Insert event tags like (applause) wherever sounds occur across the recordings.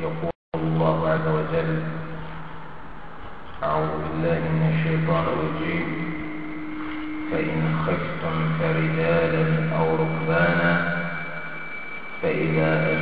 يقول الله عز وجل أعوذ بالله من الشيطان الرجيم فإن خفتم فرجالا أو ركبانا فإذا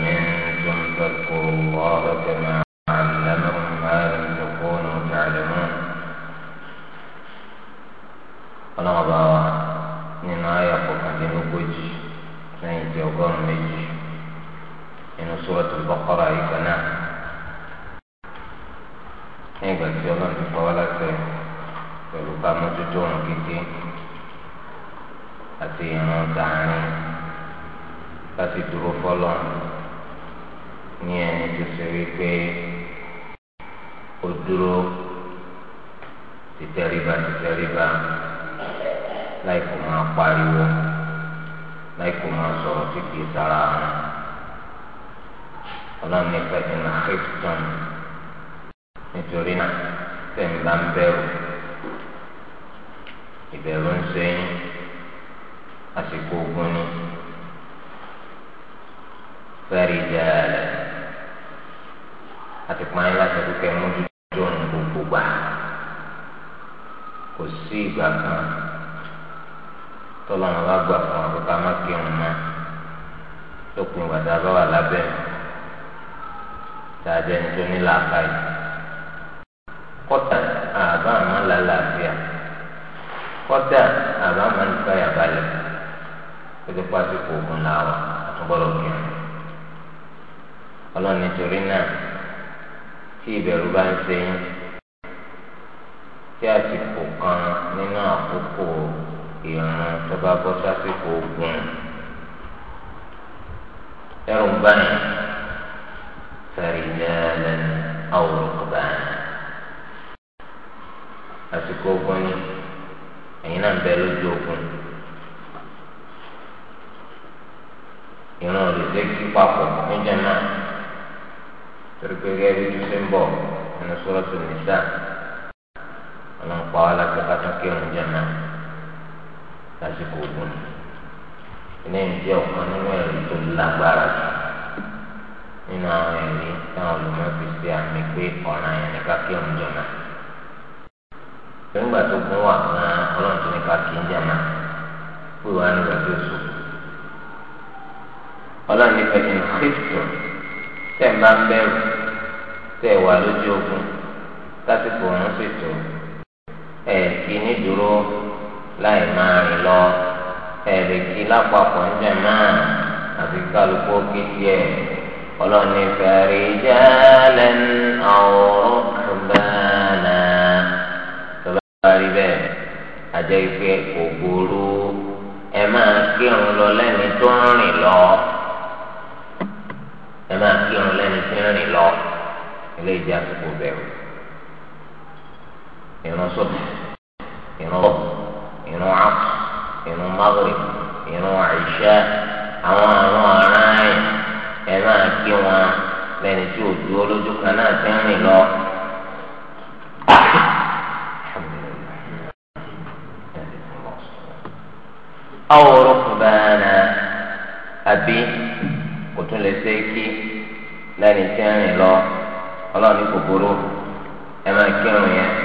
pariwo láìpẹ́ máa sọ̀rọ̀ tí kì í sára wọn ọlọ́run ní pẹ̀lú náà kírísítọ́n nítorí náà tẹ̀mí bá ń bẹ̀rù ìbẹ̀rù ń sẹ́yìn àsìkò ogun ni fẹ́ẹ̀rì jẹ́ẹ̀lẹ̀ àti pààyàn láti dúkẹ́ mójútó ohun gbogbo gbà kò sí ìgbà kan. tọ́lọ́run bá gbà fún àwọn bàbá mákìrún náà lópin gbàdá bá wà lábẹ́ tàjẹ́ ní tó ní làákàyè kọ́tà àbá àmọ́ làlàáfíà kọ́tà àbá àmọ́ nífàyà balẹ̀ pété pásítọ̀ ihe làwọn àtúbọ̀lọ̀ ọlọ́run nítorí náà tí ìbẹ̀rù bá ń ṣe yín tí àsìkò kan nínú àkókò ìrìn tó bá bọ́ sásìkò ogun ẹrù báyìí fẹ̀rìndẹ́lẹ́ àwòrán báyìí àsìkò ogun ni ẹ̀yin náà ń bẹ lójú ogun ìran òdìdé kí papọ̀ níjẹ́ náà torí pé gẹ́gẹ́ bí túnṣe ń bọ̀ nínú sọ́rọ́ tó nìjà ọlọ́run pa wá láti pàtàkì ìrìn jẹ́ náà. lásìkò ogun eléyìí jẹ́ ọ̀kan nínú ẹ̀rí tó lágbára jù nínú àwọn ẹ̀rí táwọn olùmọ̀ọ́fi ṣe àmì pé ọ̀ràn yẹn ní kákẹ́ òǹjọ̀nà nígbà tó gún wà gan ọlọ́run ní kákẹ́ ìjàmà pé wàá nígbà tó sùn ní pẹ̀lú tẹ̀ ń bá ń bẹ̀rù tẹ̀ wà lójú láì máa rìn lọ ẹ̀rẹ̀ kí lápapọ̀ ń jẹ máa àfi kálukú kéjì ẹ̀ ọlọ́ni fẹ̀rí jálẹ̀ ọ̀rọ̀ kùbánà tó bá rí bẹ́ẹ̀ àjẹ́ ife ògbóró ẹ máa kírun lọ lẹ́ni tó ń rìn lọ ẹ máa kírun lẹ́ni tó ń rìn lọ ilé ìjà àsìkò bẹ̀rù ìrànṣọ́ ìrànwọ́. ìrun àpò ìrun maghrib ìrun àìṣá àwọn àrùn ara ẹ̀ ẹ̀ máa kí wọn lẹ́ni tí ò dúró kan náà ti ń rìn lọ. abi kò tún lè ṣe kí lẹ́ni tí ń lọ ẹ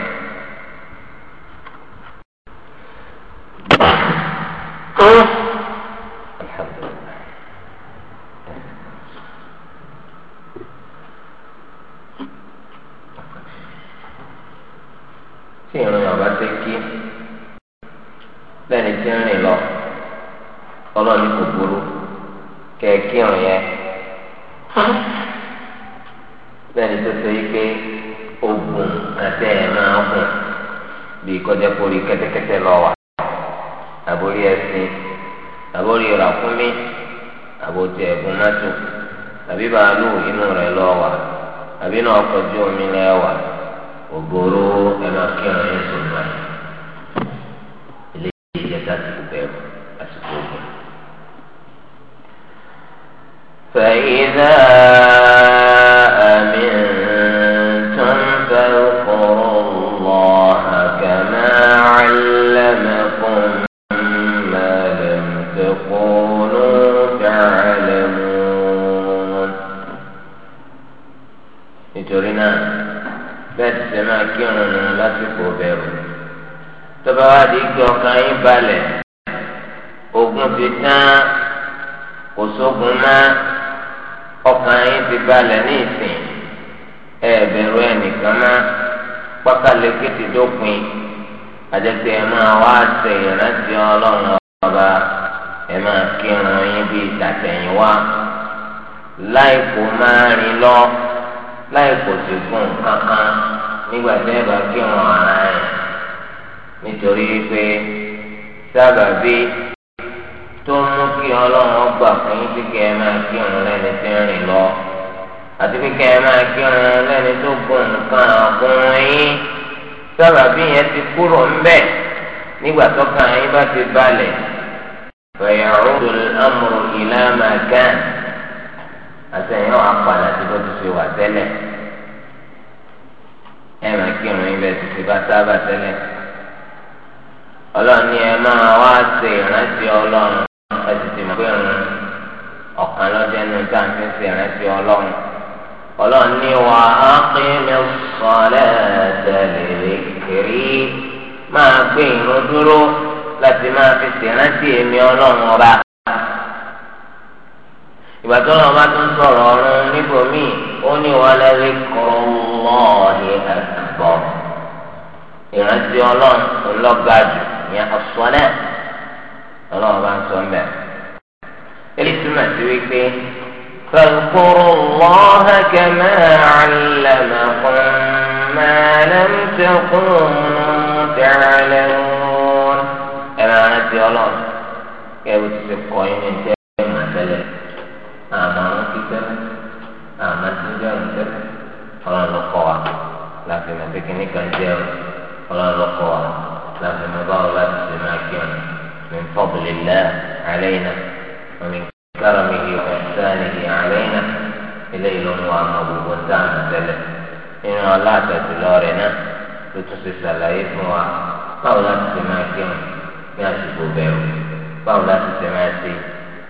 bá ti tẹ̀lé ẹsẹ̀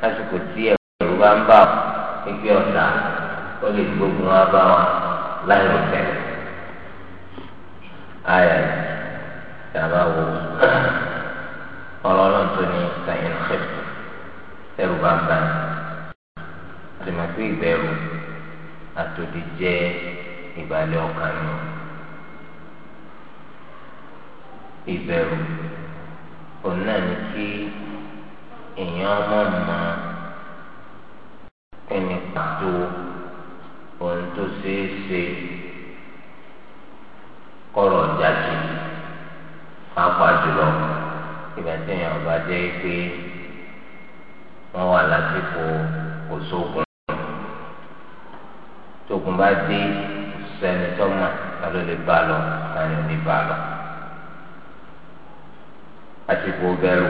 lásìkò tí ẹ̀rù bá ń bà ọ́ pípẹ́ ọ̀tá ó lè gbógun wá bá wa láì lọ tẹ̀lé. ayà ìjàmbá wo ọlọ́run tó ní sàyẹn xẹ́pù ẹ̀rù bá ń bà ní. àtìmọ̀ ìbẹ̀rù àtòdì jẹ́ ìbàlẹ̀ ọkàn nù. ìbẹ̀rù òun náà ní kí èèyàn mọ̀ mọ́ ẹni pàtó ohun tó ṣeé ṣe kọ̀rọ̀ jáde pàápàá jùlọ ìgbà tí èèyàn bá jẹ́ pé wọ́n wà lásìkò kò sóògùn tóògùn bá dé sẹ́ni tọ́mà lálọ́ lè bá lọ tani ò bá lọ àsìkò bẹ̀rù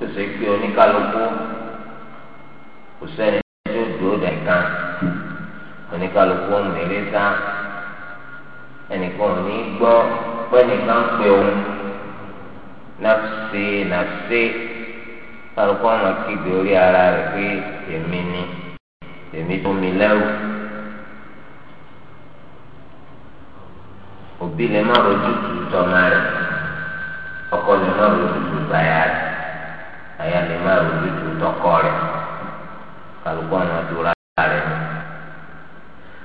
tó ṣe pé oníkálukú kò sẹ́ni tó dúró dẹ̀kan oníkálukú ń rèé sá ẹnìkan ò ní gbọ́ pẹ́nìkan pé òun nàfṣe nàfṣe kálukú àwọn akéde orí ara rẹ̀ pé èmi ni èmi tó mi lẹ́rù. òbí lè má rojú tu tọ́mọ rẹ̀ ọkọ lè má rojú tu bàyà rẹ̀ àyà lè má rojútu tọkọ rẹ̀ kálukú ọ̀nà àdúrà rẹ̀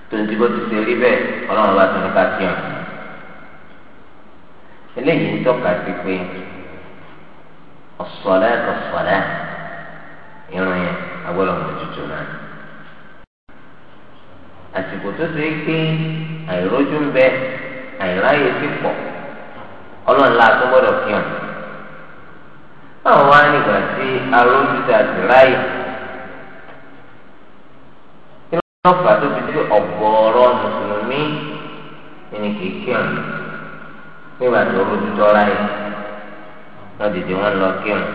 tonti bó ti ṣe rí bẹ́ẹ̀ ọlọ́run bá ti ní ká sí ọ̀n eléyìí ń tọ́ka sí pé ọ̀sọ̀lá ọ̀sọ̀lá irun yẹn agbọ́dọ̀ mójútó náà àsìkò tó ṣe pé àìrójú ń bẹ àìráyè ti pọ̀ ọlọ́run la tó gbọ́dọ̀ kí àwọn wá nígbà tí arójúta ti ráyè kí ló fà tó fi tí ọ̀gọ̀ọ̀rọ̀ mùsùlùmí ẹni kìkì ọ̀nà nígbà tí arójútọ́ ráyè wọ́n dìde wọ́n lọ kí ọ̀nà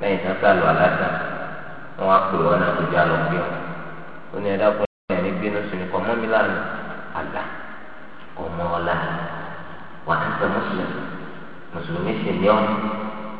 lẹ́yìn tí wọ́n sá lọ aláta wọ́n wá pè wọ́n náà kọjá lọ kí ọ̀nà ó ní ẹ̀dá fún ní bínú sí ni kò mi lánàá àlá ọmọ ọ̀la wà á ń mùsùlùmí mùsùlùmí sì ní ọ̀nà.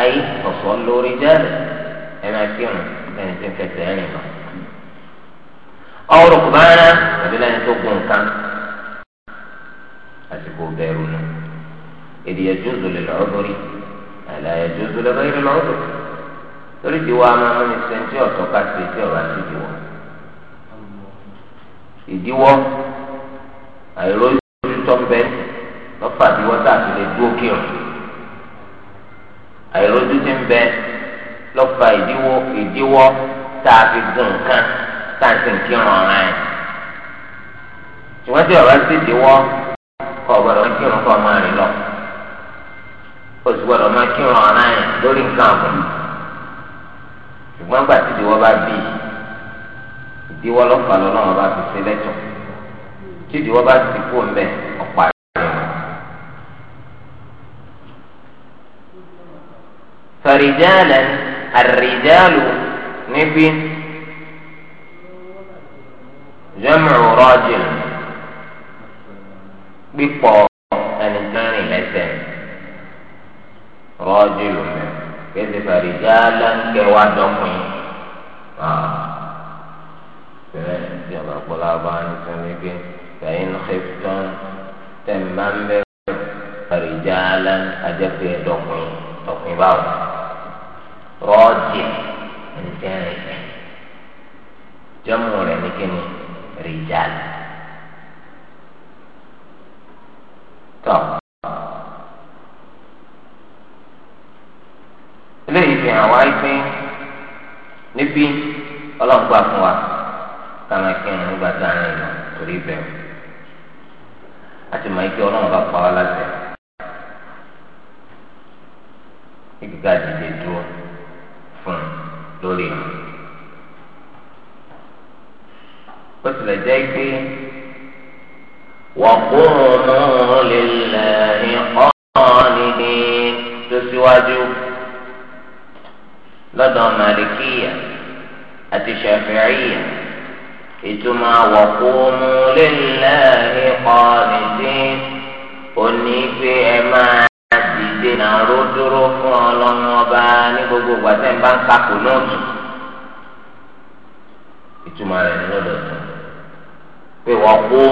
ayé ọ̀sọ́ lórí jáde ẹ máa kírun ẹni tí ń fẹsẹ̀ rìn lọ. ọ̀rọ̀ kùbáná tàbí lẹ́ni tó gun nǹkan àsìkò bẹ̀rù nù èdè ẹ̀jú òzòlè lọ́dọ̀rí àlà ẹ̀jú òzòlè bẹ́ẹ̀rẹ̀ lọ́dọ̀rí torí ti wá máa mú ní sẹ́ńtì ọ̀tọ̀ ká ṣe tí ọ̀rọ̀ àti ìdíwọ́ ìdíwọ́ àìrójú tó ń bẹ lọ́fà ìdíwọ́ tá a ti lè dúró kírun àìrójú ti ń bẹ lọ́fà ìdíwọ́ ìdíwọ́ tá a fi gùn nǹkan tá a sì ń kírun ọ̀ràn ẹ̀. ṣùgbọ́n tí ọ̀rọ̀ sì díwọ́ kọ̀ gbọ́dọ̀ máa kírun kọ́ máa rìn lọ. o sì gbọ́dọ̀ máa kírun ọ̀ràn ẹ̀ lórí nǹkan àbùn. ṣùgbọ́n gbà tí ìdíwọ́ bá bí ìdíwọ́ lọ́fà lọ́nà ọba fi ṣe lẹ́tọ̀ọ́ tí ìdíwọ́ bá ti kú ń bẹ́ẹ̀. ورجالا الرجال نفي جمع راجل بيبقى الانسان يعني لسان راجل كذب رجالا كوادقين آه. فإن خفت تمام رجالا أجب دقين دقين باوة rọ́ọ̀jì ẹnìtẹ́rìn jọ́mù rẹ̀ ní kíni rìjàlì. tọ́ eléyìí fi hàn wá pín níbí ọlọ́gbà fún wa kàmá kí n nígbà tá a rìn lọ torí bẹ́ẹ̀ àti màá kí ọlọ́run bá pa wá láti ẹ̀ kíkà dìde lórí wọn. ó tilẹ̀ jẹ́ pé wàkúrò lílẹ̀ ìkọ́ni ní tó síwájú lọ́dọ̀ màlìkíyà àti ṣàfihàn ìtumọ̀ wàkúrò lílẹ̀ ìkọ́ni ní pé ẹ máa nàró dúró fún ọlọ́run ọba ní gbogbo ìgbà tẹ́ ń bá ń kakò náà tù ìtumọ̀ rẹ̀ ní lọ́dọ̀ tó pé wọ́n kó mú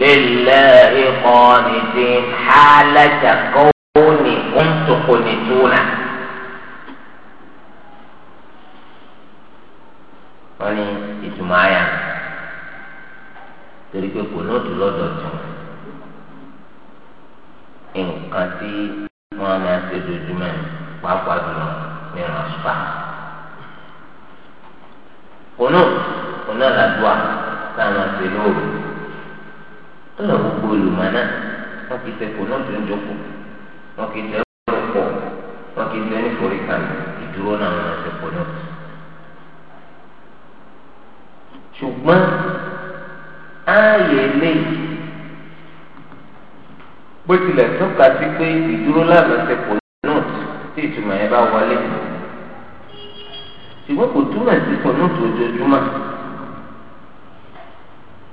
lílẹ̀ ikọ̀ nìdí hálàjà kọ́wó ní kóńtòkò nìtúnà. wọ́n ní ìtumọ̀ ayà torí pé kò náà lọ́dọ̀ tó nǹkan tí dojoojúmọ́ ni pàápàá jùlọ nínú àṣùpá. kùnú kùnú àlàdùà táwọn ṣe lóru tọ́lá gbogbo olùmọ̀ náà wọ́n kì í ṣe kùnú tó ń jókòó wọ́n kì í ṣe ọ̀pọ̀ wọ́n kì í ṣe oníforí kan ìdúró náà wọ́n ṣe kùnú. ṣùgbọ́n ààyè eléyìí bó tilẹ̀ tọ́ka sí pé ìdúró lánàá ṣe kò tí ìtumọ̀ yẹn bá wọlé ṣùgbọ́n kò túmọ̀ sí kọ̀nùtù ojoojúmọ́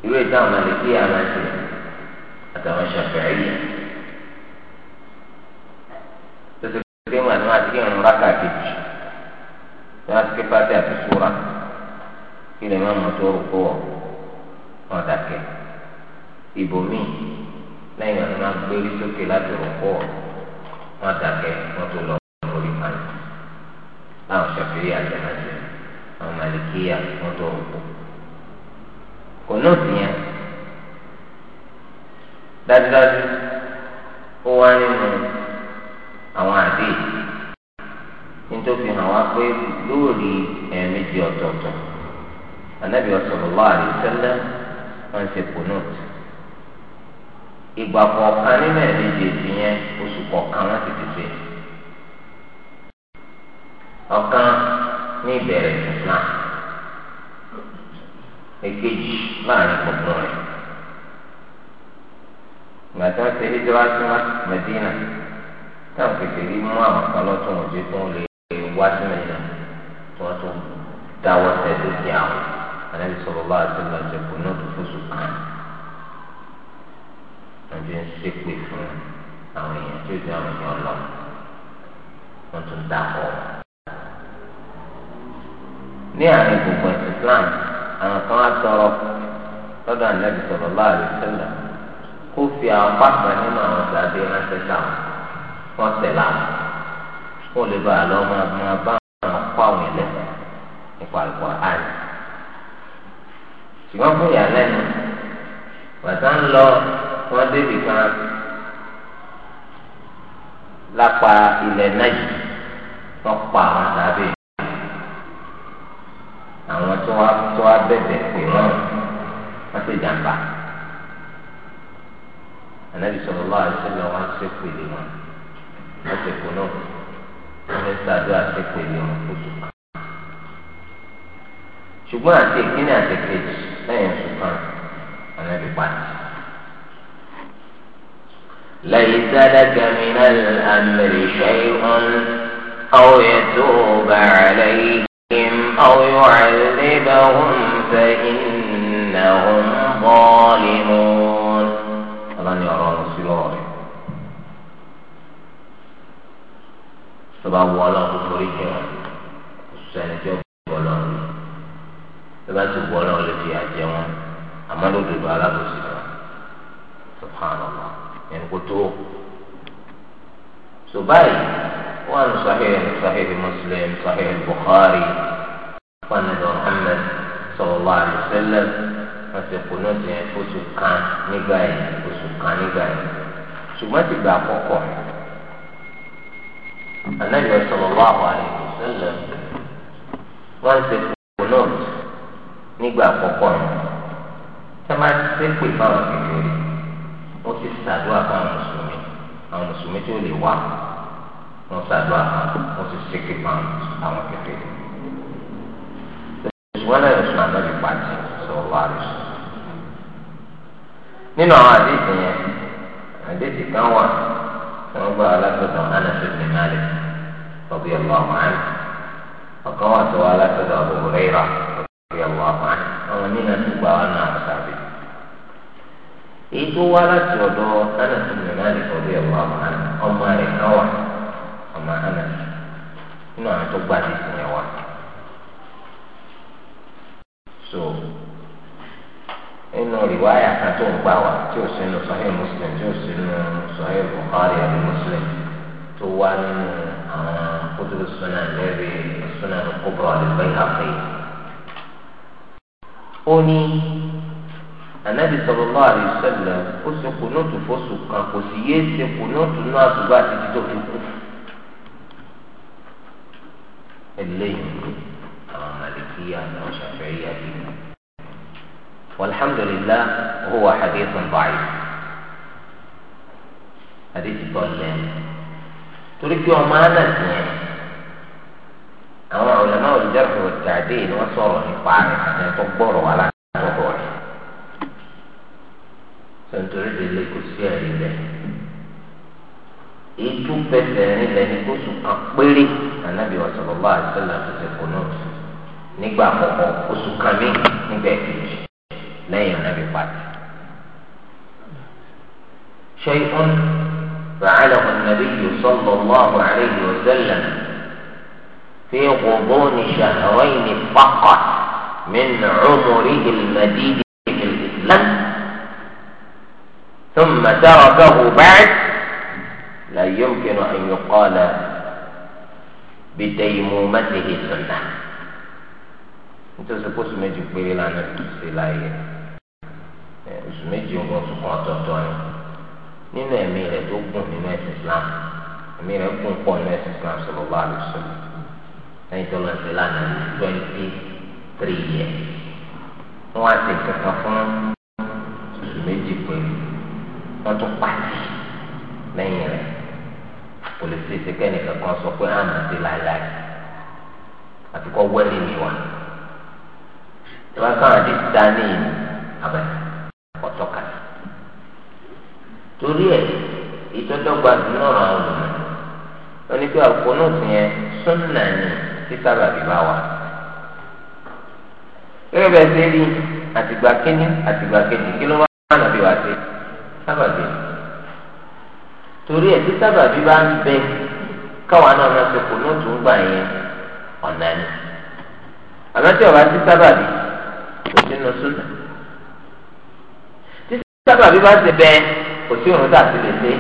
irú ìta àwọn àlejò àwọn àṣẹ àtàwọn ṣàfihàn yìí tẹsí pé wọn àti wọn àti kí irun rákà kejì wọn àti kí pátí àti súra kí lè má mọ tó rúkọ wọ wọn dàkẹ́ ibòmíì lẹ́yìn wọn gbé sókè láti rúkọ wọn dàkẹ́ wọn tó lọ láwọn ṣàfihàn àjẹmọ́sẹ̀ àwọn màlìkíyà wọn tó ń kú. kò náà sì yẹn dájúdájú ó wá nínú àwọn àdé nítorí hàn wá pé lóòrì ẹ̀ẹ̀mejì ọ̀tọ̀ọ̀tọ̀ anábì sallallahu alaihi wasallam wọn ṣe kò náà tì ìgbà kọ̀ọ̀kan nínú ẹ̀ẹ̀mejì ètì yẹn oṣù kọ̀ọ̀kan wọn ti ti ṣe ọ̀kan ní ìbẹ̀rẹ̀ islam èkejì láàrin gbogbo rẹ̀ gbàtà ṣe hijira sí Medina táwọn kékeré mú àwọn kan lọ́tún òjò tó ń lè wá sí Medina tí wọ́n tún dáwọ́ tẹ̀ lókè àwọn àlẹ́ sọ̀rọ̀ bá àti lọ́jọ́ náà tó fóṣù kan wọ́n ń ṣépè fún àwọn èèyàn tí ó di àwọn èèyàn lọ wọ́n tún dákọ̀ ní àárín gbogbo ẹ̀sìn Islam àwọn kan á tọrọ lọ́dọ̀ ànábì sọ̀rọ̀ láàrin sẹ́lẹ̀ kó fi àwọn pàṣẹ nínú àwọn ìdádé ránṣẹ́ sáwọn wọ́n tẹ̀lé àwọn kó lè bá àlọ́ máa máa bá àwọn kó àwọn ẹlẹ́sẹ̀ nípa ìkọ̀ àárín. ṣùgbọ́n fún ìyàlẹ́nu bàtà ń lọ wọ́n débì kan lápá ilẹ̀ náà yìí wọ́n pa àwọn ìdádé àwọn tó wá tó wá bẹ̀bẹ̀ pè wọ́n wọ́n ti jàǹbá anabi sọlọ lọ àṣẹlẹ wọn ṣe pèlè wọn wọ́n ti kú náà wọ́n ti sàdó àṣẹ pèlè wọn oṣù kan ṣùgbọ́n àti ìkíni àti kejì lẹ́yìn oṣù kan anabi pàtì. ليس لك من الأمر شيء أو يتوب عليه أو يعذبهم فإنهم ظالمون ألن يرى نصيرا tọba wọ Ọlọ́run tó forí jẹ wọn sẹni tí ó wọ Ọlọ́run tọba ti wọ Ọlọ́run lè fi àjẹ wọn àmọ́ alábòsí wọn subhanallah ẹni kò tó so báyìí. وعن صحيح صحيح مسلم صحيح البخاري وعن محمد صلى الله عليه وسلم wọ́n ti kunu ti yẹn oṣù kan nígbà yẹn oṣù kan nígbà yẹn ṣùgbọ́n ti gbà àkọ́kọ́ anabi sallallahu alaihi wasallam wọ́n ti kunu nígbà àkọ́kọ́ ẹ máa ti sépè fáwọn kékeré ó ti ṣàdúrà fáwọn mùsùlùmí àwọn mùsùlùmí tó lè wá wọn ṣàdúrà wọn sì ṣèké pa àwọn kẹfẹ. ìṣùwọ́n náà ìṣùwọ́n náà lè pàtì sọ̀rọ̀ wà lóṣù. nínú àwọn àdéhùn yẹn àdéhùn kan wà tí wọ́n gbọ́ alátọ̀dọ̀ anásùnmí nálẹ̀ ọ̀bí ọ̀lọ́ àwọn àná ọ̀kan wà tó wà alátọ̀dọ̀ àbúrò rẹ̀ rà ọ̀bí ọ̀lọ́ àwọn àná ọ̀rọ̀ nínú àtúgbà wà náà sàbẹ̀ èyí tó wá láti ọ̀dọ̀ Anas bin Malik ọ̀dọ̀ ẹ̀wọ̀ ọmọ rẹ̀ náà wà ọmọ anas nínú àwọn tó gba àdìsí yẹn wá so nínú rìwáyà kan tó ń gbà wá tí ó sínú sahih muslim tí ó sínú sahih bukhari àti muslim tó wá nínú àwọn kótópù sunan lẹ́rì sunan kubra al-bayhaqi ó ní anabi sallallahu alaihi wasallam ó ṣe kùnúùtù fóṣù kan kò sì yéé ṣe kùnúùtù náà àtúgbà títí tó fi kú. الليل مالكية أو وشفعية والحمد لله هو حديث ضعيف حديث ضلال ترك أمانتنا أو علماء الجرح والتعديل وصور الإقبال حتى يطبر ولا تطور سنترد اللي كسيا لله إيه تبتاني لأنه كسو أقبلي النبي صلى الله عليه وسلم ti ṣe kunut nígbà àkọ́kọ́ oṣù kan ní nígbà èkejì شيء فعله النبي صلى الله عليه وسلم في غضون شهرين فقط من عمره المديد في الإسلام ثم تركه بعد لا يمكن أن يقال bìtẹ̀yìmù mẹ́tẹ̀ẹ̀hì sọ̀nà nítorí pé oṣù méjì péré lánàá tó ṣe láàyè oṣù méjì ń gbọ́n sùkún ọ̀tọ̀ọ̀tọ̀ ni nínú ẹ̀mí rẹ̀ tó gùn nínú ẹ̀sìn Islam ẹ̀mí rẹ̀ gùn pọ̀ nínú ẹ̀sìn Islam sọ̀rọ̀ bá lè sọ lẹ́yìn tó lọ sí lánàá ní twenty three years wọ́n á ti kankan fún oṣù méjì péré wọ́n tún pàtì lẹ́yìn rẹ̀ kò lè ṣe ṣe kẹ́nìkan kan sọ pé àmà ti láéláé àti kọ́ wẹ́lì mi wá tí wọ́n kàn án ti dá ní ìlú abẹ́rẹ́ ọ̀tọ̀ kan torí ẹ̀ ìtọ́jọ́gba dùnú ọ̀rọ̀ àwọn olùmọ̀ wọ́n ní pé àpò náà fi yẹn súnnà ní títà bàbí bá wà gẹ́gẹ́ bẹ́ẹ̀ ṣe rí àtìgbà kínní àtìgbà kejì kí ló wá nàbí wá sí sábàbí torí ẹ̀ tí sábàbí bá ń bẹ káwa náà máa ṣe kò ní òtún gbà yẹn ọ̀nà ni àmọ́ tí ọba tí sábàbí kò sínú súnà tí sábàbí bá ti bẹ kò sí òun tà sí lè ṣe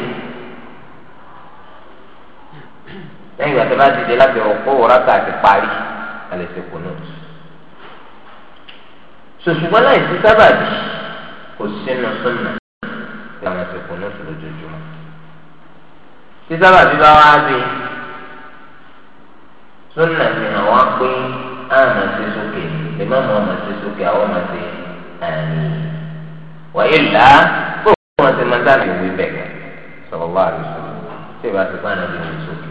lẹ́yìn ìgbà tó bá ti dé láti ọ̀pọ̀ wọ́n rákà ti parí a lè ṣe kò ní òtún sòṣùgbọ́n láì sí sábàbí kò sínú súnà tí a máa ṣe kò ní òtún tí sábà bí bá wá gbé súnà ni àwọn pé àmà ti sókè lè má mọ àmà ti sókè àwọn àmà ti àmì wàyí là á kó wọn ti máa dábì wí bẹ́ẹ̀ sọ̀rọ̀ wá àbí sọ̀rọ̀ tí ìbá ti bá nàbí wí sókè.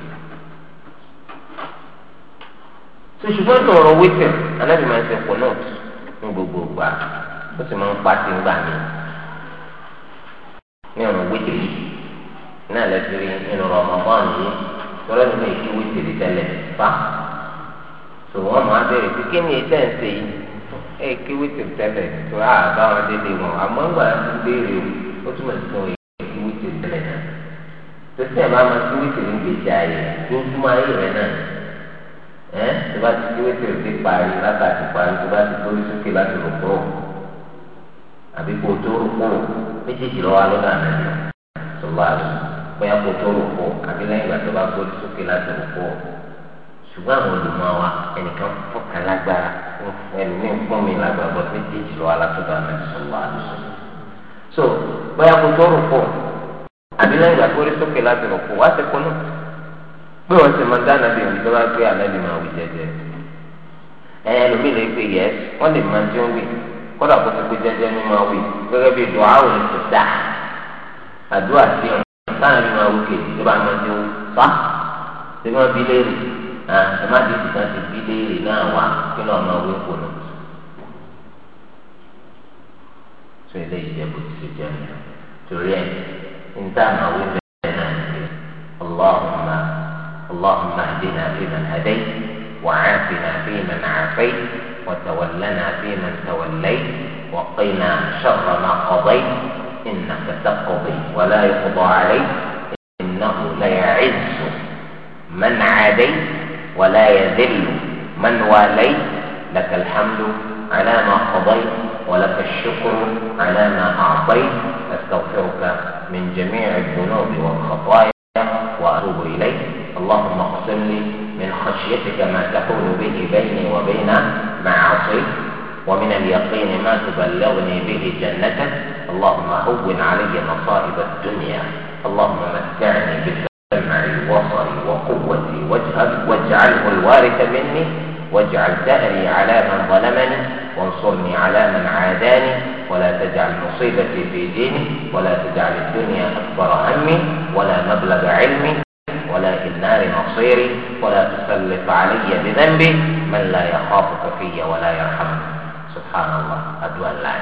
sùsùgbọ́n tó ọ̀rọ̀ wípẹ̀ anábì máa ń ṣe pọ̀ náà ní gbogbo ìgbà ó sì máa ń pa sí ń gbà ní ọ̀rọ̀ wípẹ̀ yìí náà lẹ́sìn rí nínú Ramadan yìí tọ́lá nínú èké wí tèlé tẹ́lẹ̀ fa tò wọ́n máa bẹ̀rẹ̀ pé kí ni ètẹ́ ń ṣe yìí ẹ̀ ké wí tèlé tẹ́lẹ̀ tó a bá wọn dédé wọn àmọ́ ń gbà tó béèrè o ó túmọ̀ sí sọ èké wí tèlé tẹ́lẹ̀ náà tó sì ẹ̀ bá máa kí tèlé ń gbèsè ààyè tó túmọ̀ ayé rẹ̀ náà ẹ̀ tó bá ti kí tèlé ti parí lákàtí parí tó bá ti kórí sókè láti rò kúrò àbí kó tó rò kúrò bóyá kó tó rò pọ̀ àbí lẹ́yìn ìgbà tó bá gbórí sókè láti rò pọ̀ ṣùgbọ́n àwọn olùmọ̀ wa ẹnìkan fọ́kàn lágbára ẹnìmí fún mi lágbára bọ́ méjèèjì lọ́wọ́ alátọ́dọ̀ àmẹ́sọ̀lá àdùsọ̀lá. so bóyá kó tó rò pọ̀ àbí lẹ́yìn ìgbà gbórí sókè láti rò pọ̀ wá ti kún náà pé wọ́n ti máa dáná bí ìrìn tó bá gbé ànábì máa wí jẹjẹ ẹlòmíì lè pe yẹ wọ́n lè máa jẹun wí kódà kó ti pé jẹjẹ ní máa wí gẹ́gẹ́ bí dùn sáà ní máa wú kejì tó bá máa ti wú fa ṣé máa bí léèrè à ẹ má ti ti kan ti bí léèrè náà wá kí lọ́ọ́ máa wú kò nù. tó ilé ìjẹ́bù ti ṣe jẹun torí ẹ̀ ń tá máa wú bẹ́ẹ̀ náà ní pé اللهم اللهم اهدنا فيمن هديت وعافنا فيمن عافيت وتولنا فيمن توليت وقنا شر ما قضيت إنك تقضي ولا يقضى عليك إنه ليعز من عاديت ولا يذل من واليت لك الحمد على ما قضيت ولك الشكر على ما أعطيت أستغفرك من جميع الذنوب والخطايا وأتوب إليك اللهم اقسم لي من خشيتك ما تحول به بيني وبين معاصيك ومن اليقين ما تبلغني به جنتك اللهم هون علي مصائب الدنيا اللهم متعني بالسمع وبصري وقوتي وجهك واجعله الوارث مني واجعل دهري على من ظلمني وانصرني على من عاداني ولا تجعل مصيبتي في ديني ولا تجعل الدنيا أكبر همي ولا مبلغ علمي ولا في النار مصيري ولا تسلط علي بذنبي من لا يخافك في ولا يرحمك subhanallah àdúrà láì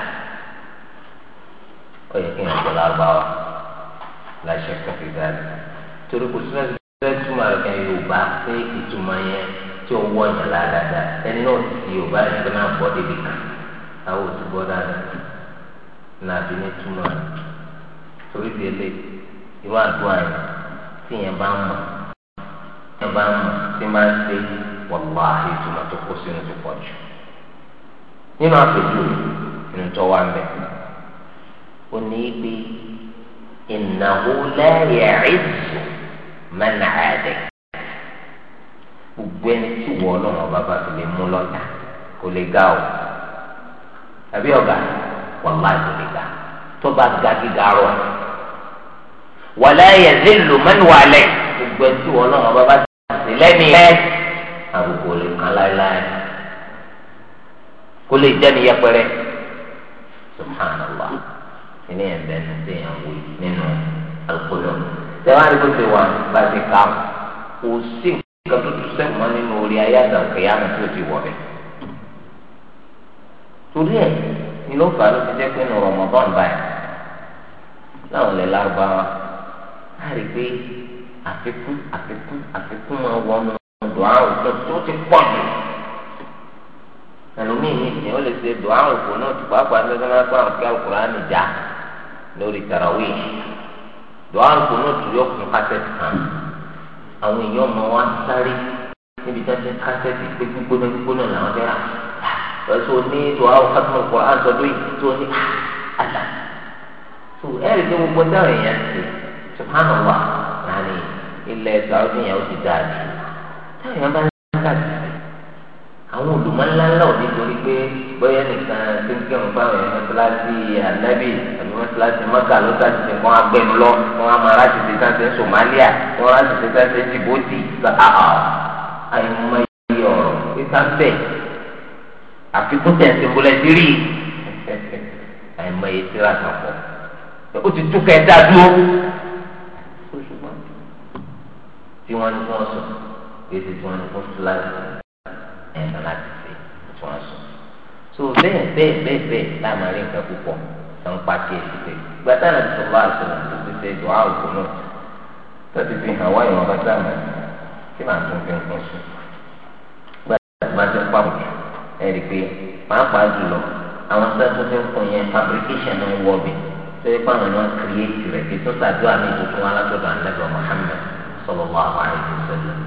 ó yẹ kí n gbọ́ lárúbáwá láṣẹ kẹfì dáadé torí kò sílẹ̀ sílẹ̀ túmọ̀ rẹ̀ kẹ́ yorùbá pé ìtumọ̀ yẹn tí ó wọ̀ yẹn ládàá ẹni náà ti di yorùbá yẹn pé náà gbọ́ débi kan àwọn ò ti dáadáa náà fi ní túmọ̀ torí bí ẹlẹ́ ìwà àdúrà yẹn tí yẹn bá ń mọ̀ yẹn bá ń mọ̀ tí máa ń ṣe wàlúwà àti ìtumọ̀ tó kó sínú tó pọ̀ jù nínú àpèjú nínú tó wà mbẹ ó ní pé ìnáwó lẹ́yìn àìsùn mẹ́nà àdẹ̀ gbogbo ẹni tí wọ́n ọlọ́run ọba bá fi lè mú lọ́tà kò lè ga o àbí ọ̀gá wàláì kò lè ga tó bá ga gíga rọ wàláyé zèlò mẹ́nuwalẹ̀ gbogbo ẹni tí wọ́n ọlọ́run ọba bá ti lẹ́mìí ẹ̀ àbùkù lè kàn láéláé kó lè jẹ́ ní yẹpẹrẹ subhanallah ilé yẹn bẹ́ẹ̀ ní sèyàn wò nínú alukóyọ̀ tẹ̀wárí tó ti wà bá ti ká kò sí nǹkan tó tún sẹ́kùn mọ́ nínú orí ayé àtàkùn yàrá tó ti wọ̀ bẹ́ẹ̀ torí ẹ̀ ni ló fà ló ti jẹ́ pé nù Ramadan báyìí láwọn ilẹ̀ lárúbáwá á rí i pé àfikún àfikún àfikún máa wọnú dùn áwùjọ tó ti pọ̀ jù ẹlòmíì ní ìsìn ó lè ṣe dùn àwọn òkú náà tù pàápàá ní ọjọ́ máa ń kọ́ àwọn kí Al-Kùránì já lórí tarawih dùn àwọn òkú náà tù yọ kún kásẹ̀tì kan àwọn èèyàn ọmọ wa sáré níbi tí wọ́n ti kásẹ̀tì pé gbígbóná gbígbóná làwọn fẹ́ rà lọ́sọ ní dùn ah, àwọn kásẹ̀tì Al-Kùránì sọdún yìí tó ní àdá tó ẹ̀rì tó gbogbo dáhùn èèyàn ti subhanallah láàrin ilẹ̀ Saudi yẹn ó ti dáa jù táwọn èèyàn bá ń àwọn olùmọ̀ńláńlá ò ní torí pé bóyá nìkan tí ń kírun báwọn ẹ̀yìn mọ́tíláṣí ànábì àbí mọ́tíláṣí mọ́kà ló sá ti ṣe kán agbẹ́nu lọ wọn á máa láti ṣe sáṣẹ Somalia wọn á láti ṣe sáṣẹ Djibouti àìmọye ọ̀rọ̀ títà bẹ́ẹ̀ àfikún tẹ̀sí bọ́lẹ̀ ti rí (laughs) àìmọye tíra kan pọ̀ ó ti túkẹ́ dá dúró tí wọ́n ní kó sọ yẹn náà láti ṣe tí wọ́n so bẹ́ẹ̀ bẹ́ẹ̀ bẹ́ẹ̀ bẹ́ẹ̀ láàmú rí nǹkan púpọ̀ tó ń pàṣẹ ìṣe ìgbà táwọn ti sọ̀rọ̀ àti sọ̀rọ̀ ti ṣe dùn áwò kùnú tó ti fi hàn wáyé wọn bá sáàmù kí màá tún fi nǹkan sùn. ìgbà tí wọ́n ti ń pàwọ̀ ẹ̀ rí pé pàápàá jùlọ àwọn sẹ́tún fi ń kọ yẹn fabrication ń wọ bẹ̀ tó yẹ fáwọn náà create rẹ̀ kí tó ṣàdúrà ní tuntun alágbèbọ̀ àndẹ́gbẹ̀ Muhammad sallallahu alaihi wasallam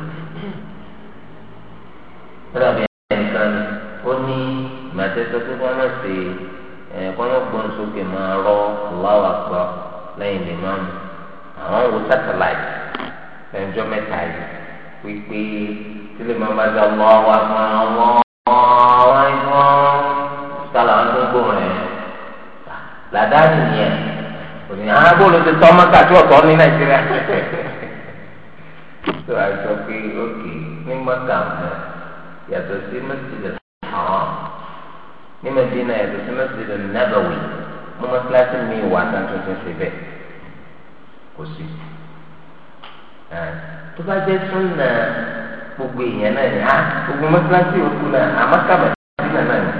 rẹ̀ ẹnìkan ó ní ìmọ̀tẹ́tọ́ pé wọ́n máa ṣe ẹ̀kọ́ náà gbọ́n sókè máa rọ láwà gbọ́ lẹ́yìn lè máa mú àwọn wo satellite ẹ̀jọ́ mẹ́ta yìí wípé tí lè máa bá dá wọ́ wá máa wọ́ wá wọ́ sálà ń tó gbọ́ rẹ̀ làdá nìyẹn òní àgbọ̀lù ti tọ́ mọ́tà tí ọ̀tọ́ ní nàìjíríà tó àìsàn pé ókè ní mọ́tà mọ́ yàtọ̀ sí mẹsìlẹ̀ àwọn ní mẹdínà yàtọ̀ sí mẹsìlẹ̀ nàbàwì mú mẹsìlẹ́sì mi wà tán tuntun sí bẹ́ẹ̀ kò sí. tó bá jẹ́ súnà gbogbo èèyàn náà ni gbogbo mẹsìlẹ́sì òkú náà àmọ́kàmà mẹsìlẹ̀ náà ni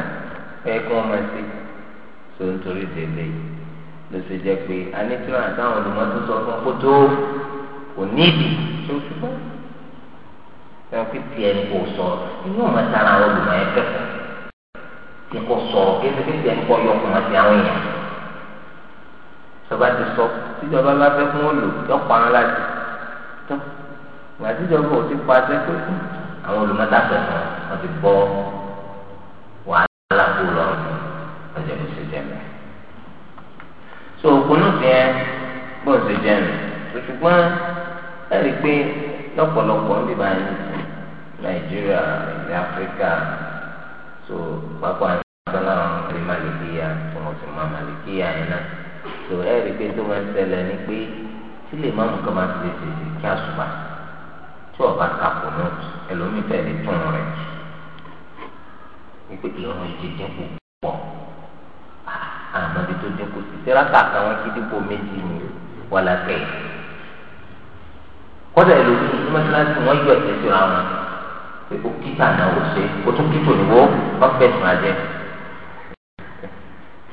ẹ̀ẹ́kún ọmọ ẹ̀sìn tó ń torí délé ló ṣe jẹ́ pé anítúrà àtàwọn olùmọ̀tò sọ fún kótó kò níbi tó ṣùgbọ́n wọn fi tiẹ̀ ní kò sọ̀rọ̀ inú ọmọ tara àwọn olùmọ̀ ẹ kẹ́kọ̀ọ́ tí kò sọ̀rọ̀ kéde kéde tiẹ̀ ń kọ́ yọ ọkùnrin àti àwọn èèyàn sọba ti sọ tíjọba bá fẹ́ fún olù yọpọ̀ àwọn láti tó ìgbà tíjọba ò ti pa ṣe pé hmm, àwọn olùmọ̀ dáfẹ́ wọn ti bọ́ wàhálà kó lọ ọjọ́ ló ṣe jẹ́ mi. so òkú náà fi ẹ́ bọ́ọ̀ ṣe jẹ́ mi ṣùgbọ́n ẹ̀rí pé lọ́pọ̀lọpọ̀ ń bíbá yín nàìjíríà ilẹ̀ áfíríkà tó pápá ìgbàlá àwọn ọmọdé màlìkíyà tó wọn ti mọ màlìkíyà yẹn náà tó ẹ rí i pé tó máa ń ṣẹlẹ̀ ni pé tí lè má mú kọ́ máa ti lè tètè kí àṣùbà tí ọba kàpò náà ẹlòmíì fẹ́ẹ́ lè tún rẹ̀ wípé ìrún ìdíje kò pọ̀ àmọ́ ibi tó dínkù sí tíráta àtàwọn kídìpọ̀ méjì ni wàlá kẹ́yìn kọ́dà ìlòmí ní mọ́sálásí wọ́n yọ ẹ̀sẹ̀ síra wọn pé ó kíkà náà ó ṣe ó tún kíkò níwó wọ́n fẹ́ tún ajẹ́.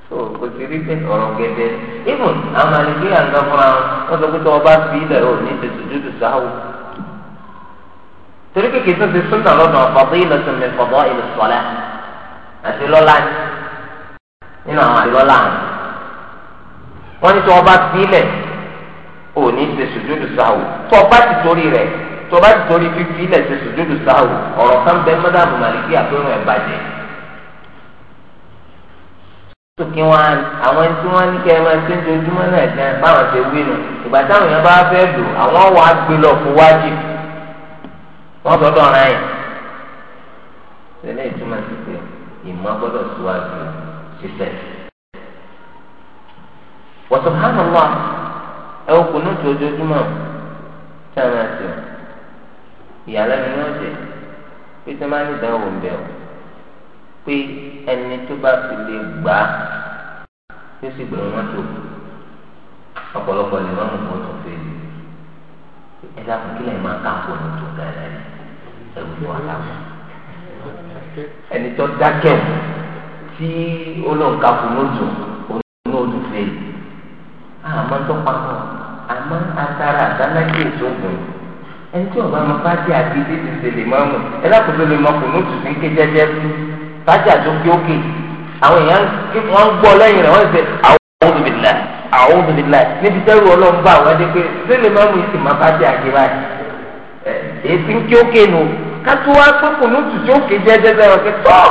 so kò sí rí bẹ́ẹ̀ ọ̀rọ̀ gẹ́gẹ́ even àwọn àlejòyà ń gbàgbọ́ra wọn sọ pé tí wọ́n bá fi ilẹ̀ ò ní ṣe sùjúdù sáwù. torí kékeré tó ti súnà lọ́nà ọ̀fọ̀dọ́ ilẹ̀ tó mi fọ̀dọ́ ilẹ̀ sọ̀lá àti lọ́lá nínú àwọn àlọ́lá wọn wọ́n bá o ní ṣe sùjúdù sáwù tó o bá ti torí rẹ̀ tó o bá ti torí fífi ilẹ̀ ṣe sùjúdù sáwù ọ̀rọ̀ kan bẹ mọ́dàbù màlìkí àpérò ẹ̀ bàjẹ́. sókè wọn àwọn ẹni tí wọ́n ní kẹ́ ẹ máa ṣe ń dojúmọ́ náà jẹ́ báwọn ṣe wí nù ìgbà táwọn èèyàn bá fẹ́ lò àwọn wà á gbé lọ fún wájú wọ́n sọ dọ̀ra yẹn. sẹ́lẹ̀ ìtumọ̀ sí pé ìmọ̀ gbọ́dọ̀ síwájú ṣiṣẹ́. wọ́n sọ ẹ wò kùnú tó ojoojúmọ́ tí a máa sè ìyàlẹ́nu ni ó jẹ pé tí a máa ní ìdánwò ń bẹ̀ ọ́ pé ẹni tó bá fi lè gbà á tó sì gbẹ̀rún wọn tó ọ̀pọ̀lọpọ̀ lè máa mú wọn tó fẹ́ ẹ dákun kí lẹ́yìn máa káàpọ̀ ní tó ga ẹ̀ ẹ̀rù wà láwọn ẹni tó dákẹ́ tí ó lọ́n káàpọ̀ lójú àmọ́ tó papọ̀ àmọ́ atara àdánájì ìṣògùn ẹni tí ọba máa bá dé àti ilé ti ṣe lè máa mú ẹ lákòóso lè máa kùnú tù sí ké jẹjẹ bájà tó ké ókè àwọn èèyàn kí wọn ń gbọ́ lẹ́yìn rẹ̀ wọn ṣe àwọn òbílà àwọn òbílà níbi tẹrù Ọlọ́run bá àwọn ẹdẹ pé lè máa mú ìsìn máa bá dé àti báyìí ẹ èyí tí ń ké nù kátó wá pé kùnú tù sí ókè jẹjẹ bẹ́ẹ̀ wọ́n ṣe tọ́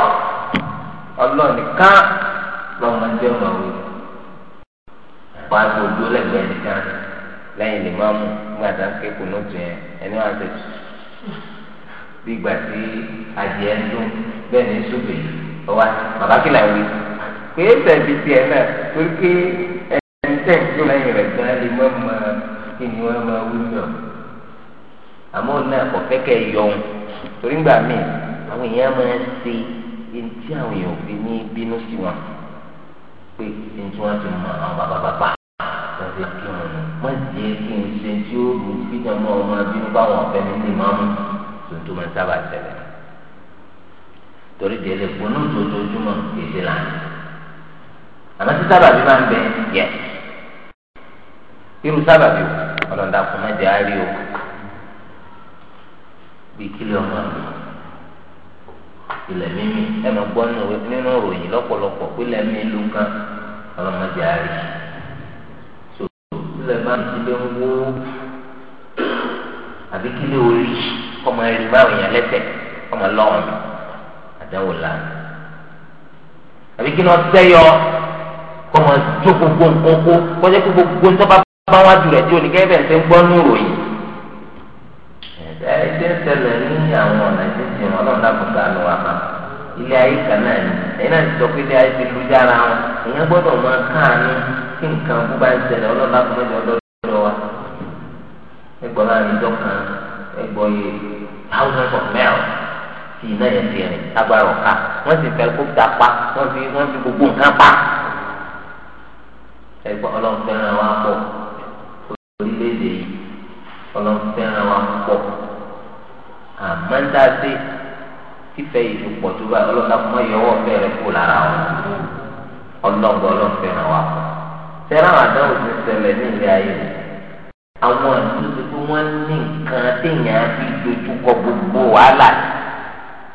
ọlọ́ọ̀nì ká lọ́mọdé ọmọ wò wọn á tó dúró lẹ́gbẹ̀ẹ́ nìkan lẹ́yìn lè máa mú nígbà tá à yẹn ẹni wọn á ṣe bí ìgbà tí adìẹ ń dún bẹ́ẹ̀ ni sùpè ọwọ́ bàbá kìlà wí pé sẹ́ẹ̀bì tiẹ̀ náà torí pé ẹni tẹ̀ tó lẹ́yìn rẹ̀ gan lè má mọ kí ni wọ́n máa wí yọ àmọ́ náà kò fẹ́ kẹ́ yọ ohun torí gbà míì àwọn èèyàn máa ń ṣe ẹni tí àwọn èèyàn fi ní bínú sí wọn pé ẹni tí wọ́n ti mọ àwọn bàbá bàbá má jẹ́ kí n ṣe tí ó lù kíjà mọ́ ọmọ abínú báwọn ọ̀fẹ́ mi lè máa mú tuntun máa sábà ṣẹlẹ̀ torí délé kunu tójoojúmọ́ kéde lánàá àmọ́ tí sábàbí máa ń bẹ yẹ irú sábàbí ọlọ́dà kò má jẹ́ àárí o bí kílẹ̀ ọmọ mi ilẹ̀ mímí ẹ̀ máa gbọ́ nínú ìròyìn lọ́pọ̀lọpọ̀ pé ilẹ̀ mi ló ń kan ọlọ́mọdé àárí sílẹ̀ máa ń tilẹ̀ ń wó àbí kílẹ̀ orí ọmọ ẹ̀rí máa wọ̀nyàn lẹ́tẹ̀ ọmọ lọ́wọ́ mi àdáwò lánàá àbí kí ni wọ́n sẹ́yọ kọ́ mọ̀ tó gbogbo nǹkan kó kọ́jẹ́ kó gbogbo nǹkan bá bá wá jù rẹ̀ tí oníkẹ́ bẹ̀rẹ̀ ṣe ń gbọ́ nù ròyìn. ẹ̀ẹ́dẹ́gbẹ̀sẹ̀lẹ̀ ní àwọn ọ̀nà ìdíje wọn náà lákòókò àná wa máa ilé ayé kan náà ni ẹ̀yin náà ti sọ pé ilé ayé ti lu jára wọn èèyàn gbọ́dọ̀ máa káàánú kí nǹkan kú bá ń ṣẹlẹ̀ ọlọ́lá kò mẹ́jọ lọ́dọ̀ wa ẹgbọ́ láàrin ìjọ kan ẹgbọ́ yẹ thousands of miles tí iná yẹn ti rìn lágbára ọ̀ka wọ́n sì fẹ́ kókòtà pa wọ́n fi wọ́n fi gbogbo nǹkan pa ẹgbọ́ ọlọ́run fẹ́ràn wa pọ̀ orílẹ̀-èdè yìí ọlọ́run fẹ́ràn wa pọ̀ àmọ́ ń dá sí fífẹ́ yìí ti pọ̀ tó báyìí ọlọ́dà fún ẹ̀yọ́wọ́ bẹ̀rẹ̀ kó lára wọn ọlọ́gbọ́ ọlọ́fẹ́ràn wa kọ́ sẹ́rà àdáwò ti ṣẹlẹ̀ ní ilé ayé àwọn àtúntò tí wọ́n ní nǹkan téèyàn á fi dojúkọ gbogbo wàhálà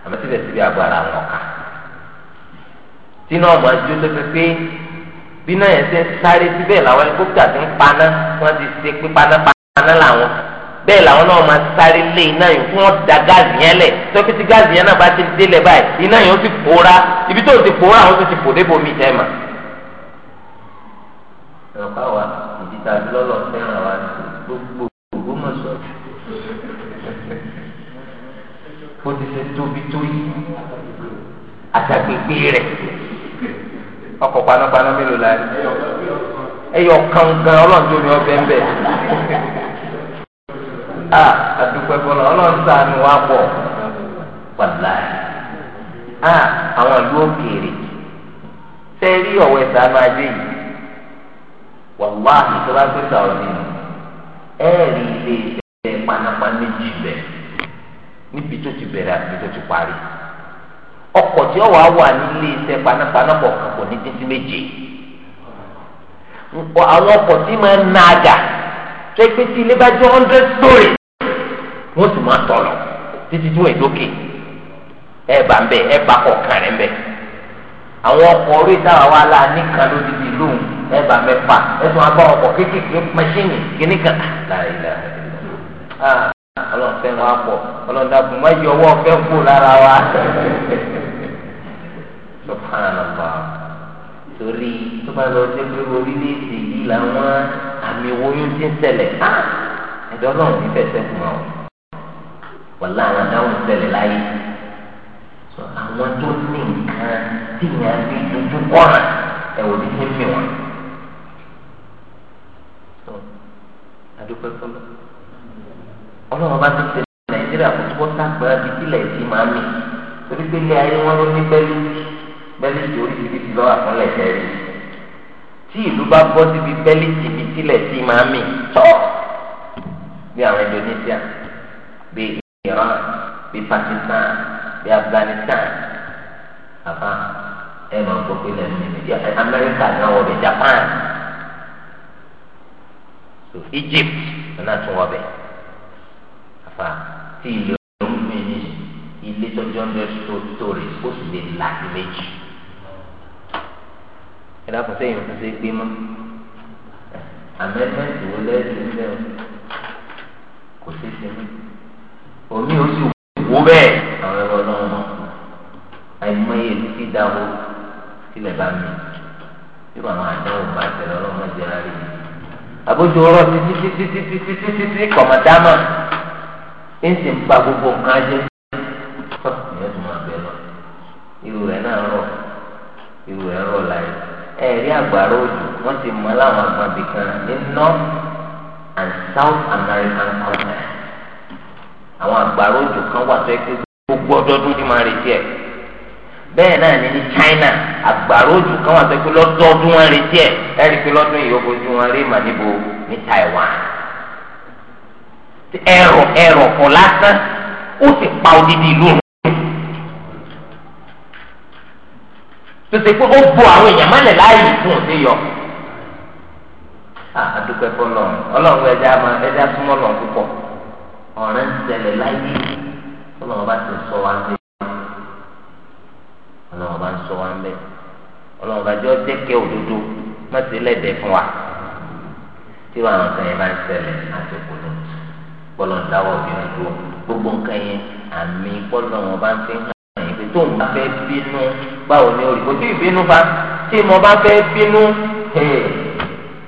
àmọ́ síbẹ̀síbẹ̀ agbára wọn kà sínú ọmọ adó tó fi pé bí náà yẹn ti ń sáré síbẹ̀ làwọn ẹlẹ́kọ́pítà ti ń paná wọ́n ti ṣe pé panápaná làwọn kà bẹ́ẹ̀ làwọn náà máa sáré lé iná yìí kí wọ́n da gáàsì yẹn lẹ̀ tọ́kí tí gáàsì yẹn náà bá ti délẹ̀ báyìí iná yìí ó ti pòórá ibi tó ti pòórá àwọn tó ti pò débò mí tẹ́ mà. ẹ̀rọ káwa ìdí tàbí lọ́lọ́ fẹ́ràn wa gbogbo gbogbo mọ̀ sọ. bó ti ṣe tóbi tó yí àtàgbègbè rẹ̀ ọkọ̀ panápaná mélòó la rí ẹ̀yọ̀ kankan ọlọ́run tó ní ọbẹ̀ ń bẹ̀. a ah, àdúpẹ́ fọlọ́ ọlọ́run sànù wa pọ̀ ah, àwọn ìlú òkèèrè ọ̀wọ́ ẹ̀sà máa dé yìí ilé panápaná níbi tó ti bẹ̀rẹ̀ àti tó ti parí ọkọ̀ tí ọwọ́ nílé panápaná na àjà tó ẹgbẹ́ tí ilé wọ́n sì máa tọ̀nà títí tí wọ́n èdókè ẹ bá ń bẹ ẹ bá rẹ̀ ń orí táwa wá la nìkan lódìdí lóhùn ẹ bá mẹ́fà ẹ tún abá ọkọ̀ kéékèèké mẹ́ṣíìnì kan. Ah, ah, ọlọ́run pọ̀ ọlọ́run má yọ ọwọ́ kú lára wa. (laughs) torí tó bá lọ sí ní wàlá àwọn àdáwò ṣẹlẹ̀ láyé sọ àwọn tó ní nǹkan tí yẹn fi dojú kọ́ra ẹ̀wọ̀n ti fi mì wọ́n. ọlọ́run bá ti ṣe nàìjíríà kó tó bọ́tà gbára bíi kílẹ̀ ìdí máa mì torí pé ilé ayé wọn ló ní bẹ́lí bẹ́lí tí oríṣiríṣi lọ́wọ́ àkúnlẹ̀ tẹ̀lé tí ìlú bá bọ́ síbi bẹ́lí tìbí kílẹ̀ tí máa mì tọ́ bí àwọn Indonesia bíi Iran bí Pakistan bí Afghanistan àbá ẹ máa ń gbókè lẹ́nu níbi Amẹ́ríkà náà wọ̀ bẹ̀ Japan so Egypt náà tún wọ̀ bẹ̀ àbá tí ilé olóńgbìn ní ilé tọ́jọ́ ní sórí ó sì lè là ní méjì ẹ dákun sẹ́yìn fún ṣe gbé mọ́ amẹ́mẹ́tì wo lẹ́yìn lẹ́yìn kò sí sí mi omi ò sì wó bẹ́ẹ̀ àwọn ẹ̀rọ ọlọ́run àìmọye ìlú ti dáwó sílẹ̀ bá mi irú àwọn àdáwò bá tẹ̀lé ọlọ́run ẹ̀jẹ̀ rárẹ̀ yìí àbójú ọ̀rọ̀ títí títí títí títí títí kọ̀mọ̀dámà ń sì ń pa gbogbo nǹkan jẹ́ ìyẹn tó máa bẹ lọ irú rẹ̀ náà rọ̀ irú rẹ̀ rọ̀ láyé ẹ̀rí àgbàrá òjò wọ́n ti mọ láwọn agbábí kan ní North and South American continent àwọn àgbàrá òjò kan wà tó ẹgbẹ́ gbogbo ọdọọdún ní máa retí ẹ̀ bẹ́ẹ̀ náà ní ní China àgbàrá òjò kan wà tó ẹgbẹ́ lọ́dọọdún wọn retí ẹ̀ ẹ̀rí pé lọ́dún yìí ojú wọn rí mà níbo ní Taiwan ẹ̀rọ ẹ̀rọ kọ̀ lásán ó sì pa odidi ìlú rẹ̀ tó ṣe pé ó bo àwọn èèyàn mọ́lẹ̀ láàyè fún òde yọ àdúgbò ẹ̀fọ́ lọ́rùn ọlọ́run ẹja súnmọ́ lọ́rùn púpọ̀ ọ̀rẹ́ ń ṣẹlẹ̀ láyé ọlọ́run bá ti sọ wá lé ọlọ́run bá ń sọ wá lé ọlọ́run bá jẹ́ ọjẹ́kẹ́ òdodo mọ́tì lẹ́dẹ̀ẹ́ fún wa tí wàá nǹkan yẹn bá ń ṣẹlẹ̀ àti kùnú bọ́lọ̀ ń dáwọ́ obìnrin dúró gbogbo nǹkan yẹn àmì bọ́lọ̀ wọn bá ń fi hàn yín pé tóun bá fẹ́ bínú báwo ni o rí ojú ìbínú bá tí mo bá fẹ́ bínú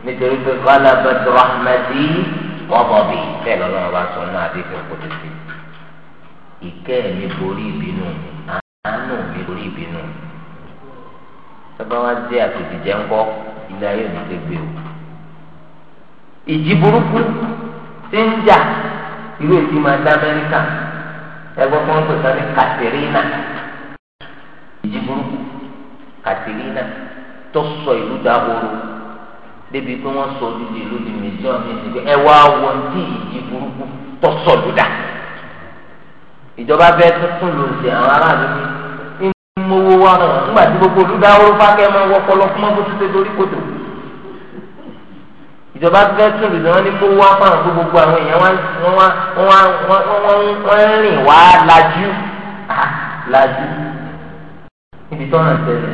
nítorí pé kọ́lá bẹ́ẹ̀ rahmatí wọ́bọ̀bì bẹ́ẹ̀ lọ́nà ọba sọ náà àdéhùn kòtò sí ìkẹ́ mi borí ìbínú àánú mi borí ìbínú tọ́ba wá dé àtòjì jẹ́ ńkọ́ ilé ayé òní ti gbé o ìjì burúkú ti ń jà irú èsì máa dá Amẹ́ríkà ẹgbẹ́ kan tó sọ ní Katerina ìjì burúkú Katerina tó sọ ìlú dáhùrú débi pé wọ́n sọ odidi ìlú di mìjọ́ ní ìsìnkú ẹ wá wọ ní ìdí burúkú tó sọ̀lù dà ìjọba fẹ́ tuntun ló ń ṣe àwọn aráàlú ní mowó wa hàn nígbà tí gbogbo olùdáwó fákẹ́ máa wọ ọpọlọ fún ọmọ tó ṣe dorí kòtò ìjọba fẹ́ tún lù wọ́n ní mowó wa fáwọn tó gbogbo àwọn èèyàn wọ́n wá wọ́n rìn wá lajú ah, lajú níbi tọ́nà tẹ̀lé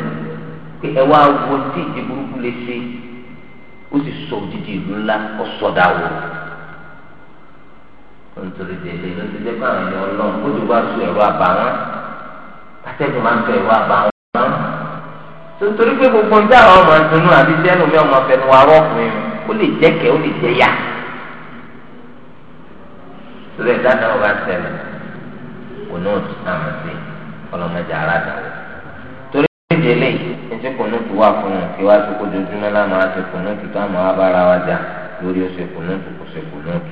pé ẹ wá wo tí ìdí burúkú lè ṣe ó sì sọ odidi ìlú ńlá ọ̀sọ́dà wò nítorí délé ló ti jẹ́ pé àwọn ènìyàn ọlọ́run ó ti wá sọ ẹ̀rọ àbá wọn atẹ́gùn máa ń fẹ́ ẹ̀rọ àbá wọn nítorí pé gbogbo ń dá àwọn ọmọ ìdùnnú àbí sẹ́nu mi ọmọ fẹ́nu wa rọ́ọ̀kùnrin ó lè jẹ́ kẹ́ ó lè jẹ́ yá sórí ẹ̀dá náà wá sẹ́nu kò náà tún àmọ́ sí ọlọ́mọdé aládàá torí délé yìí tí kùnúùtù wà fún un kí wá sí kojoojúmọ́ láàmú àti kùnúùtù táwọn abára wa jà lórí ó ṣe kùnúùtù kò ṣe kùnúùtù.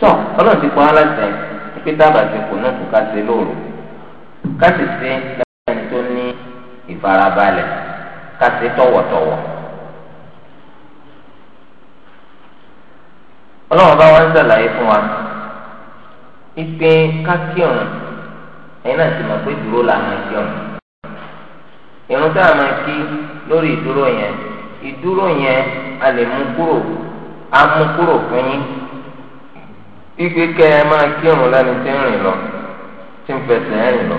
tọ́ ọlọ́run ti pọn aláṣẹ pé dábàá ṣe kùnúùtù ká ṣe lóru ká sì ṣe lẹ́yìn tó ní ìfarabalẹ̀ ká ṣe tọ̀wọ̀tọ̀wọ̀. ọlọ́run bá wọn ń ṣàlàyé fún wa ìpín ká kírun ẹ̀yin náà ti mọ̀ pé dúró làwọn ẹ̀kí ọ̀run irun tá a máa kí lórí ìdúró yẹn ìdúró yẹn a lè mú kúrò a mú kúrò fún yín gbígbé kẹ ẹ máa kí irun lẹni tí ń rìn lọ tí ń fẹsẹ̀ rìn lọ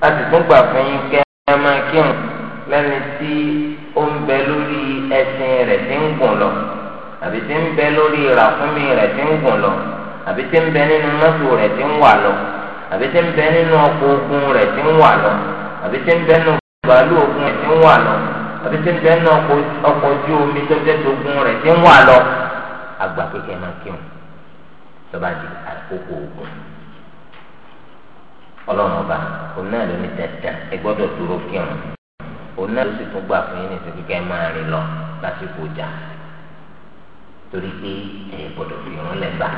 a sì tún gbà fún yín kẹ ẹ máa kí irun lẹni tí ó ń bẹ lórí ẹṣin rẹ̀ tí ń gùn lọ àbí tí ń bẹ lórí ràkúnmí rẹ̀ tí ń gùn lọ àbí tí ń bẹ nínú mọ́tò rẹ̀ tí ń wà lọ àbí tí ń bẹ nínú ọkọ̀ ogun rẹ̀ tí ń wà lọ àbí tí ń bẹ nínú bàálù ogun ti ń wà lọ tí ń bẹ ní omi tó jẹ́ dogun rẹ̀ ti ń wà lọ àgbà kékeré kírun lọ́ba di àkókò ogun ọlọ́run ọba òun náà ló ní tẹ̀tẹ̀ ẹ gbọ́dọ̀ dúró kírun òun náà ló lọ lásìkò torí pé ẹ gbọ́dọ̀ fi lẹ̀ gbà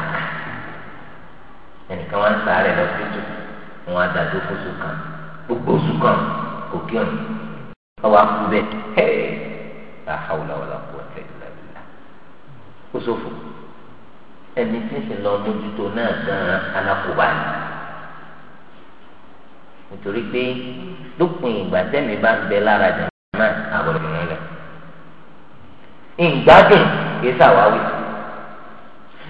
ẹnìkan wá ń sáré lọ sí òkè ọ̀nà ọwọ́ akú bẹ́ẹ̀ hẹ́ẹ́ la hawla wala quwwata illa billah kó sófò ẹni tí ń sì lọ mójútó náà gan alákòóbá ni nítorí pé lópin ìgbà tẹ́mi bá ń bẹ lára jàmbá àbọ̀dọ̀ nílẹ̀ ìgbádùn kìí sàwáwí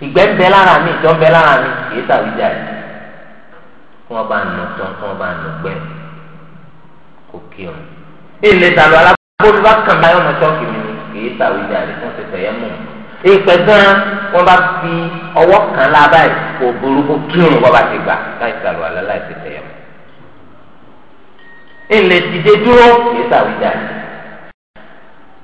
ìgbẹ́ ń bẹ lára mi ìjọ ń bẹ lára mi kìí sàwíjà yìí kí wọ́n bá nù tán kí wọ́n bá nù gbẹ́rù kò kírun ilé ìdàlù alábòdú bá kàn báyọ̀ ọmọ ṣọ́ọ̀kì mi ni kì í tàwé jàre fún ṣẹṣẹ yẹn mú un ìpè gan wọn bá fi ọwọ́ kan lá báyìí kò burú kó kírun wọn bá ti gbà láì tàlù alá láì ṣẹṣẹ yẹn mú un ilé ìdíje dúró kì í tàwé jàre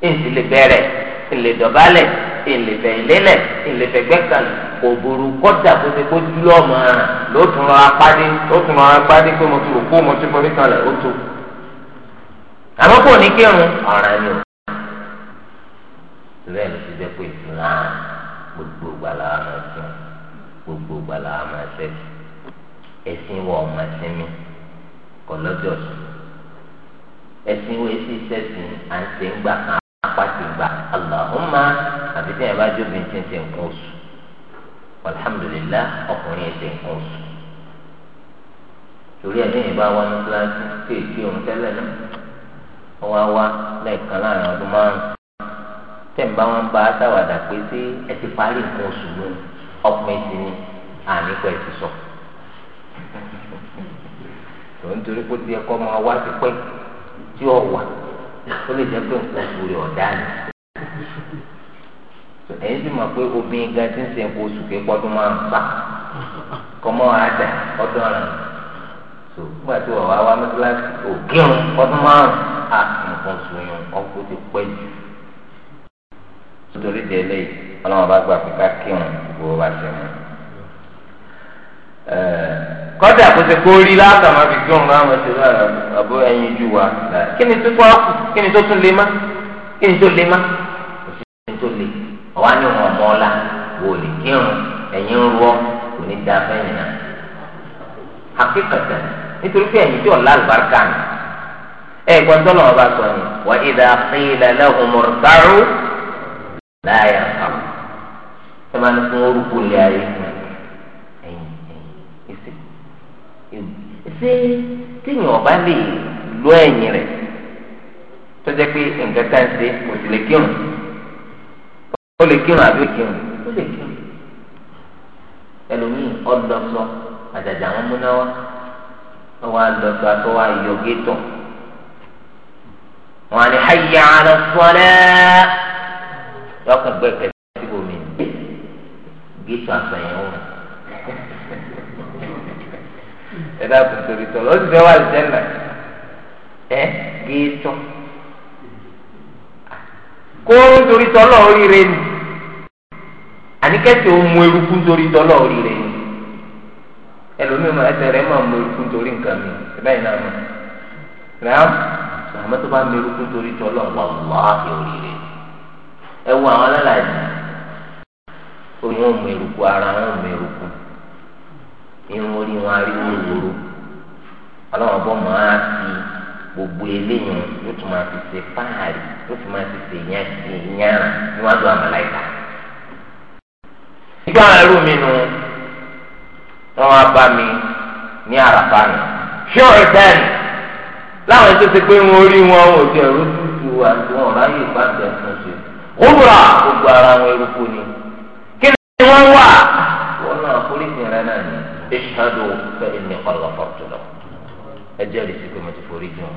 ìdí lè bẹ̀rẹ̀ ìlè dọ̀bálẹ̀ ìlè bẹ̀yìnlélẹ̀ ìlè fẹ̀gbẹ́kàlù kò burú kọ́dà tó ti kó jùlọ ọmọ rẹ̀ ló tún rọra pàdé ló tún rọra pàdé pé mo ti rò kó mo ti forí kalẹ̀ ó tó àmọ́ kò ní kírun ọ̀ràn ni o bẹ́ẹ̀ ló ti jẹ́ pé ìtura gbogbo gbala máa sùn gbogbo gbala máa sẹ́sì ẹ̀sìn wọ ọmọ ẹ̀sìn mi kọ̀ lọ́jọ́ sùn ẹ̀sìn wo ẹ̀sìn sẹ́sì à ń ṣe ń gbà kan apáti gbà aláhùnmá àti tí yẹn bá jóbi ti ń ṣe nǹkan oṣù alhamdulilá ọkùnrin ẹ̀sìn nǹkan oṣù torí ẹ̀ ní ìbáwọn ní kíláàsì tí òun tẹ́lẹ̀ náà. wọn á wá lẹ́ẹ̀kan láàrin ọdún márùn tẹ̀m̀bá wọn bá sáwàdà pé sí ẹ ti parí nǹkan oṣù lónìí ọkùnrin sì ni àníkọ̀ ẹ̀ ti sọ. tó ń torí pé tiẹ̀ kọ́ máa wá sí pẹ́ tí ó wà ó lè jẹ́ pé nǹkan oṣù rẹ̀ ọ̀dá ni. pé gan ti ń ṣe nǹkan oṣù máa ń nǹkan oṣù yẹn ọkọ ti pẹ́ jù nítorí délé ọlọ́run bá gbà pé ká kírun gbogbo bá ṣe mú. kọ́dà kó ṣe kó rí látà máa fi kírun láwọn ṣe lára àbó ẹyin jù wá. kí ni tó kọ́ kí ni tó tún lè má kí ni tó lè má kò sí kí ni tó lè ọ̀wá ní wọn mọ́ ọ́lá wò lè kírun ẹ̀yin ń rọ́ kò ní dáa fẹ́yìn náà. àkíkàtà nítorí pé ẹ̀yin tí ọ̀la àlùbáríkà ni ẹ gbọ́n tó lọ́wọ́ bá sọ ni wà ìdá qila lahum irka'u la yarka'u ẹ máa ní fún orúkú ilé ayé ẹ̀yìn ẹ̀yìn ṣé téèyàn ọba lè lo ẹ̀yìn rẹ̀ tó jẹ́ pé nǹkan kan ṣe kò sì lè kírun ó lè kírun àbí ó kírun ó lè kírun ẹlòmíì ọlọsọ àjàjà wọn múná wa wọn wá lọsọ àtọwà yọgẹtọ wọn ni hayya ala salat yọkàn gbẹkẹ síbò mi gíṣọ àṣàyàn wọn ẹ dákun torí tọ́lọ́ ó sì fẹ́ wà lùjẹ́nà ẹ gíṣọ kó nítorí tọ́lọ́ oríire ni àníkẹ́sì ó mú eruku nítorí tọ́lọ́ oríire ni ẹlòmíràn ẹsẹ̀ rẹ̀ máa mú eruku nítorí nǹkan mi ẹ báyìí náà mọ̀ náà. àmọ́ tó bá mẹ́rù kú torí tí ọlọ́run wà fi oríire ẹ wo àwọn alálàájì orí wọn mẹ́rù ara wọn mẹ́rù kú irun orí wọn ariwo ìwòrò ọlọ́run bọ́ gbogbo eléyìí n'otu tún máa fi ṣe fáàrí ló tún máa fi ṣe yẹn ṣe yẹn níwájú láwọn tó ti pé wọn rí wọn ò tí ẹrú tutù àti wọn ráyè bá tẹ fún ṣe ó rà gbogbo ara wọn eruku ni kí ni wọn wà wọn náà foríṣi rẹ náà ni ìṣàdó fẹ ẹni ọlọpọ tó lọ ẹ jẹrìí sí pé mo ti forí jù wọn.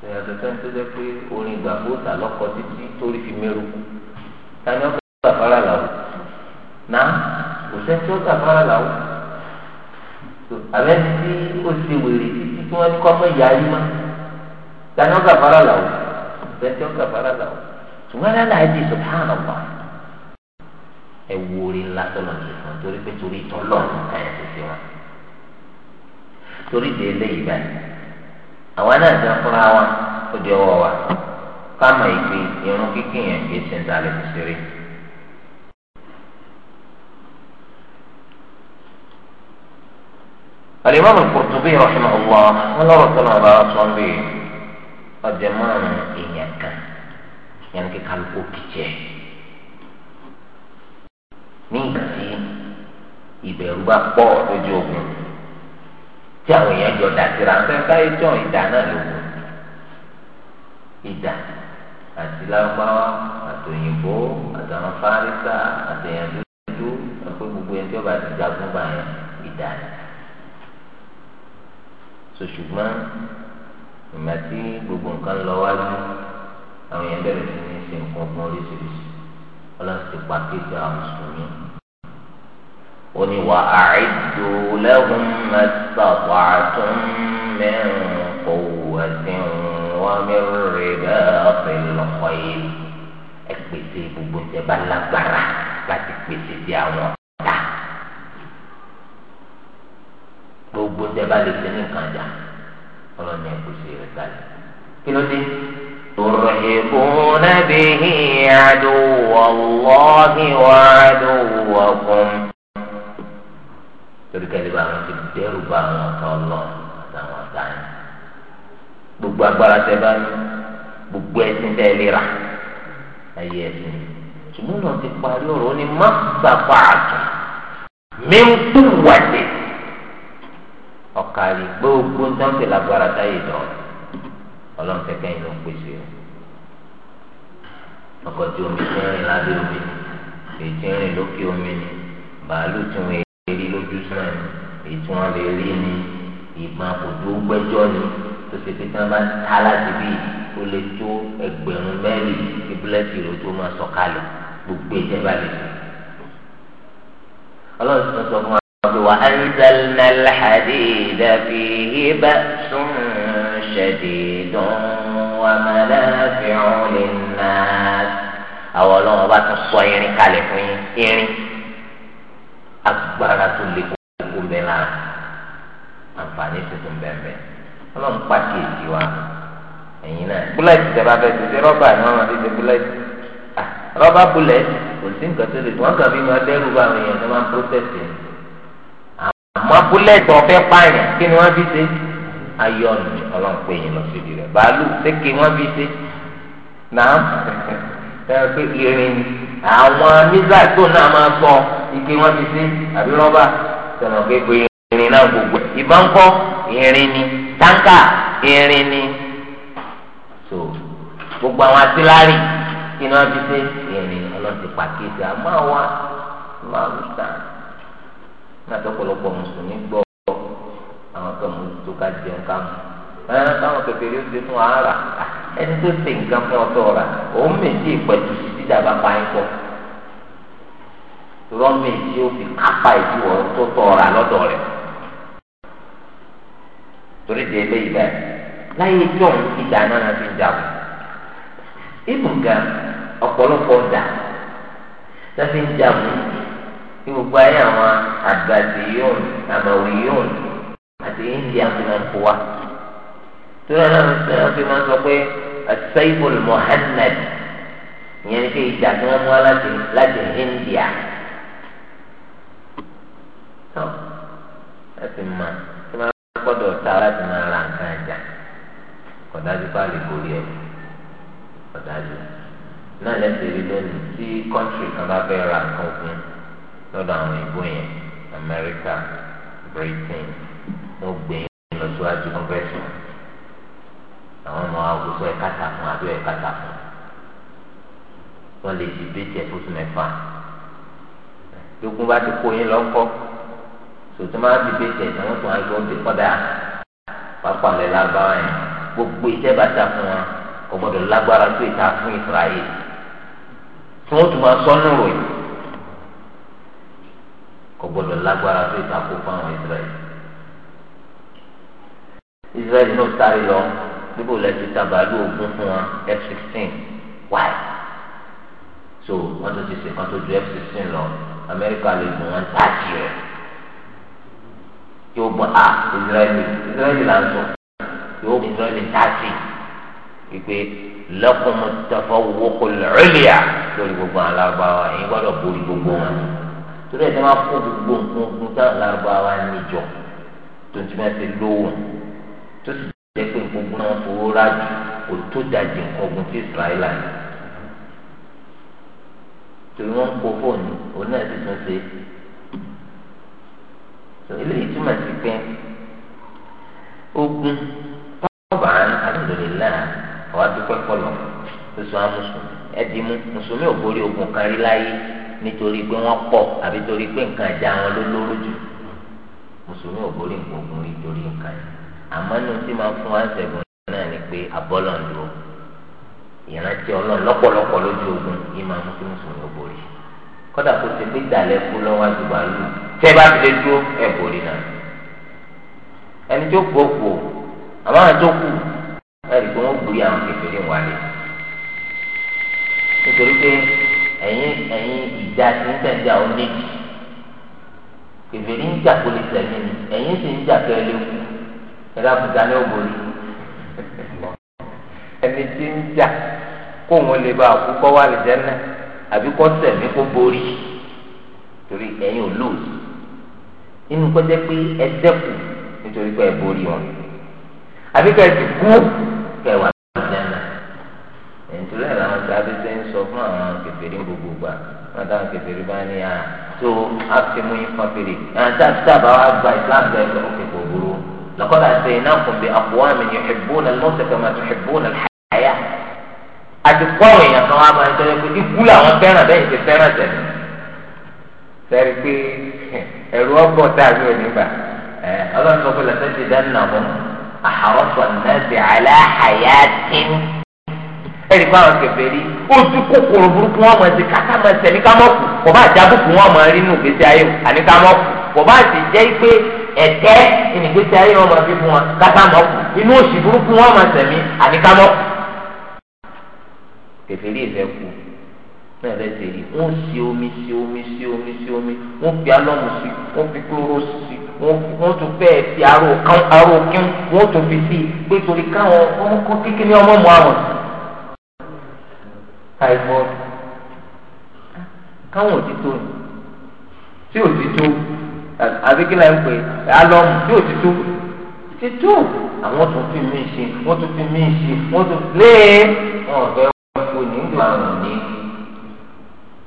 sẹ́ni tó jẹ́ pé orin ìgbàgbọ́ ta lọ́kọ títí torí fi mẹ́rùkù ta ni wọ́n fẹ́ gbàgbára làwọn náà kò sẹ́ni tó gbàgbára làwọn àbẹ tí ó ṣe wèrè títí tí wọn kọ fún ìyá yìí mọ dání ọgá fara là ó bẹ́ẹ̀ tí ọgá fara là ó ṣùgbọ́n lálẹ́ àìdí subhanallah ẹ wo orí ńlá tó lọ sí fún un torí pé torí ìtọ́lọ̀ nǹkan ẹ̀ ti fi wọn torí di eléyìí báyìí àwọn náà ti fúnra wọn ó di ọwọ́ wa ká mọ̀ ìpè irun kíkì yẹn kì í ṣe ń dalẹ̀ fi ṣeré. الإمام القرطبي رحمه الله ولا رسول الله صلى الله ọjọmọràn èèyàn kan èèyàn kí kálukú kìjẹ ní ìgbà tí ìbẹ̀rù bá pọ̀ lójú ogun tí àwọn èèyàn jọ dàtìrà ńfẹ́ báyìí jọ ìdá náà lógun ìdá àti lárúbáwá àtòyìnbó àtàwọn fárísà àtẹ̀yàn dúdú àpé gbogbo ẹni tí ó bá ti jagun báyẹn ìdá ni so ṣùgbọ́n ìgbà tí gbogbo nǹkan lọ wájú àwọn èèyàn bẹ̀rẹ̀ sí ní ṣe nǹkan ọgbọ́n oríṣiríṣi ọlọ́run ti pa kéde àwọn mùsùlùmí. ó ní wà á ìdò lẹ́hùn mẹ́tàpá tó mẹ́rin owó ẹ̀sìn wọn bẹ́ẹ̀ ọ̀fẹ́ yìí ẹ gbogbo ìjẹba lágbára láti pèsè bí àwọn. tẹ́ bá lè ṣe ní nǹkan jà ọlọ́ni ẹ̀kú sí rẹ̀ kalẹ̀ kí ló dé. ترهبون به عدو الله وعدوكم torí kẹ́lẹ́ bá wọn ti dẹ́rù bá wọn kọ́ lọ àtàwọn àtàyàn gbogbo agbára tẹ bá ní gbogbo ẹsìn tẹ lera ayé ọ̀kàlì gbogbo ńtọ́ ṣe lágbára táyé dọ̀ ọlọ́run kẹ̀kẹ́ yìí ló ń pèsè o ọkọ̀ tí omi ti ń rìn lábẹ́ omi èyí ti ń rìn lókè omi ni bàálù tí wọ́n rí lójú sàn ni èyí tí wọ́n lè rí ni ìgbọ̀n àpòtò gbẹ́jọ́ ni tó ṣe pé tí wọ́n bá ta láti bí ó lè tó ẹgbẹ̀rún mẹ́rin kí búlẹ́tì rẹ̀ tó máa sọ̀kalẹ̀ gbogbo ìjẹba lè fi ọlọ́run ti sọ fún wa. وأنزلنا الحديد فيه بأس شديد ومنافع للناس àwọn ọlọ́run bá tún sọ irin kalẹ̀ fún yín irin agbára tó lè kó bẹ́ẹ̀ lára àǹfààní tuntun bẹ́ẹ̀ ọlọ́run pàkíyèsí wa ẹ̀yin náà búlẹ̀tì tẹ bá fẹ́ ṣiṣẹ́ rọ́bà ni wọ́n máa fi ṣe búlẹ̀tì ah, rọ́bà búlẹ̀tì kò sí nǹkan tó lè tó wọ́n kàn fi máa dẹ́rù bá àwọn èèyàn tó máa ń protest yẹn. àmọ́ búlẹ́ẹ̀tì ọ̀fẹ́ pààyàn kí ni wọ́n fi ṣe ayọ́nù ni ọlọ́run pè yín lọ síbi rẹ̀ bàálù sékè wọ́n fi ṣe náà (laughs) pé irin àwọn mísà tó náà máa sọ ike wọ́n fi ṣe àbí rọ́bà pé irin náà gbogbo irin ni táǹkà irin ni so gbogbo àwọn kí ni wọ́n fi ṣe láti ọ̀pọ̀lọpọ̀ mùsùlùmí gbọ́ àwọn kan mú tó ká jẹun ká mú ẹ káwọn kékeré ó ti fún wa rà ẹni tó ṣe nǹkan fún ọtọ rà òun méjì ìpẹ̀tù sí dídà bá pa ẹ̀ pọ̀ rọ́mì tí ó fi kápá ìdíwọ̀ tó tọ̀ rà lọ́dọ̀ rẹ̀ torí di eléyìí bẹ́ẹ̀ láyé tí òun ti dà náà fi ń jà wọ́n ibùgà ọ̀pọ̀lọpọ̀ dà náà ń jà wọ́n tí gbogbo ayé àwọn àgbàdìyóòn àmàwìyóòn àti india fi máa ń kó wa tó náà náà fi máa ń sọ pé asaibul muhannad ìyẹn ni pé ìjà tí wọ́n mú wa láti láti india tó láti mọ tí wọ́n gbọ́dọ̀ ta láti máa ra nǹkan ẹja kọ̀dájú bá lè borí ẹ̀ kọ̀dájú náà lẹ́sẹ̀ rí lónìí tí kọ́ńtì kan bá fẹ́ ra nǹkan ogun lọ́dọ̀ àwọn ìbò yẹn Amẹ́ríkà Britain wọ́n gbé yín lọ síwájú convention àwọn ọmọ àwòsàn ẹ̀ka tàkùn àbí ẹ̀ka tàkùn wọ́n lè di bíjẹ fúnṣu mẹ́fà lókun bá ti kó yín lọ́kọ́ sòtún máa di bíjẹ tí wọ́n tún á gbọ́ ti kọ́dà pápá lẹ́ lágbára yẹn gbogbo iṣẹ́ bá ta fún wa kò gbọ́dọ̀ lágbára tó ìta fún Israel tí wọ́n tún máa sọ́nù ròyìn kò gbọdọ̀ lágbára tó ìtakò fáwọn israẹli israẹli náà sáré lọ bíbò lẹsí tabalu ogun fún wa f sixteen why so wọn tún ti ṣèkan tó ju f sixteen lọ amẹ́ríkà lè gùn wọn tààtì rẹ yóò bọ a ah, israẹli israẹli là ń sọ yóò bọ israẹli tààtì wípé lọkùnmọtàfọwọkọ lọ́ọ̀lìyà lórí gbogbo àwọn alábàáwá yìí gbọ́dọ̀ borí gbogbo wọn torí ẹni máa fún gbogbo nǹkan ogun táwọn lárúbáwá níjọ tó ti máa ti lówó tó sì jẹ́ pé gbogbo náà fowó rájù kò tó dàjẹ́ nǹkan ogun tí Israẹla ní torí wọ́n kó fóònù òun náà ti tún ṣe eléyìí túmọ̀ sí pé ogun tọ́ba alhamdulillah àwọn adúpẹ́ kọlọ̀ tó sọ àwọn mùsùlùmí ẹ̀dínmú mùsùlùmí ò borí ogun kan rí láyé nítorí pé wọ́n pọ̀ àbí torí pé nǹkan ìjà wọn ló lóró jù mùsùlùmí ò borí nǹkan ogun rí torí nǹkan yìí àmọ́ inú tí máa fún wa ṣẹ̀gùn náà ni pé abọ́lọ̀ ń lo ìrántí ọlọ́run lọ́pọ̀lọpọ̀ lójú ogun yìí máa mú kí mùsùlùmí ò borí kódà kó ti pé ìdàlẹ́ kú lọ́wọ́ àdúgbò àlù tẹ́ bá ti lè dúró ẹ̀ borí náà ẹni tó kú ó àmọ́ àwọn tó kù ẹ̀rí pé wọ́n borí àwọn kékeré wálé nítorí pé ẹ̀yin ẹ̀yin ìjà ti ń tẹ̀jà ó méjì kèfèrí ń jà kó lè tẹ̀lé mi ẹ̀yin sì ń jà kẹ́ ẹ lé kú ẹ̀rọ àbùdá ní ògbóni ẹni tí ń jà kó wọn lè bá àkú kọ́ wà lè jẹ́nà àbí kọ́ tẹ̀mí kó borí torí ẹ̀yin ò lóòsì inú kọjá pé ẹ dẹ́kun nítorí pé ẹ borí wọn àbí kẹ́ ẹ ti kú kẹ́ ẹ wà torí ẹ̀ làwọn sábà ṣe ń sọ fún àwọn kẹfẹ́rí gbogbo gbà wọn táwọn kẹfẹ́rí bá ní à ah, tó a ti mú yín kan fèrè àti àbá wa gba islam bẹ́ẹ̀ lọ òkè kò burú lọ́kọ́dà ṣe iná kùn bí aqwamin yuhibbuna al-mawta kama tuhibbuna al-hayah àti kọ́ọ̀ èèyàn kan wá máa ń tẹ́lẹ̀ pé ikú làwọn fẹ́ràn bẹ́ẹ̀ ṣe fẹ́ràn tẹ̀lé sẹ́rí pé ẹ̀rù ọgbọ̀n tàbí onígbà ọlọ́run sọ pé lọ́sẹ̀ ti dáná wọn àhàrọ̀ náà ti àlàáhàyà tí ẹnì fún àwọn kẹfẹ rí ojú kòkòrò burúkú wọn mọ ẹsẹ kàkà mọ ẹsẹ ní ká mọ kù kò bá jábùkù wọn mọ rí nù gbèsè ayé wò àní ká mọ kù kò bá ti jẹ́ pé ẹ̀tẹ́ ìnìgbèsè ayé wọn mọ fi fún wọn kàkà mọ kù inú òṣì burúkú wọn mọ ẹsẹ mi àní ká mọ kù. kẹfẹ rí ìfẹ́ kù náà lè tẹ̀lé wọ́n si omi si omi si omi si omi wọ́n fi alọ́mù si wọ́n fi kúlóró si wọ́n tún bẹ́ẹ̀ fi aró kán aró kí wọ́n tún fi si pé torí káwọn ọmọkọ kékeré ọmọ mu àwọn àìgbọ́ káwọn òtítọ́ ni tí òtítọ́ àbíkílà ń pè alọ́mù tí òtítọ́ títọ́ àwọn tó fi mí ṣe wọ́n tó fi mí ṣe wọ́n tó lé e. wọn ọ̀fẹ́ wọn kò ní gbà wọn ní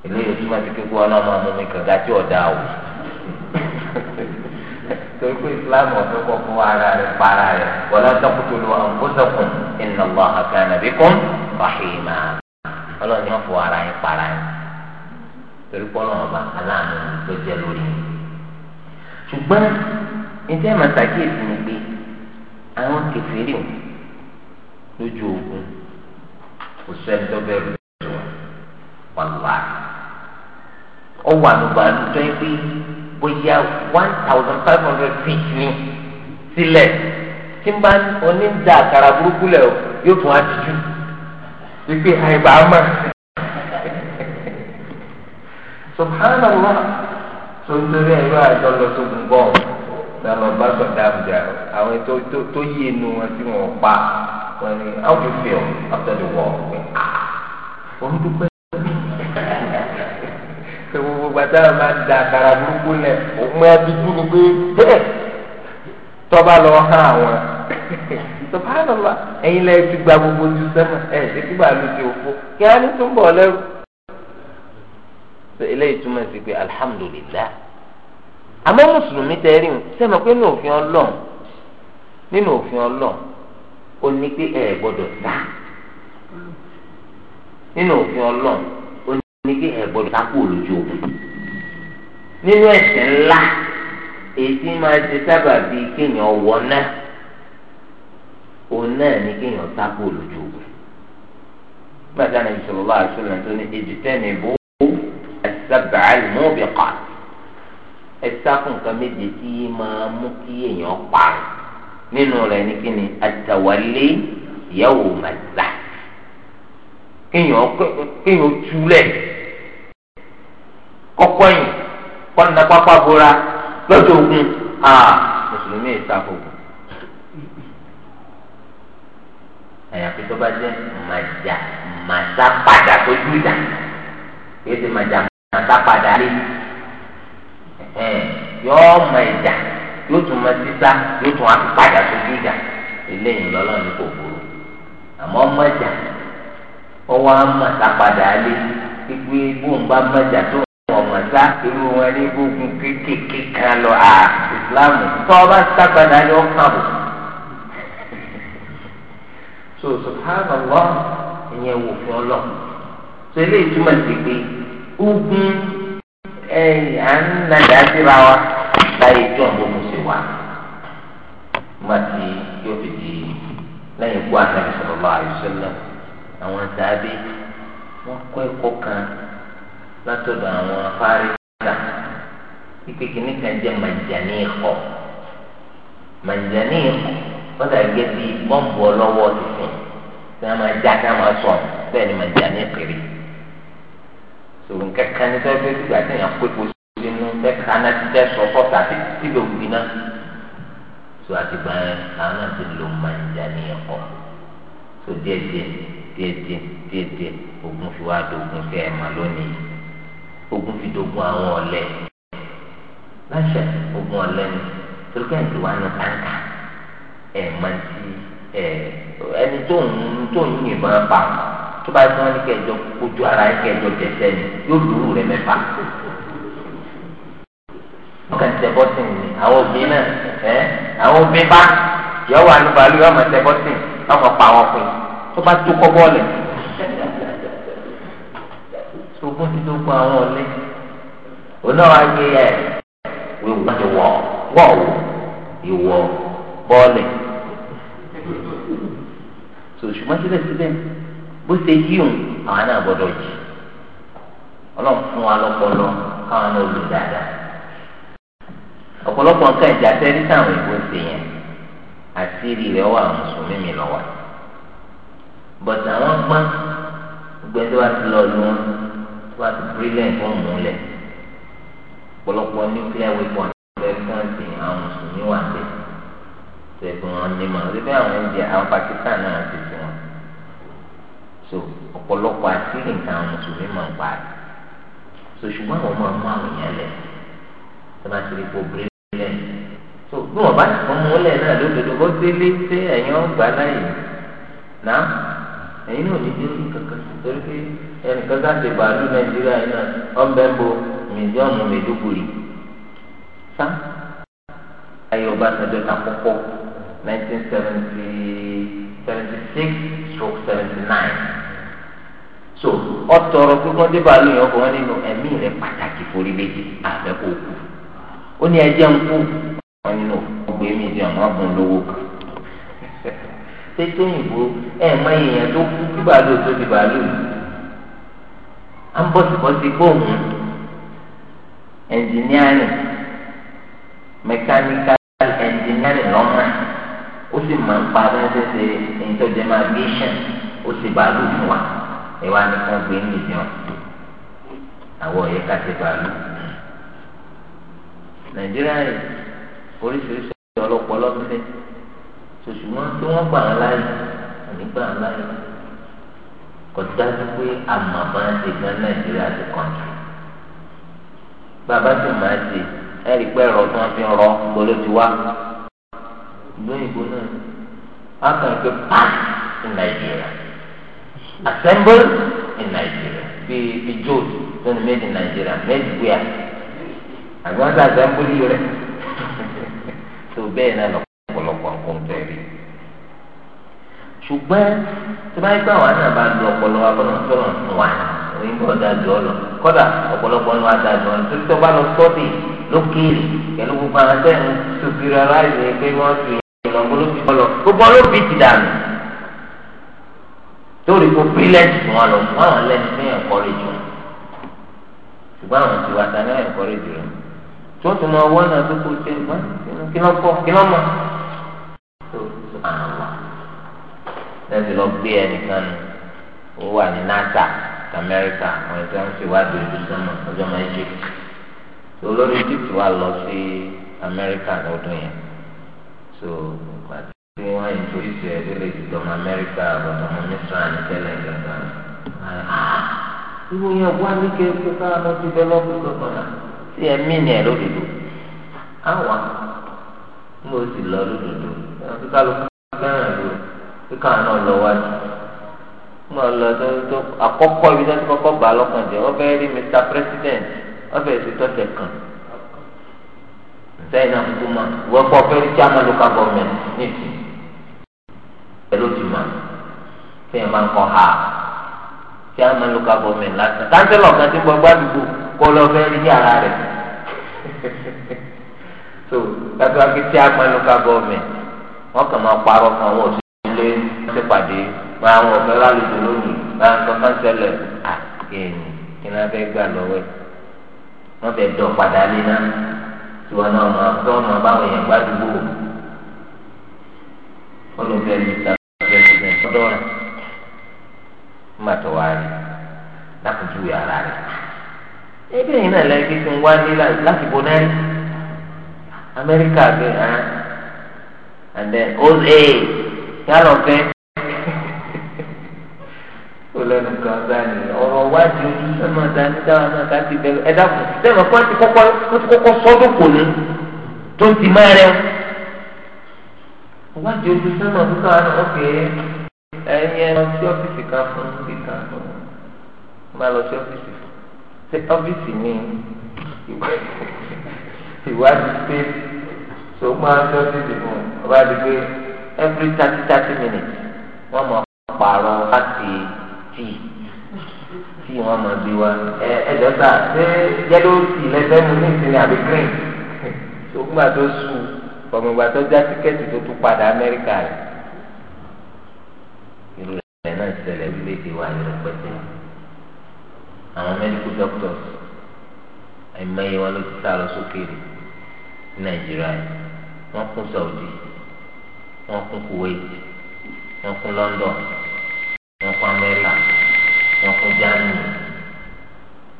eléyìí tó máa ti ké kó ọlọ́mọ àwọn mi kàga tí ọ̀dà o (laughs) torí pé Islam ọ̀fẹ́ kọ́ fún ara rẹ̀ para rẹ̀ wala taqtulu anfusakum inna Allaha kana bikum rahima ọlọ́run yóò fọ ara yín para yín torí pọ́ náà ọba aláàánú ló jẹ́ lórí yín. ṣùgbọ́n ìjẹ́ màtàkìyèsí ni pé àwọn kẹfìrí lójú ogun kò sẹ́ni tó bẹ̀rù lọ́wọ́ wàlúwà ọ wà lùbàlù tó ń pè bóyá one thousand five hundred feet ní sílẹ̀ tí n bá onídàá àkàrà burúkú lẹ̀ yóò tún á ti jù wípé àìbá mọ̀ subhanallah tó ń torí ẹ̀rọ àjọ lọ sógun bọ́ọ̀ náà lọ bá sọ̀dá àbújá àwọn tó tó tó yí pa wọn how you feel after the war òun dúpẹ́ pé gbogbo gbàtà máa ń da àkàrà burúkú lẹ̀ òun máa bí dúró pé bẹ́ẹ̀ tọ́ba lọ hàn àwọn subhanallah ẹ̀yin lẹ́yìn ti gba gbogbo ojú sẹ́mà ẹ̀ ṣe kí bàálù ti òfo kí á ní túnbọ̀ lẹ́rù. eléyìí túmọ̀ sí pé alhamdulillah àmọ́ mùsùlùmí tẹ́rì ń sẹ́mi pé nínú òfin ọlọ́run nínú òfin ọlọ́run ó ní pé ẹ̀ gbọ́dọ̀ ta nínú òfin ọlọ́run ó ní pé ẹ̀ gbọ́dọ̀ ta kú olójú òkun nínú ẹ̀ṣẹ̀ ńlá èyí tí máa ṣe sábàbí kéèyàn wọ náà òun náà ní kéèyàn sápò lójú òwe gbàdá ní ìṣòro bá aṣọ náà tó ní ìdìtẹ́ni bó ẹ̀sàbà àlùmọ́bìkà ẹ̀sàkùn nǹkan méje tí máa mú kí èèyàn parun nínú rẹ̀ ní kíni àtàwálé ìyàwó màlá kéèyàn túlẹ̀ kọ́kọ́ yìí kọ́nà pápá bora lọ́jọ́ ogun ah, mùsùlùmí ìsàkùn. àyàfi tó bá jẹ́ màjà màsá padà tó gbìdà kìí ṣe màjà màsá padà lé yọọ mọ ìjà yóò tún mọ sísá yóò tún àti padà tó gbìdà eléyìí lọ́lọ́run kò burú àmọ́ mọ̀jà ọwọ́ màsá padà lé gbígbé bóńgbà mọ̀jà tó ọ̀mọ̀sá irú wọn ní gbógun kéékèèké kan lọ à ìsìlámù tọ́ ọ bá sá padà ní ọ̀kan bò so subhanallah ìyẹn wò fún ọlọ so eléyìí túmọ̀ sí pé ogun ẹ̀yìn à ń nàdá síra wa láyé jọ gbogbo sí wa má ti yóò fi di lẹ́yìn ikú àtàlẹ́ sọ̀rọ̀ àìsílẹ̀ àwọn tàbí wọ́n kọ́ ẹ̀kọ́ kan látọ̀dọ̀ àwọn afárí ká ìpèkìní kan jẹ́ màjàní ìkọ̀ wọ́n tà gé bí bọ́ǹbù ọlọ́wọ́ tuntun tí wọ́n máa já ká máa sọ bẹ́ẹ̀ ni màá já ní ìpèrè sòrùn kankan ní sẹ́fẹ́ sígbà tí èèyàn pé kò sí inú mẹ́ka náà ti tẹ́ sọ fọ́tà tí tí ló gbin náà tó àti gbà yẹn àwọn náà ti lò máa ń já ní ẹ̀kọ́ tó díẹ̀ díẹ̀ díẹ̀ díẹ̀ díẹ̀ díẹ̀ ogun fi wá dogun fẹ́ ẹ̀ mà lónìí ogun fi dogun àwọn ọ̀lẹ láṣẹ ogun ọ̀lẹ ni torí ẹ̀ mọ̀tí ẹ̀ ẹni tó ń tó ń yìnbọn pa tó bá tí wọ́n ní kẹjọ kojú ara yín kẹjọ tẹ̀sẹ̀ ni yóò lùrù rẹ̀ mẹ́fà. wọ́n kàn tẹ bọ́tìn ni àwọn òbí náà ẹ̀ àwọn òbí bá yọ wà ní balùwẹ̀ yọ mọ̀ tẹ bọ́tìn ọmọ pa àwọn pin tó bá tó kọ́ bọ́ọ̀lù. sogún ti tó kún àwọn ọ̀lẹ́ òun náà wá gbé ẹ̀ wíwọ́n ti wọ̀ wọ́ọ̀wù bọ́ọ̀lì so ṣùgbọ́n síbẹ̀síbẹ̀ bó ṣe yí òun àwọn náà gbọ́dọ̀ jì ọlọ́run fún wa lọ́pọlọ káwọn náà lò dáadáa ọ̀pọ̀lọpọ̀ nǹkan ìjà sẹ́rí ṣe yẹn wà mùsùlùmí mi lọ́wọ́ but àwọn gbọ́n gbẹ́dẹ́ wa ti lọ lu ṣe fún wọn ní mọ ṣe fún àwọn India àwọn Pakistan náà ti fún wọn so ọ̀pọ̀lọpọ̀ àti nǹkan àwọn mùsùlùmí máa ń pa á so ṣùgbọ́n àwọn máa mú àwọn èèyàn lẹ̀ ṣe máa ti rí kó bírí lẹ̀ so bí wọ́n bá ti fún mú lẹ̀ náà lódodo bó ṣe lé ṣé ẹ̀yin ọgbà láyè náà ẹ̀yin náà ní dé kankan torí pé ẹnìkan sáàtì bàálù nàìjíríà yìí náà ọbẹ̀ ń bo mílíọ̀nù mẹ́ẹ̀ẹ́dógún yìí sá ayé ọba ṣẹjọ́ ta kọ́kọ́. 1976-79 so ọtọrọ kíkọ́ dé bàálù yẹn ọkọ̀ wọn nínú ẹ̀mí rẹ̀ pàtàkì forí méjì àbẹ́ kò kú ó ní ẹjẹ́ ń kú wọn nínú ọgbẹ́ mi ìdí àwọn ọgbọ̀n lówó kan (laughs) tètè òyìnbó ẹ̀ mọ èèyàn tó kú kí bàálù tó di bàálù à ń bọ̀sibọ̀si gbóhùn ẹnjìníárì mẹkáníkà ẹnjìníárì lọ́mọ ó sì máa ń pa bí wọ́n ṣe ṣe ẹni tó jẹ́ máa bí ṣẹ̀ ó sì bàálù fún wa ẹ wá ní kán gbé nìyí wọn àwọn ọ̀yẹ́ ká ti bàálù. nàìjíríà yìí oríṣiríṣi ọlọ́pọ̀lọ́ ń lé ṣùṣùgbọ́n tí wọ́n gbà wọn láàyè àní gbà wọn láàyè kò dájú pé àmàmà ti gan nàìjíríà ti kọ̀ǹtì bàbá tó máa ṣe ẹ̀rí pé ẹ̀rọ tí wọ́n fi rọ gbọ́dọ̀ ti wá ìlú òyìnbó náà wọn kàn pé park in Nigeria assemble in Nigeria bí ijó tó ní made in Nigeria made where àbí wọn sọ assembly rẹ tó (laughs) bẹ́ẹ̀ náà lọ ọ̀pọ̀lọpọ̀ nǹkan tó rí ṣùgbọ́n tí báyìí pé àwọn àná bá lu ọpọlọ wa bọ́lá sọ̀rọ̀ fún wa òyìnbó ọ̀dà jù ọ lọ kọ́dà ọ̀pọ̀lọpọ̀ ni wà á da jù ọ lọ torí tó bá lọ sọ́ọ̀tì lókèèrè pẹ̀lú gbogbo àwọn tẹ̀ ń superiorize pé wọ́n fi gbogbo olóbi ti dànù torí kò bílẹ̀tì fún wọn lọ fún àwọn lẹ́nu fún ẹ̀kọ́rẹ́jì wọn ṣùgbọ́n àwọn ti wá ta ní ẹ̀kọ́rẹ́jì rẹ̀ tó tún máa wọ́n náà tó kó ṣe wọ́n kí ló kọ́ kí ló mọ̀ tó tún àwọn wà lẹ́sìn lọ gbé ẹnìkan nù ó wà ní NASA Amẹ́ríkà àwọn ẹ̀sẹ̀ ń ṣèwádìí ojú sọ́mọ ọjọ́ máa ń ṣe tó lórí Egypt wà lọ sí Amẹ́ríkà lọ́dún yẹn so ìgbà tí wọ́n ìtòrí ṣe ẹ̀dẹ́lẹ̀ ìdọ̀mọ amẹ́ríkà ọ̀dọ̀mọ mísírà ní tẹ́lẹ̀ gàgà irú yẹn wá ní kéèké káwọn lọ sí dẹ́lọ́pù kankan náà tí ẹ mí ni ẹ lódodo àwa ń lọ sí lọ lódodo kíkálukú fẹ́ràn lò kíkà náà lọ wájú mo lọ tó tó àkọ́kọ́ ibi tó ti kọ́kọ́ bá lọ́kàn jẹ́ ọ fẹ́ rí Mr President ọ fẹ́ ṣe tọ́tẹ̀ kan sẹ́yìn náà kúkú ma ìwọ kọ́ fẹ́ẹ́ tí a máa local government nìkì pẹ̀lú ti ma sẹ́yìn máa ń kọ́ ha tí local government láti kánsẹ́lọ̀ kan ti gbọ́ gbàdúgbò kọ́ lọ fẹ́ẹ́ rí yàrá rẹ̀ (laughs) so gbàgbọ́ akí tí a máa local government wọ́n kàn máa parọ́ fún àwọn òṣèlú ilé ṣe pàdé máa àwọn ọ̀fẹ́ lálejò lónìí máa ń sọ kánsẹ́lẹ̀ àkẹ́yìn kí n á fẹ́ gbà lọ́wọ́ ẹ̀ wọ́n fẹ́ dọ̀ padà lé náà. tí wọn náà máa tọ́ máa bá wọn yẹn gbádùgbò olùfẹ́ mi ta ọ̀fẹ́ ti bẹ̀ rẹ̀ nígbà tó wá yàrá rẹ̀ ebi yìí náà lẹ́yìn kí wá ní láti bọ̀ náà Amẹ́ríkà gbé and then lẹ́nu kan dání ọ̀rọ̀ wájú ẹnu dání dáhùn náà ká ti bẹ̀rẹ̀ ẹ̀dá kù sẹ́nu kan ti kọ́kọ́ wọ́n ti kọ́kọ́ sọ́dún kò ní tó ń ti máa rẹ̀ wájú ojú sẹ́nu àbúkà náà ó pè é ẹ̀yin ẹ̀ lọ sí ọ́fíìsì kan fún mi kan fún mi máa lọ sí ọ́fíìsì fún ṣé ọ́fíìsì ni ìwádìí pé so máa ń lọ ìdìbò ọba àdìgbé every thirty thirty minutes wọ́n mọ̀ pààrọ̀ láti tí tí wọn máa bí wa ẹ ẹdẹgbà ṣé yẹlò tì lẹsẹ mu ní ìsinmi àbí green tó gbà tó sùn fọmùgbà tó já tíkẹ́ẹ̀tì tó tún padà amẹ́ríkà rẹ̀ irú rẹ̀ náà ṣẹlẹ̀ orílẹ̀-èdè wa ní rẹpẹtẹ àwọn medical doctors ẹ̀mẹ́yẹ wọn ló ti sá lọ sókè ní nàìjíríà wọn kún saudi wọn kún kuwait wọn kún london wọn kún amẹ́ríkà wọn kún germany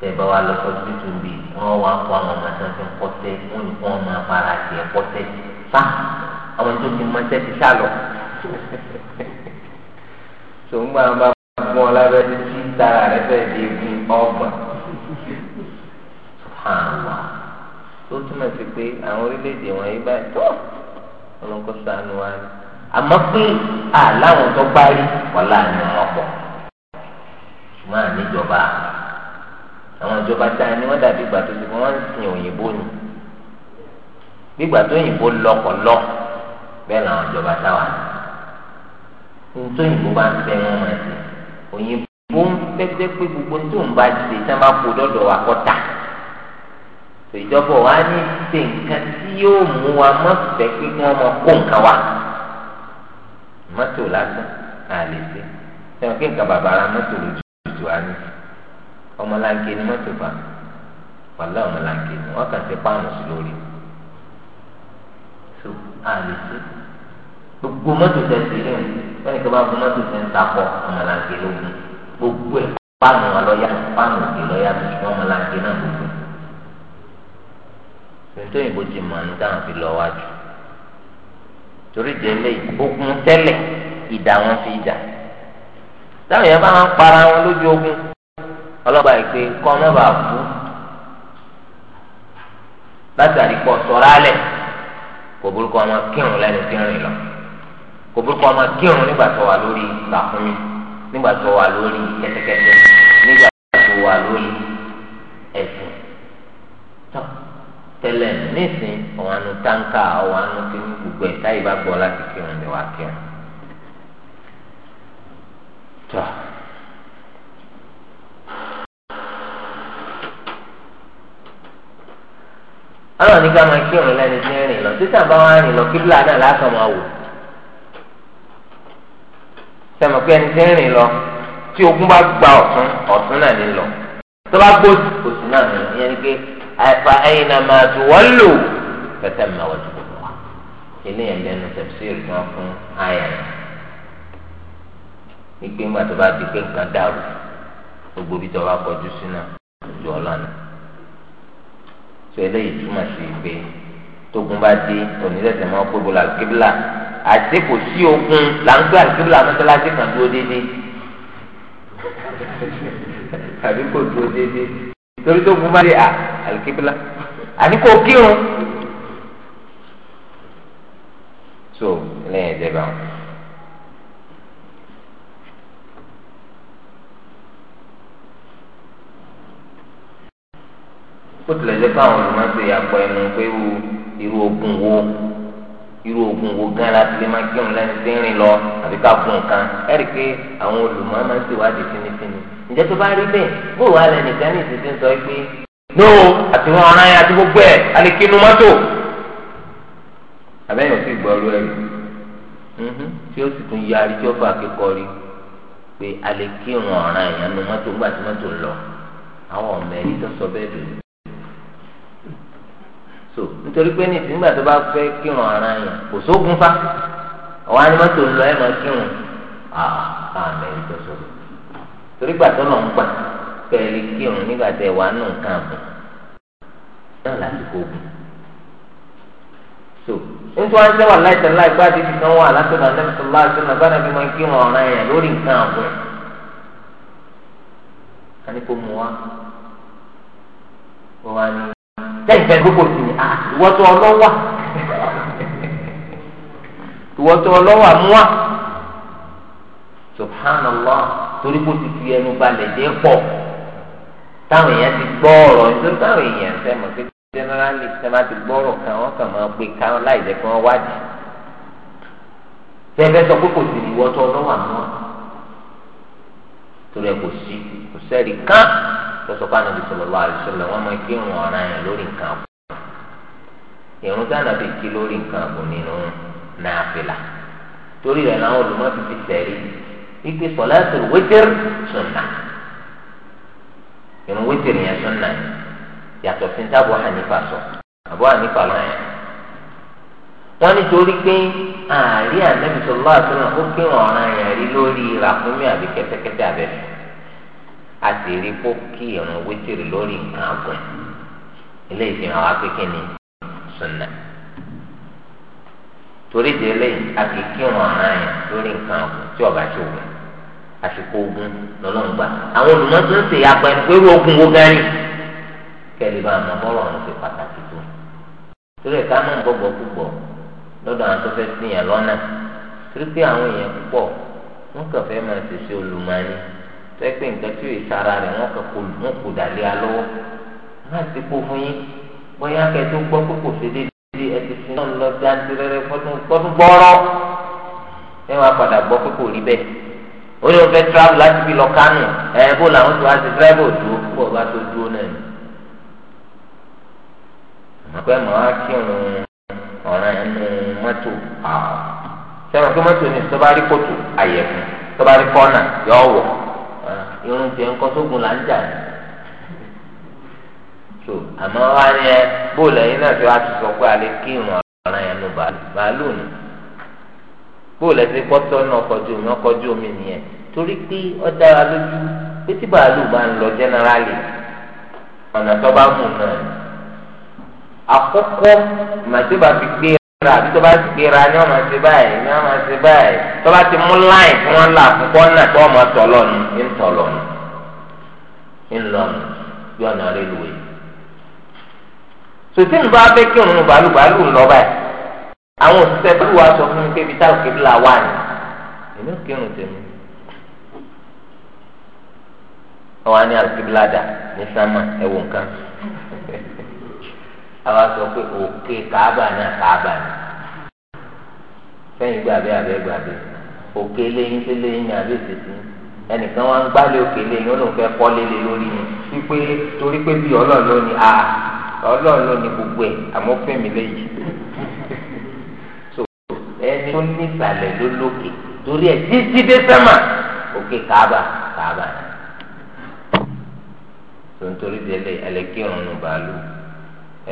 tẹ̀bá wa lọ sọ sí tùbí wọn wá kó àwọn ọmọ tí wọn fi ń kọ́sẹ́ wọn ní wọn máa para tiẹ̀ kọ́sẹ́ fa àwọn tó ti mọ ẹsẹ̀ ti sá lọ. tó ń gbà wọn bá gbọ́n ọ lábẹ́ títí tara rẹ fẹ́ di egun ọgbọ̀n. àwọn tó túmọ̀ sí pé àwọn orílẹ̀-èdè wọn yìí báyìí tó ọlọ́kọ̀ sànù wa ni. (laughs) àmọ́ pé àláwọn tó bá rí ọ̀la ni wọ́n pọ̀ ṣùgbọ́n àníjọba àwọn ìjọba tá a ní wọ́n dàbí ìgbà tó ti fún wọn sin òyìnbó ni gbígbà tó òyìnbó lọkọ̀lọ bẹ́ẹ̀ làwọn ìjọba táwa ní tó òyìnbó bá ń fẹ́ wọn mọ̀ ẹ́ òyìnbó ń pẹ́pẹ́ pé gbogbo tó ń bá ṣe tí wọ́n bá kó dọ́dọ̀ wa kọ́ta ìjọba wa ní ṣe nǹkan tí yóò mú wa mọ̀ fẹ́ pé kí wọ́n mọ kó nǹkan wa mọ́tò lásán àlè sí sẹ́wọ̀n kí nǹkan bàbá ara mọ́tò lójútùtù á ní ọmọláńkè ni mọ́tò bá wàlá ọmọláńkè ni wọ́n kàn sí páànù sí lórí so àlè sí gbogbo mọ́tò tẹ̀sí rẹ̀ wọ́n ní kí wọ́n bá fún mọ́tò tẹ̀ ń takọ̀ ọmọláńkè lógun gbogbo ẹ̀ páànù ọlọ́yà páànù òkè lọ́yà tó ṣùgbọ́n ọmọláńkè náà gbogbo tòǹtòyìnbó ti mọ̀ ní táwọn fi lọ wájú. torí délé ogun tẹ́lẹ̀ ìdá wọn fi dà táwọn yẹn bá wọn para wọn lójú ogun ọlọ́gbà ìpè kọ́ ọmọ bàá kú látàrí pọ̀ sọ̀rọ̀ alẹ̀ kò burúkú ọmọ kírun lẹ́nu tí ń rìn lọ kò burúkú ọmọ kírun nígbà tó wà lórí làkúnmí nígbà tó wà lórí kẹtẹkẹtẹ nígbà tó wà lórí ẹ̀sìn tó. tẹ́lẹ̀ nísìn ọ̀wọ́n anu táǹkà ọ̀wọ́n anu kìíní gbogbo ẹ̀ táyì bá gbọ́ láti kírun ni wàá kírun. tọ́ àwọn ní ká máa kírun lẹ́ni tí ń rìn lọ títà bá wà rìn lọ kíbla náà lásán máa wò sẹ́mi pé ẹni tí ń rìn lọ tí ogun bá gba ọ̀tún ọ̀tún náà ní lọ tó bá gbòòsì òsì náà ní ìyẹn ni pé afa ẹyina máa tu wọn lò pẹtẹ mọ wọn tó kọ wa eléyàn lẹ́nu tẹpsiri kan fún àyà yẹn ìgbé ńgbà tó bá di pé nǹkan dàrú gbogbo bí tó bá kọjú sínú ojú ọlọ́nà tó eléyìí túmọ̀ sí pé tógun bá dé onídẹ̀sẹ̀ máa kó bọ́lá kíbla àti kò sí ogun là ń gbé àkíbla mọ́tálásí kan dúró déédéé tàbí kò dúró déédéé torí tó gun bá dé à àlùkébílà àní kò kírun so lẹ́yìn ẹ̀jẹ̀ bá wọn. ó tilẹ̀ jẹ́ pé àwọn olùmọ̀ọ́sẹ̀ yàgbọ́ ẹnu pé irú ogun wo irú ogun wo gan la tilẹ̀ máa kírun lẹ́nu tí ń rìn lọ àbí ká gun nǹkan ẹ̀rí pé àwọn olùmọ̀ọ́sẹ̀ wádìí fínífíní. ǹjẹ́ tó bá rí bẹ́ẹ̀ bó wà lẹ́ nìkan ní ìsinsìn sọ pé no àti wọn ọ̀ràn yẹn àti gbogbo ẹ̀ alekinu mọ́tò abẹ́yẹn ò sì gbọ́rú ẹ̀rù tí ó sì tún yarí tí ó fà kíkọ́ rí pé alekinu ọ̀ràn yẹn nu mọ́tò ńgbà tí mọ́tò lọ àwọn tó sọ bẹ́ẹ̀ dùn so nítorí pé ní ìsìngbà tó bá fẹ́ kírun ọ̀ràn yẹn kò sóògùn fa ni mọ́tò torí gbà tó náà ń gbà pẹ̀lú kí òun nígbà tẹ wàá nù nǹkan àbùn náà lásìkò ògùn. so nítorí wọn ṣe wà láìsàn láìpẹ́ àti ibi kan wà látọ̀nà anẹ́bísọ̀ láti ọ̀nà bánà bí wọ́n kí wọn ọ̀ràn yẹn lórí nǹkan àbùn. a ní kó mu wá wọ́n wá ní lẹ́yìn fẹ́ gbogbo sí ni ah, ìwọ́ tó ọlọ́wà (laughs) ìwọ́ tó ọlọ́wà mú wa subhanallah torí kó ti fi ẹnu balẹ̀ dé pọ̀ táwọn èèyàn ti gbọ́ ọ̀rọ̀ nítorí táwọn èèyàn fẹ́ mọ̀ pé generally ṣe máa ti gbọ́ ọ̀rọ̀ kan wọ́n kàn máa gbé ká wọn láì jẹ́ kí wọ́n wádìí fẹ́fẹ́ sọ pé kò sì ní wọ́tọ́ lọ́wọ́ àwọn torí ẹ kò sí kò sẹ́ẹ̀rì kán lọ́sọ̀ pa Ànábì sallallahu alaihi wọ́n máa kí irun ọ̀ràn yẹn lórí nǹkan àbò irun tí Ànábì kí lórí nǹkan àbò nínú náà fìlà torí rẹ̀ làwọn olùmọ́ ti fi sẹ́ẹ̀rì wípé sọláṣẹ wẹtẹrì sọnà irun wẹtẹrì yẹn sọnà yàtọ̀ sí ní tábọ̀ hànífà sọ àbọ̀ hànífà lọ yẹn wọn nítorí pé àárín ànábì sọlá àtúnà ó kírun ọ̀ràn yẹn rí lórí ràkúnmí àbí kẹtẹkẹtẹ abẹ́fẹ́ àti rí kó kí irun wẹtẹrì lórí nǹkan àgùn ilé ìfihàn wa pé kí ni sọnà torí délé akíkírun ọ̀ràn yẹn lórí nǹkan ọ̀gbìn tí ọ̀gá ṣe wẹ̀ àsìkò ogun lọ́lọ́run gbà àwọn olùmọ̀tò ń ṣe apẹ̀lú pé ogun wo gan ni kẹ́lẹ́ bá àmọ́ bọ́ọ̀rọ̀ ọ̀run ṣe pàtàkì tó torí ẹ̀ka mọ̀ ń bọ̀bọ̀ púpọ̀ lọ́dọ̀ àwọn tó fẹ́ sìn yẹn lọ́nà torí pé àwọn èèyàn púpọ̀ wọ́n kàn fẹ́ máa ṣe ṣe olùmọ̀ni fẹ́ pé nǹkan tí yóò ṣara rẹ̀ wọ́n kàn kò dàlẹ́ alọ́wọ́ má kó fún yín bóyá kẹ́ tó gbọ́ pé kò ṣe déédéé ti ẹtìtì náà lọ jantirẹrẹ fọdún gbọrọ ẹ wàá padà gbọ́ pé kò rí bẹ́ẹ̀ ó ní wọn fẹ́ travel láti fi lọ kánò ẹ bó làwọn tó wá sí dírẹ́bù òdúró púpọ̀ bá tó dúró náà ni. àpẹ mọ á kí òun ọ̀ràn ẹnu mọ́tò sẹ́wọ̀n kí mọ́tò ní tọ́ba rí kòtò àyẹ̀fún tọ́ba rí kọ́nà yọ̀ wọ̀ irun tiẹ̀ ń kọ́ sógun là ń jà ní so àmọ́ wá ní ẹ bóòlù ẹ̀yin náà fi wá ti sọ pé alẹ́ kí irun ọ̀ràn yẹn nu bàálù nù bóòlù ẹ̀sìn pọ́tọ́ náà kọjú omi ọkọjú omi nìyẹn torí pé ó dára lójú pé tí bàálù bá ń lọ jẹ́nẹ́rálì ọ̀nà tó bá mú náà àkọ́kọ́ màtíbà fi gbé ra àbí tó bá ti gbé ra ní ọ̀nà ti báyìí ní ọ̀nà ti báyìí tó bá ti mú láì tí wọ́n là fún kọ́nà tó ọmọ tọ̀lọ́nù ń tọ̀lọ́nù ń lọ́nù bí ọ̀nà rélùwéè sòtí mi bá fẹ́ kí òun bàálù bàálù ń lọ báyìí àwọn òṣìṣẹ́ bíi wa sọ fún mi kébi táwọn kébi là wà ní èmi ò kírun tèmi àwọn àni àlùkìbìládà ní sámà ẹwọ nǹkan àwa sọ pé òkè kàábà náà kàábà ni fẹ́yìn gbàgbé àbẹ́ gbàgbé òkè lẹ́yìn tí lẹ́yìn àbẹ́ tètè ẹnìkan wá ń gbálẹ̀ òkè lẹ́yìn ó lóun fẹ́ kọ́ lélẹ̀ lórí ni wípé torí pé bí ọlọ́ọ̀ lónìí a ọlọ́run ló ní gbogbo ẹ̀ àmọ́ fún mi léyìí so ẹni tó ní ìsàlẹ̀ ló lókè torí ẹ̀ títí dé sẹ́mà òkè kàába kàába tó ń torí di ẹlẹ́ ẹlẹ́kírun nù bàálù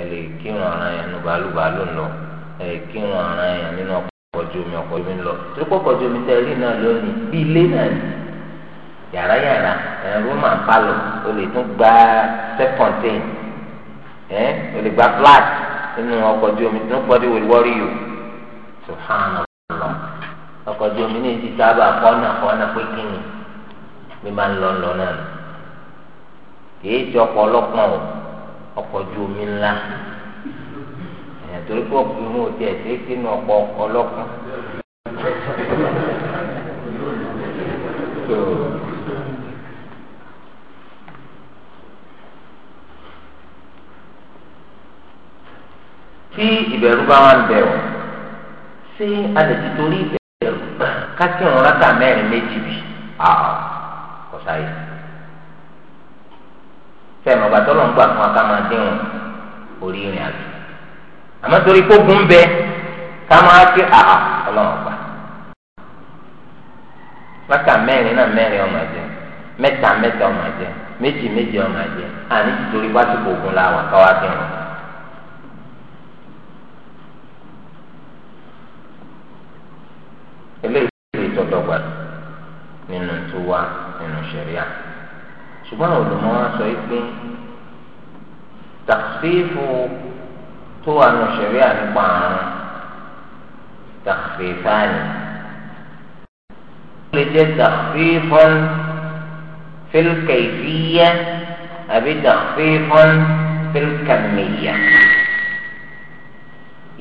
ẹlẹ́kírun ọ̀ràn yẹn nù bàálù bàálù lọ ẹlẹ́kírun ọ̀ràn yẹn nínú ọkọ̀ ojú omi ọkọ̀ ojú omi lọ torí pọ̀kọ̀ ojú omi tẹ̀lé náà lónìí bí ilé náà ní yàrá yàrá ẹ̀rọ máa ń palọ̀ o lè tún gba second ẹ o lè gba flat nínú ọkọ̀ ojú omi nobody will worry you lọ ọkọ̀ ojú omi ní ti sábà kọ́nà kọ́nà pé kí ni mi máa ń lọ lọ náà kìí ti ọkọ̀ ọkọ o omi ńlá ẹ̀ torí pé ọkùnrin ò tiẹ̀ tí ìbẹ̀rù bá wà ń bẹ̀ ọ́ ṣé a lè ti torí ìbẹ̀rù kákìrún rákà mẹ́rin méjì bì á kọ́sá yìí fẹ́ẹ̀ mọ̀gbà tó lọ́n gbà fún wa ká máa dín orí ìrìn àjò àmọ́ torí kó bẹ ká máa ọlọ́run gbà rákà mẹ́rin náà mẹ́rin ọmọ ẹ̀jẹ̀ mẹ́ta mẹ́ta ọmọ ẹ̀jẹ̀ méjì méjì ọmọ ẹ̀jẹ̀ àní ti torí wá sí eléyìí tọ́dọ̀gba nínú tó wá nínú ṣẹ̀ríà ṣùgbọ́n àwọn olùmọ̀ wa sọ pé tàfífù tó wà nínú ṣẹ̀ríà nípa àrùn tàfífáàní ó lè jẹ́ tàfífọ́n fílkẹ̀fíyẹ́ àbí tàfífọ́n fílkẹ̀mẹ̀yà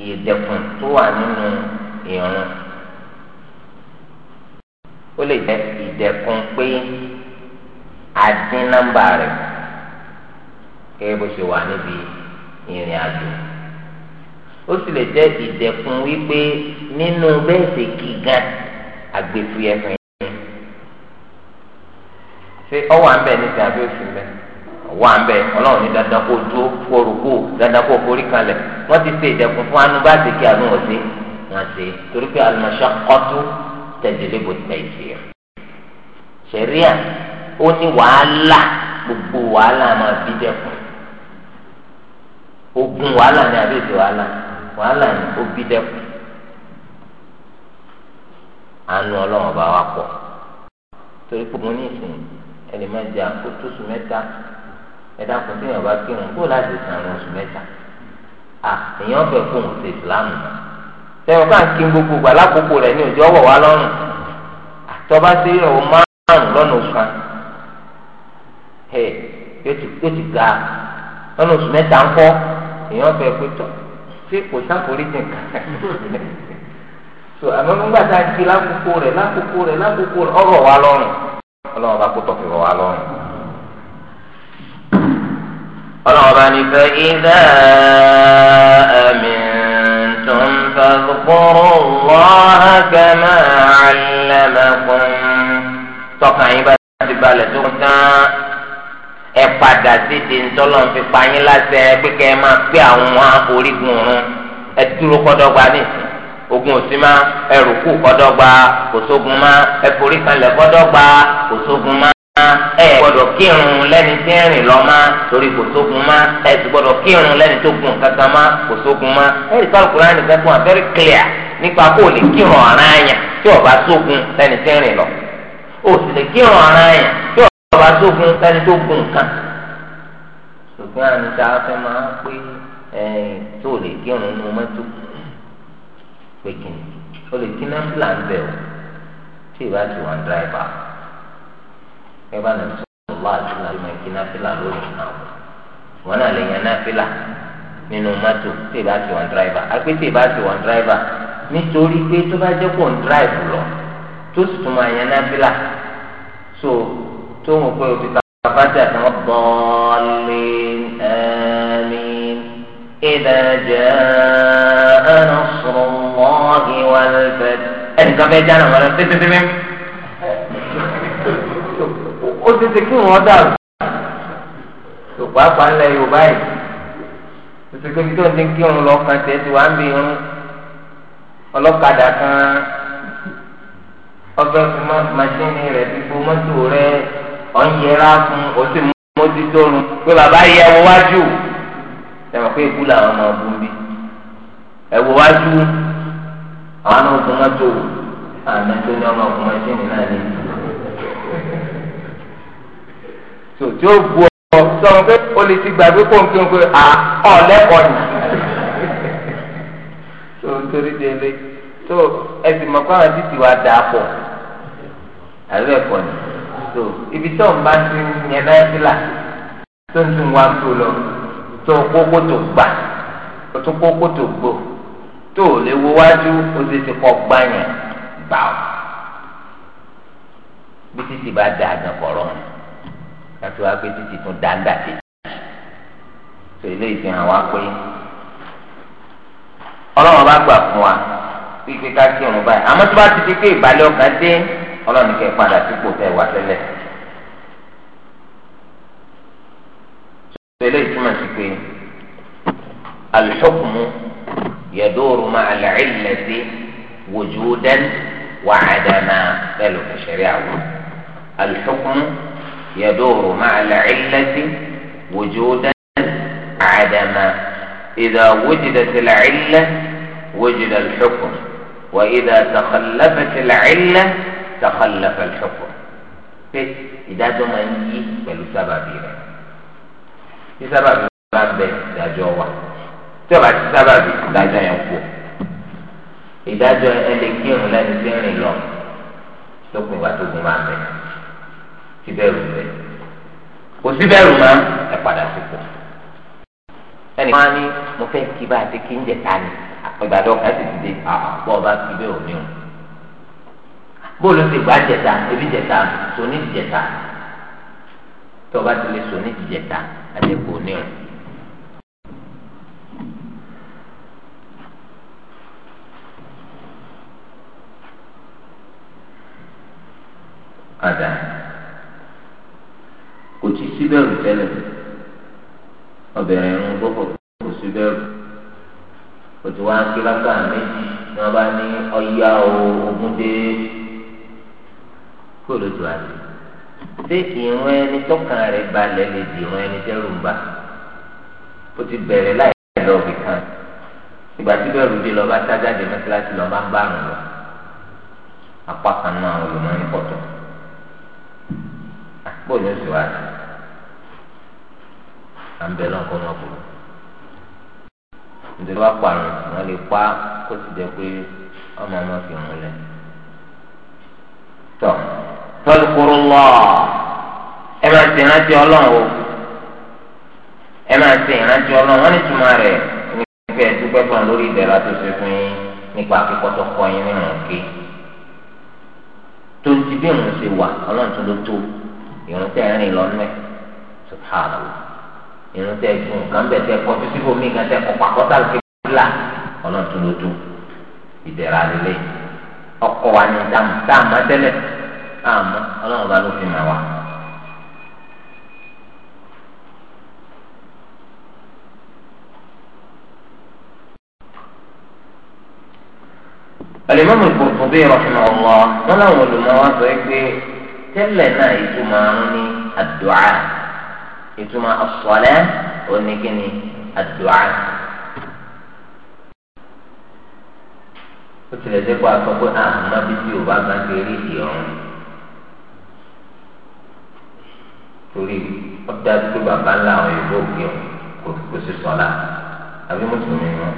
ìdẹ̀kùn tó wà nínú ìrùn. ó lè jẹ ìdẹkùn pé àdín nọ́mbà rẹ̀ kẹ́ẹ́ bó ṣe wà níbi ìrìn àjò ó sì lè jẹ ìdẹkùn wípé nínú bẹ́ẹ̀sì gíga àgbẹ̀fúyẹ́ fún ṣé ọwọ́ à ń bẹ̀ níta àbí òsì mẹ́ ní dandan kó dúró kó dandan kó forí kanlẹ̀ wọ́n ti ṣe ìdẹkùn fún anú bá tẹ̀lé bó tẹ̀sír ṣẹ̀ríà ó ní wàhálà gbogbo wàhálà máa bí dẹ́kun ogun wàhálà ni àbí ètò wàhálà wàhálà ni ó bí dẹ́kun àánú ọlọ́run bá wa pọ̀ torí pé mo ní ìsìn ẹni máa jẹ àkótó oṣù mẹ́ta ẹ̀dá kan tí èèyàn bá kírun kó láti sàn oṣù mẹ́ta à èèyàn bẹ̀ fóun ṣe ìsìlámù náà. sẹ́wọ̀n ká ń kí gbogbo ìgbà lákòókò rẹ̀ ní òjò ọwọ́ wa lọ́rùn tọ́ba sí ìrànwọ́ márùn lọ́nà oṣù kan yóò ti ga lọ́nà oṣù mẹ́ta ń kọ́ èèyàn fẹ́ pé tọ̀ sí kò so àmọ́ nígbà tá a فاذكروا الله كما علمكم tọkàn yín bá ti balẹ̀ ẹ padà sí ti ń tọ́lọ̀ ń fi pa yín láṣẹ pé kẹ́ ẹ máa pé àwọn orígun ọ̀run ẹ dúró kọ́dọ́gba ogun kọ́dọ́gba kò sógun ẹ ẹ gbọdọ kírun lẹ́ni tí ń rìn lọ má torí kò sókun má ẹ sì gbọ́dọ̀ kírun lẹ́ni tó gùn kankan má kò sókun má ẹ rí sọlù very clear nípa kó o lè kírun tí ọba o sì lè kírun tí ọba sókun tó gùn kan. fẹ́ máa tó o lè kírun pé o lè kí ẹgbẹ́ àná tó ń lọ àti náà máa kí náfìlà lórí náà wọn náà lè yan náfìlà nínú mọ́tò tí ìbá ti wọn dráìvà àgbẹ̀ tí ìbá ti wọn dráìvà nítorí pé tó bá jẹ́ kó ń dráìvù lọ tó sì tún máa yan náfìlà so tó ń pẹ́ òfin káfájà tí wọ́n bọ́ọ̀lì ẹ̀mí ìdájà ẹ̀nà sọ̀rọ̀ wọ́ọ̀gì wà lẹ́fẹ̀ẹ́ ẹnìkan fẹ́ jáde wọn lọ pépépépé. ó ti ṣe kí wọn dàrú tó pàápàá ńlẹ̀ Yorùbá yìí tó ṣe kébi tó ń dín lọ kan tẹ ti wá ń bí irun ọlọ́kadà kan ọbẹ̀ màṣíìnì rẹ̀ ti mọ́tò rẹ̀ fún pé bàbá yẹ wájú ẹ̀wọ̀n pé ikú làwọn wájú àwọn ọmọ tó tí ó bu ọ sọ pé o lè ti gbàgbé pọ̀npọ̀n pé à ọ̀ lẹ́kọ̀ọ́ ni tó (laughs) nítorí délé tó ẹsìn mọ̀ fáwọn títí wa dà pọ̀ àbí ẹ̀kọ́ ni tó ibi tó ń bá ti ń yẹn náà sí là tó ń tún wá tó lọ tó kókó tó gbà tó kókó tó gbò tó lè wo wájú ó ti ti kọ́ gbá yẹn báwò bí títí bá dáa gan ni láti wá pé títì tún dáńdá dé tó ilé ìfihàn wa pé ọlọ́run bá gbà fún wa wípé ká kí òun báyìí àmọ́ tó bá ti di pé ìbàlẹ̀ ọkàn dé ọlọ́run kẹ́ padà sípò tẹ̀ wá tẹ́lẹ̀. tó ilé ìtumọ̀ sí pé alḥukmu yaduru ma alcillati wujudan wa cadama bẹ́ẹ̀ ló fi ṣẹ̀rí àwọn alḥukmu. يدور مع العلة وجودا عدما إذا وجدت العلة وجد الحكم وإذا تخلفت العلة تخلف الحكم إذا دم أني بالسبب إذا سبب بابه إذا جوا تبع السبب إذا ينفو إذا جاء إلي كيرو لن تيرني لون تقوم باتوكو kí bẹ́ẹ̀rù rẹ̀ kò sí bẹ́ẹ̀rù mọ́ ẹ padà sípò ẹnì kan á ní mo fẹ́ kí bá a ti kí ń jẹ ta ni ìgbàdọ̀ kan sì ti di àpò ọba kí bẹ́ẹ̀ ò ní o bóòlù ti gbà jẹta ebi jẹta sóní jẹta tí ọba ti lè sóní jẹta àdékò ní o. Ada ti síbẹ̀rù tẹ́lẹ̀ ọbẹ̀rẹ̀ ẹ̀rùn gbọ́kọ̀ kò síbẹ̀rù kò tí wọ́n á kí lápá méjì ni wọ́n bá ní ọ̀yá ogun dé kó lójú àti ṣé ìrún ẹni tọ́kàn rẹ̀ balẹ̀ lè di ìrún ẹni tẹ́rù ń bà ó ti bẹ̀rẹ̀ láì lọ́ọ̀bì kan ìgbà tí bẹ́ẹ̀rù dé lọ́ba tájáde mẹ́tíláṣí lọ́ba ń bá àrùn lọ apá kan náà olùmọ̀ ní pọ̀tọ̀ àpò ní oṣù wa à ń bẹ lọ́nkọ́ wọn kúrò nítorí wá pààrọ̀ wọn lè pa kó sì jẹ pé ọmọ wọn fi hàn lẹ. tọ́ tọ́lùkúrú lọ ẹ máa ti rántí ọlọ́run o ẹ máa ti rántí ọlọ́run wọn ní túmọ̀ rẹ̀ ní pẹ́ dúpẹ́ pọ̀ lórí ìdẹ̀ra tó ṣe fún yín nípa akíkọ́tọ́ kọ́ yín nínú òkè tó ti bí òun ṣe wà ọlọ́run tó ló tó ìrùn tẹ̀ ń rìn lọ́nà ẹ̀ subhanallah ìrún tẹ gùn kàn bẹ tẹ kọjú síbò mí kan tẹ kọpọ àkọsà lókè kíkìlá ọlọ́run tó ló tó ìdẹ̀ra lélẹ̀ ọkọ wa ni dàmú dàmú tẹ́lẹ̀ àmọ́ ọlọ́run bá ló fi mà wá. الإمام القرطبي رحمه الله ولو لما وصيك تلنا يسمعني الدعاء ìtumọ̀ asọ̀lẹ́ oníkíni àdùá. ó tilẹ̀ dé kó a sọ pé àmọ́ bíbí ò bá gbá kiri ìrọ̀rùn. torí ọ̀dà tó bàbá ńlá àwọn ìbò òkè kò kò sí sọ̀lá àbí mùsùlùmí wọn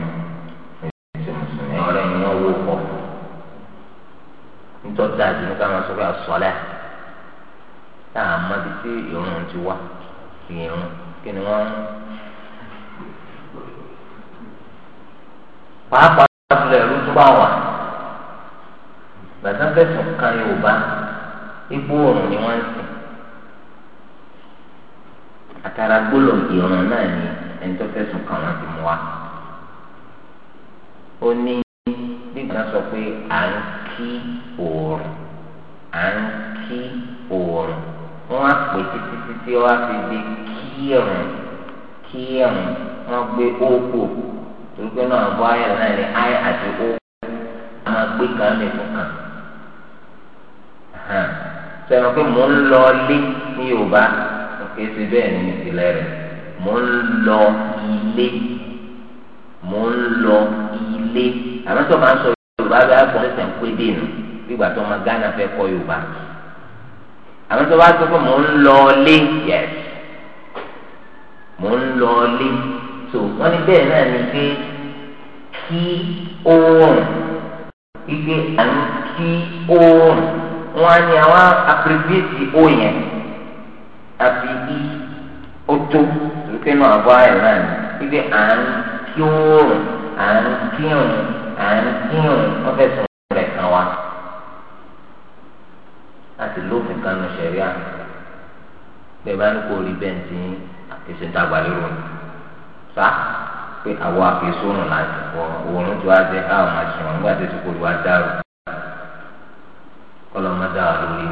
èsì mùsùlùmí ọ̀rẹ́ ni wọ́n wó pọ̀ nítorí dájú ní ká máa sọ pé ti wá. ìran kí ni wọ́n. pàápàá ìlú ẹ̀rú tó bá wà gbàtà fẹ̀sùn kan Yorùbá igbó òrùn ni wọ́n ń sìn àtàrà gbólọ̀ ìrọ̀rùn náà ni ẹni tó fẹ̀sùn kan wọn ti mú wa ó ní nígbà sọ pé à ń kí òòrùn à ń kí òòrùn wọ́n á pè títí títí wọ́n á fi di kírun kírun wọ́n gbé ókò torí pé náà bọ́ ayọ̀ náà ní ayé àti ókò a máa gbé kan lè fún kan sẹ́nu pé mò ń lọ lé ní Yorùbá kò ṣe bẹ́ẹ̀ ní ìpìlẹ̀ rẹ̀ mò ń lọ ilé mò ń lọ ilé àmọ́ tó máa sọ Yorùbá bí a kọ́ ẹsẹ̀ ń pé dé nù bí ìgbà tó Gánà fẹ́ kọ́ Yorùbá àwọn tó bá sọ pé mò ń lọ lé yẹs mò ń lọ lé tó wọn ní bẹ́ẹ̀ náà ni pé kí oorun igi àmì kí oorun wọn á ní àwọn apiribíyèsí o yẹn àfi i ó tó lókè náà àbọ̀ ayọ̀ náà ni igi àmì kí oorun àmì kí oorun àmì kí oorun wọn fẹsẹ̀ rẹ̀ kàn wá àti lófin kanu sẹ̀ríà bẹ́ẹ̀ bá ní kó rí bẹ́ẹ̀ tí èsì ń tagbà lérò sá pé àwọ̀ àfẹ́sọ́rùn láti wọ òórùn tó wá jẹ́ àwọn àṣìwọ̀n nígbà tó ti kó lu adáru kọlọ́mọdé àlórí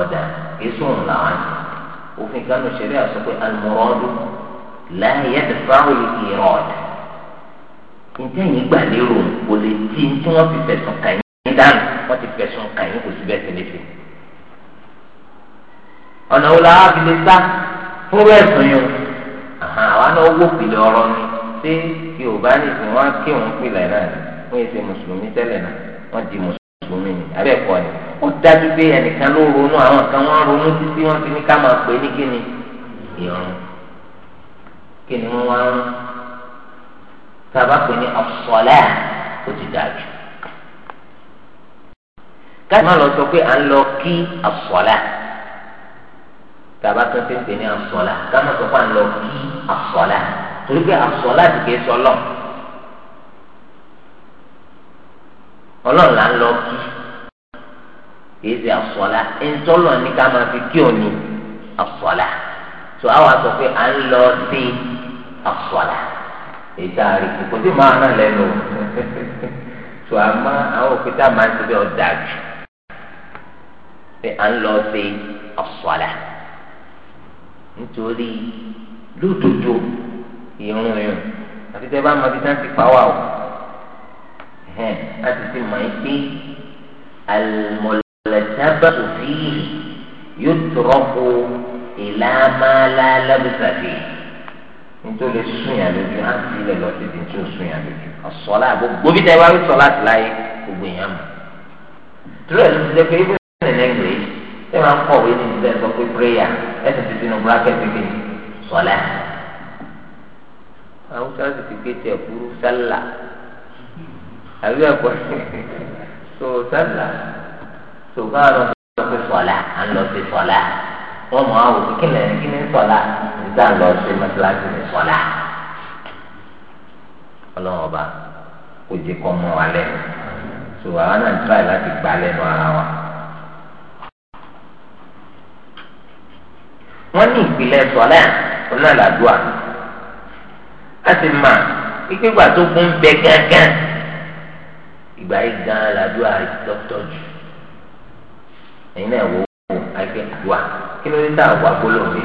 ọ̀dà èsọ́rùn làwọn àṣìwọ̀n òfin kanu sẹ̀ríà sọ pé alimọ̀rọ́dù láyé fáwọn ìrọ̀dà ntẹ́yìn gbà lérò kò lè di tí wọ́n fi fẹ̀sùn kàn bẹ́ẹ̀ sì nífẹ̀ẹ́ ọ̀nà wo la wá fi lè sá fún ẹ̀sùn yìí àwa náà wó ni ṣé yorùbá ní ìsìn wọn kí òun pìlẹ̀ náà ni wọ́n ṣe mùsùlùmí tẹ́lẹ̀ náà wọ́n di mùsùlùmí ni abẹ́ ẹ̀kọ́ ni ó dájú pé ẹnìkan ló ronú àwọn kan wọ́n ronú títí wọ́n fi ní ká máa pè é ní kíni ìrún kíni wọ́n wá ń pè ní ó ti dájú. káyọ̀ máa lọ sọ pé à ń lọ kí àsọ̀lá tàbá tó ń pèsè ní àsọ̀lá káyọ̀ máa sọ pé à ń lọ kí àsọ̀lá torí pé àsọ̀lá ti kè é sọlọ́ ọlọ́run là ń lọ kí kìí ṣe àsọ̀lá ẹ̀ńtọ́lọ̀ ní ká máa fi kí òní àsọ̀lá tó àwọn sọ pé à ń lọ sí àsọ̀lá ètò àríkì kò sí máa hàn lẹ́nu tó (laughs) àmọ́ àwọn òkúta máa ń ṣe bẹ́ẹ̀ ọ̀dà jù pé à ń lọ ṣe ọ̀sọ̀là nítorí lódodo irun irun àti tẹ bá mọ bí sáà ti pa wà o láti fi mọ̀ ẹ́ pé àlùmọ̀lẹ́sábà òfin yóò tọrọ́pù ìlàmàlà lábùsàfẹ́ nítorí sùn yà lójú á sì lè lọ sí ti tún sùn yà lójú ọ̀sọ̀là gbogbo bí tẹ bá rí sọ̀là ti láyé gbogbo èèyàn mọ̀. dúró ẹ̀ ló ti dẹ́ pé ibi in English ṣé máa ń kọ̀wé ní ìdílé sọ pé prayer ẹsẹ̀ ti sínú bracket gbé sọ́lá. Haúsá sì ti gbé tiẹ̀ burú sálà àbí ẹ̀kọ́ so sálà so bá a lọ sọ pé sọ́lá à ń lọ sí sọ́lá wọ́n mọ̀ àwọn òkú kílẹ̀ kí ni sọ́lá níta lọ sí mọ́tíláṣí ní sọ́lá. Ọlọ́run ọba kò jẹ́ kọ́ mọ́ wa lẹ́nu so àwọn náà ń tíráì láti gbà lẹ́nu ara wa. wọ́n ní ìpìlẹ̀ sọ̀lẹ́ ọ̀nà làdúà a sì mà ìgbégbà tó gún bẹ gángan ìgbà yìí gan làdúà dọ́kítọ̀ jù ẹ̀yin náà wò ó àìpẹ́ àdúà kí ló dé tá a wà gbólóhùn mi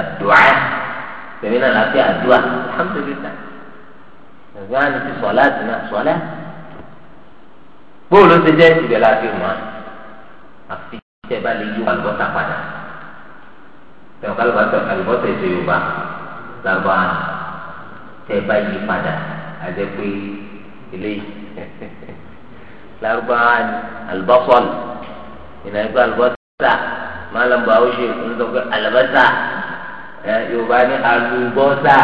àdúà tèmi náà láti àdúà alhamdulilayi ẹ̀gbọ́n àni ti sọ̀lá àti náà sọ̀lá bóòlù ti jẹ́ ìbẹ̀lẹ̀ àti mọ́ àfi tẹ́ bá lè yí wọn lọ́ta padà tẹ̀ kálùbọ́tà kálùbọ́tà ètò yorùbá làbọ̀ àná tẹ̀ bá yí padà àti pé eléyìí làbọ̀ àná àlùbọ́sọ̀lù ìnà ẹgbẹ́ àlùbọ́sà máa lọ bọ̀ àwòṣe ńlọgbẹ́ àlùbọ́sà yorùbá ní àlùbọ́sà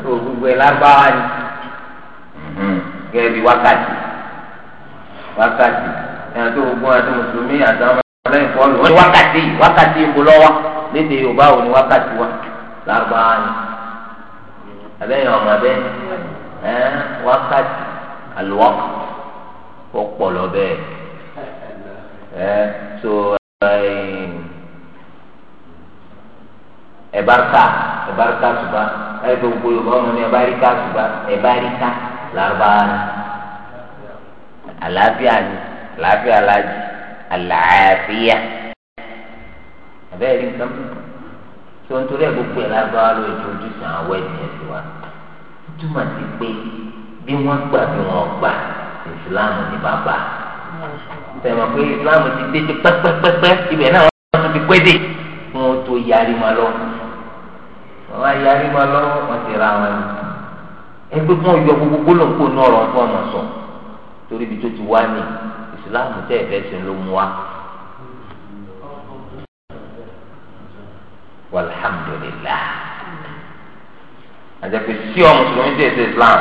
gbogbo ẹ̀ làbọ̀ àná gẹ́gẹ́ wákàtí wákàtí ẹ̀ tó gbọ́n àti mùsùlùmí àtàwọn ọlọ́yin fọ́ mi wọ́n ní wákàtí wákàtí ń bolọ́ wa léde yorùbá ò ní wákàtí wa lárúbáwá ni abẹ́yẹn ọmọ abẹ́ ẹ wákàtí àlùwọ́ kó pọ̀ lọ bẹ́ẹ̀ ẹ so ẹ̀bárikà ẹ̀bárikà ṣùgbọ́n ẹ̀ gbogbo yorùbá ọmọ ní ẹ̀bárikà ṣùgbọ́n ẹ̀bárikà lárúbáwá ni àlàáfíà ni àlàáfíà lájú àlàáfíà àbẹ́rẹ́ nǹkan tó ń torí ẹ̀ gbogbo ẹ̀ lágbára ló introduce àwọn ẹ̀sìn ẹ̀sìn wa túmọ̀ sí pé bí wọ́n gbà bí wọ́n gbà ìsìláàmù ní bàbá tẹ̀mọ̀ pé ìsìláàmù ti dé ti pẹ́pẹ́pẹ́pẹ́ ibẹ̀ náà wọ́n tún fi pé dé fún wọn tó yarí ma lọ wọ́n á yarí ma lọ wọ́n ti ra wọn ẹgbẹ́ fún ọyọ gbogbo gbólóńgbò náà ọ̀rọ̀ fún ọmọ sọ torí ibi tó ti wá ní ìsìláàmù tẹ́ ẹ̀fẹ́ sí ló mú wa. walhamdulillah àjẹpẹ́ sí ọ mùsùlùmí tẹ́ ẹ̀sẹ̀ islam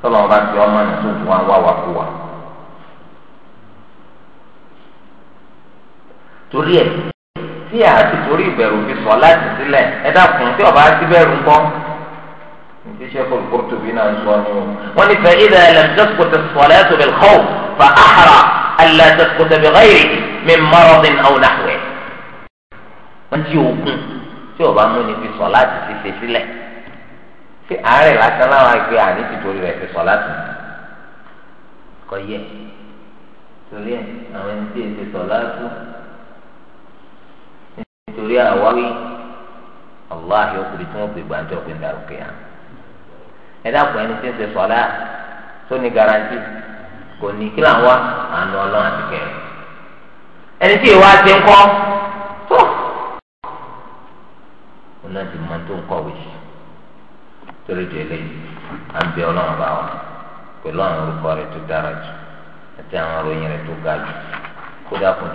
tọ́lọ́ wọn bá ti ọmọ náà tó fún wa wá wa kú wa. torí ẹ̀ tí a ti torí ìbẹ̀rù fi sọ láti sílẹ̀ ẹ dákun tí ọba ti bẹ̀rù ń bọ́. في نعم فإذا لم تسقط الصلاة بالخوف فأحرى ألا تسقط بغيره من مرض أو نحوه من تيوكم تيوبا موني في صلاة في سفلة في آري لا تنوى في آري في تولي في صلاة قوية تولي أمن تي في صلاة تولي أواوي الله يقول لكم بيبان تيوكم دارو قيامة ẹ̀dá pọ̀ ẹni tí ń ṣe tó ní garanti kò ní kí làwọn àánú ọlọ́run àti kẹrin ẹni tí ìwà ti ń kọ́ tó wọn náà ti mọ tó ń kọ̀wé torí di eléyìí à ń bẹ ọlọ́run bá wa pẹ̀lú àwọn orúkọ rẹ̀ tó dára jù àti àwọn tó ga jù kó dákun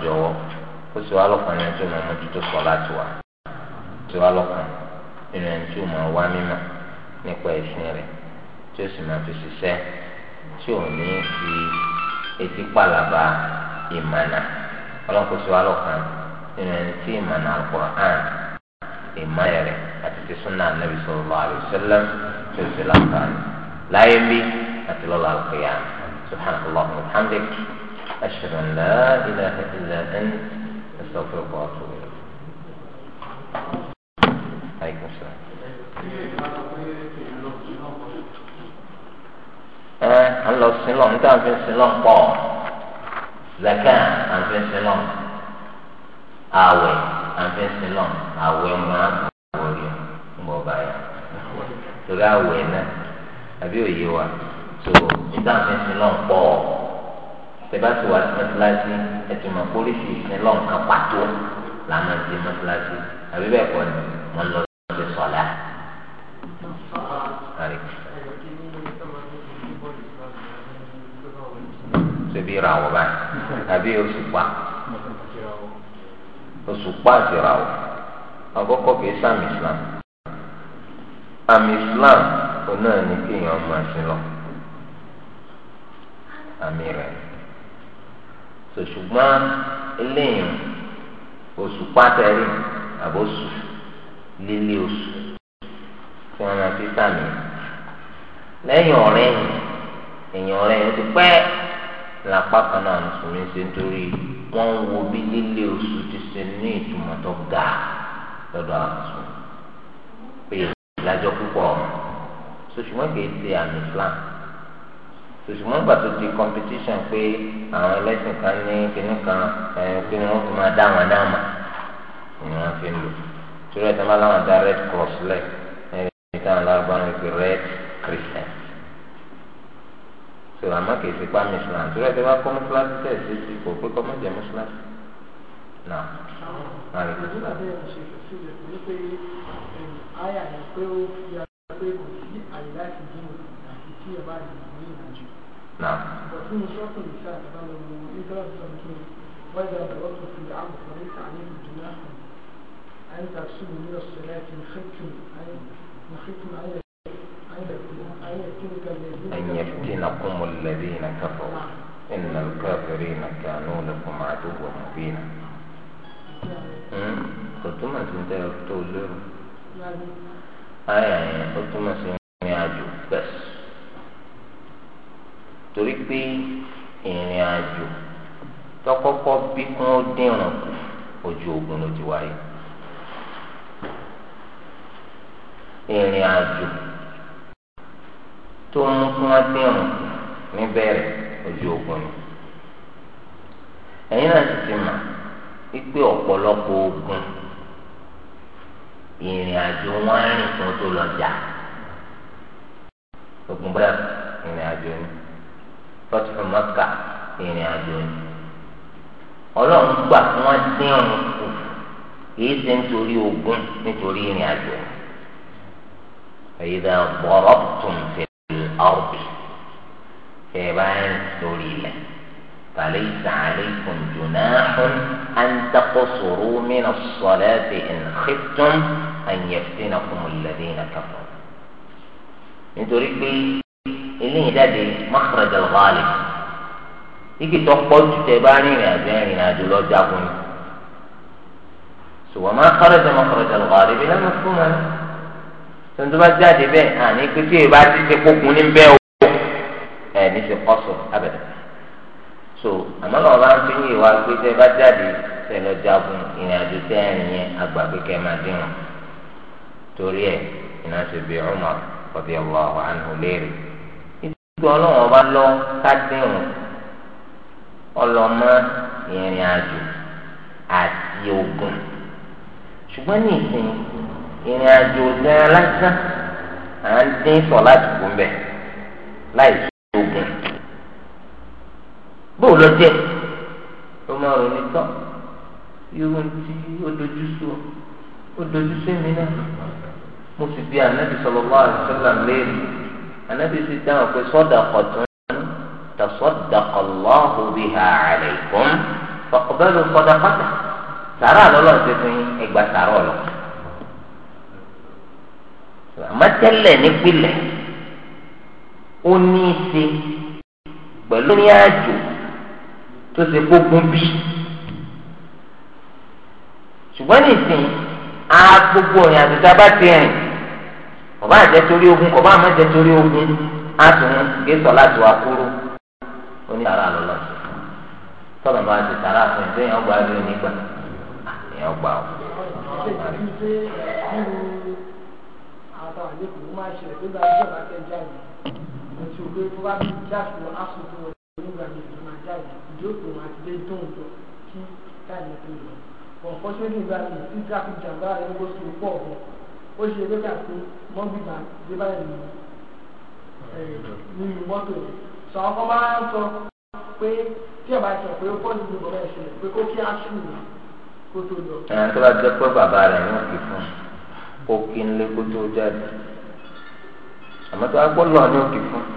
sì wá lọ́kàn tiwa sì wá lọ́kàn nípa ẹ̀sìn rẹ̀ tí ó sì máa fi ṣiṣẹ́ tí ò ní fi etí pàlàbà ìmànà ọlọ́kùn sí wa lọ́kàn nínú ẹni tí ìmànà Al-Qur'an ìmànà rẹ̀ àti ti súnà nàbì sallallahu alaihi wasallam tí ó sì láǹfààní láyé bí àti lọ́la àlùkìyà subhanallahi wa bihamdik ashhadu an la ilaha illa anta astaghfiruka wa atubu ilayk. Alaikum salaam. ẹ à ń lọ sílọ̀ níta à ń fi sílọ̀ pọ̀ zaka à ń fi sílọ̀ àwẹ̀ à ń fi sílọ̀ àwẹ̀ máa wọ̀ rí ńgbọ̀ báyà torí àwẹ̀ náà àbí òye wa tó níta à ń fi sílọ̀ pọ̀ tẹ̀bátì wà mẹ́tíláṣí ẹ̀tì mọ̀ pólíṣì ìsinlọ̀ nǹkan pàtó làwọn ti mẹ́tíláṣí àbí bẹ́ẹ̀ kọ́ ni wọ́n lọ sí ọ̀la. ṣe bí ra wọ báyìí àbí òṣùpá òṣùpá àti ra wọ àkọ́kọ́ kìí sàmì islam àmì islam òun náà ní kéèyàn máa ṣe lọ àmì rẹ̀ ṣùgbọ́n eléyìí òṣùpá tẹ̀lé àbòsù lílé oṣù tí wọ́n máa fi sàmì lẹ́yìn ọ̀rẹ́ èèyàn ọ̀rẹ́ ti pẹ́ lápá kan náà mùsùlùmí ṣe nítorí wọ́n ń wo bí líle oṣù ti ṣe ní ìtumọ̀ tó ga lọ́dọ̀ àtún pé ìlàjọ púpọ̀ sòṣùmọ́ kìí ṣe àmì Islam sòṣùmọ́ gbà tó di competition pé àwọn ẹlẹ́sìn kan ní kinní kan kí ni wọ́n fi máa dá wọn dáàmà ni wọ́n fi ń lò torí ẹ̀ tí láwọn dá red cross lẹ̀ ẹ̀ ní káwọn lárúbáwọn fi red cross tó àmọ́ kì í fi pa mùsùlùmí tó rẹ̀ tẹ́ wá kọ́ mùsùlùmí tẹ̀ sí sí kò pé kọ́ الذين كفروا إن الكافرين كانوا لكم عدوا مبينا kòtúmọ̀ sí ń آية tó lérò ayà yẹn ó túmọ̀ sí ìrìn àjò pẹ̀sì torí pé ìrìn àjò tọkọ́kọ́ bí kún ó kù ojú ogun ló ti wáyé ìrìn àjò tó mú kún ó dìrùn kù níbẹ̀rẹ̀ ojú ogun ni ẹ̀yin náà ti ti mà wípé ọ̀pọ̀lọpọ̀ ogun ìrìn àjò wọn rìn fún tó lọ jà ogun bẹ́ẹ̀ ìrìn àjò ni fọ́tífù mọ́kà ìrìn àjò ni ọlọ́run gbà kí wọ́n dín ọ̀run kù kìí ṣe nítorí ogun nítorí ìrìn àjò ẹ̀yin náà bọ̀rọ̀ tún fi ọ̀rùn. tẹ bá ń lórí ilẹ̀ فليس عليكم جناح أن تقصروا من الصلاة إن خفتم أن يفتنكم الذين كفروا nítorí pé eléyìí jáde makhraj al-ghalib igi tó pọ̀jù tẹ bá rìnrìn àjò ìrìn àjò lọ jagun ni ṣùgbọ́n máa kharaja makhraj al-ghalib lẹ́nu fún wa tuntun bá jáde bẹ́ẹ̀ àní pé tí èyí bá ti ṣe kókun ní bẹ́ẹ̀ o. ẹ̀ ní ṣe kọ́sọ̀ so àmọ́ náà bá ń fi yín ìwà pé tẹ́ bá jáde tẹ́ lọ jagun ìrìn àjò tẹ́ ẹ̀rìn yẹn àgbà pé kẹ́ máa dín wọn torí ẹ̀ iná ṣe bí Umar radiyallahu anhu léèrè ìdúgbò ọlọ́run ọba lọ ká dín wọn ọlọ́mọ ìrìn àjò àti ogun ṣùgbọ́n ní ìsìn ìrìn àjò gan lásán à ń dín sọ láti kú mbẹ láì ogun bóò lọ jẹ ló máa rò ní tọ́ irú tí ó dojú sú ó dojú sú mi náà mo sì bi anabi sallallahu alaihi wasallam léèrè anabi sì dáhùn pé sadaqatun tasaddaqa Allahu biha alaykum faqbalu sadaqata sàrà lọ́lọ́ ṣe fún ẹgbà sàrà ọ̀lọ́ àmọ́ tẹ́lẹ̀ nípìnlẹ̀ ó ní í ṣe pẹ̀lú ní àjò tó ṣe gbógun bí. ṣùgbọ́n nìsín a gbogbo òrìn àti tá a bá ti rìn ọba àjẹ torí ogun ọba àmọ́ àjẹ torí ogun á tún gé sọ láti wá kúrò ó ní ara lọ́lọ́ sí tọ́lọ̀ bá ti tàrà fún ẹgbẹ́ yẹn ọgbà rẹ nígbà yẹn ọgbà ọ. Thank you kò tí o pé tó bá bí jáde lọ aṣojú wọn nígbà mi ìlú máa jáde ìjókòó wọn àti dé dùn jọ kí táyà tó lọ unfortunately nígbà tí tí traffic jam bá rẹ ló sùn pọ̀ bọ̀ ó ṣe lókè àti mọ́bìgbà dé báyìí nínú mọ́tò yẹn sọ ọkọ máa ń sọ pé tí ọba ti sọ pé ó pọ̀ nínú bọ̀dá ìṣẹ̀lẹ̀ pé kó kí aṣù rẹ̀ kó tó lọ. ẹ̀rọ tó bá jẹ́ pé bàbá rẹ̀ yóò fi fún kó kí n lé kó tó jáde àmọ́ tó bá gbọ́ lọ́ọ̀ ni ó fi fún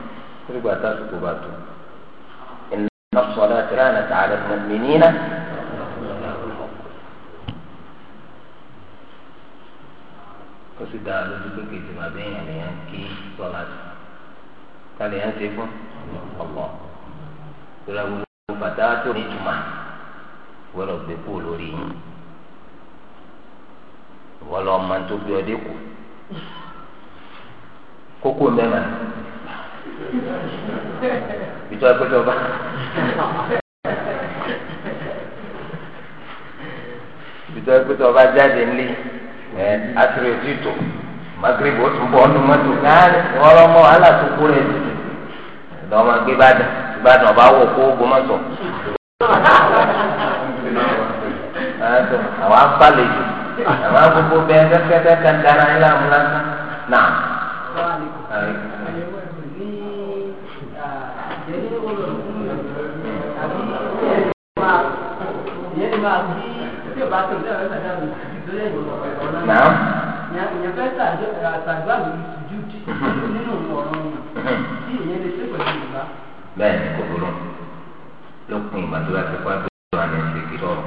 nígbà tásìkò bá tó iná sọlá tí ránà tààrà mìíràn. ó sì dáa lójú pé kejì máa bẹ́ẹ̀ yàn lèyàn kí sọlá tó ká lèyàn ṣe fún ọ̀pọ̀ ìrora gbogbo bàtà tó ní ìtumà wọ́rọ̀ gbé kú lórí yín wọ́n lọ́ọ́ máa tó gbé ọdẹ kù kókó mẹ́rin. ìjọ ẹgbẹ́jọ bá. ìjọ ẹgbẹ́jọ bá jáde nílé ẹ àtúrò ètò ìtò magreb ó tún bọ̀ ọ́nù mọ́tò káàní ọlọ́mọ wàhálà tó kú rẹ̀ dùn. ìdánwò máa ọba Nàá. Ìyẹn fẹ́ sàgbà lórí sùjúdì nínú ọ̀rọ̀ wọn. Tí ìyẹn lè ṣe pẹ̀lú ìgbà. Bẹ́ẹ̀ ni kò burú. Lópin ìgbà tó bá ti pàdé ìwà ní ìṣèkí sọ̀rọ̀.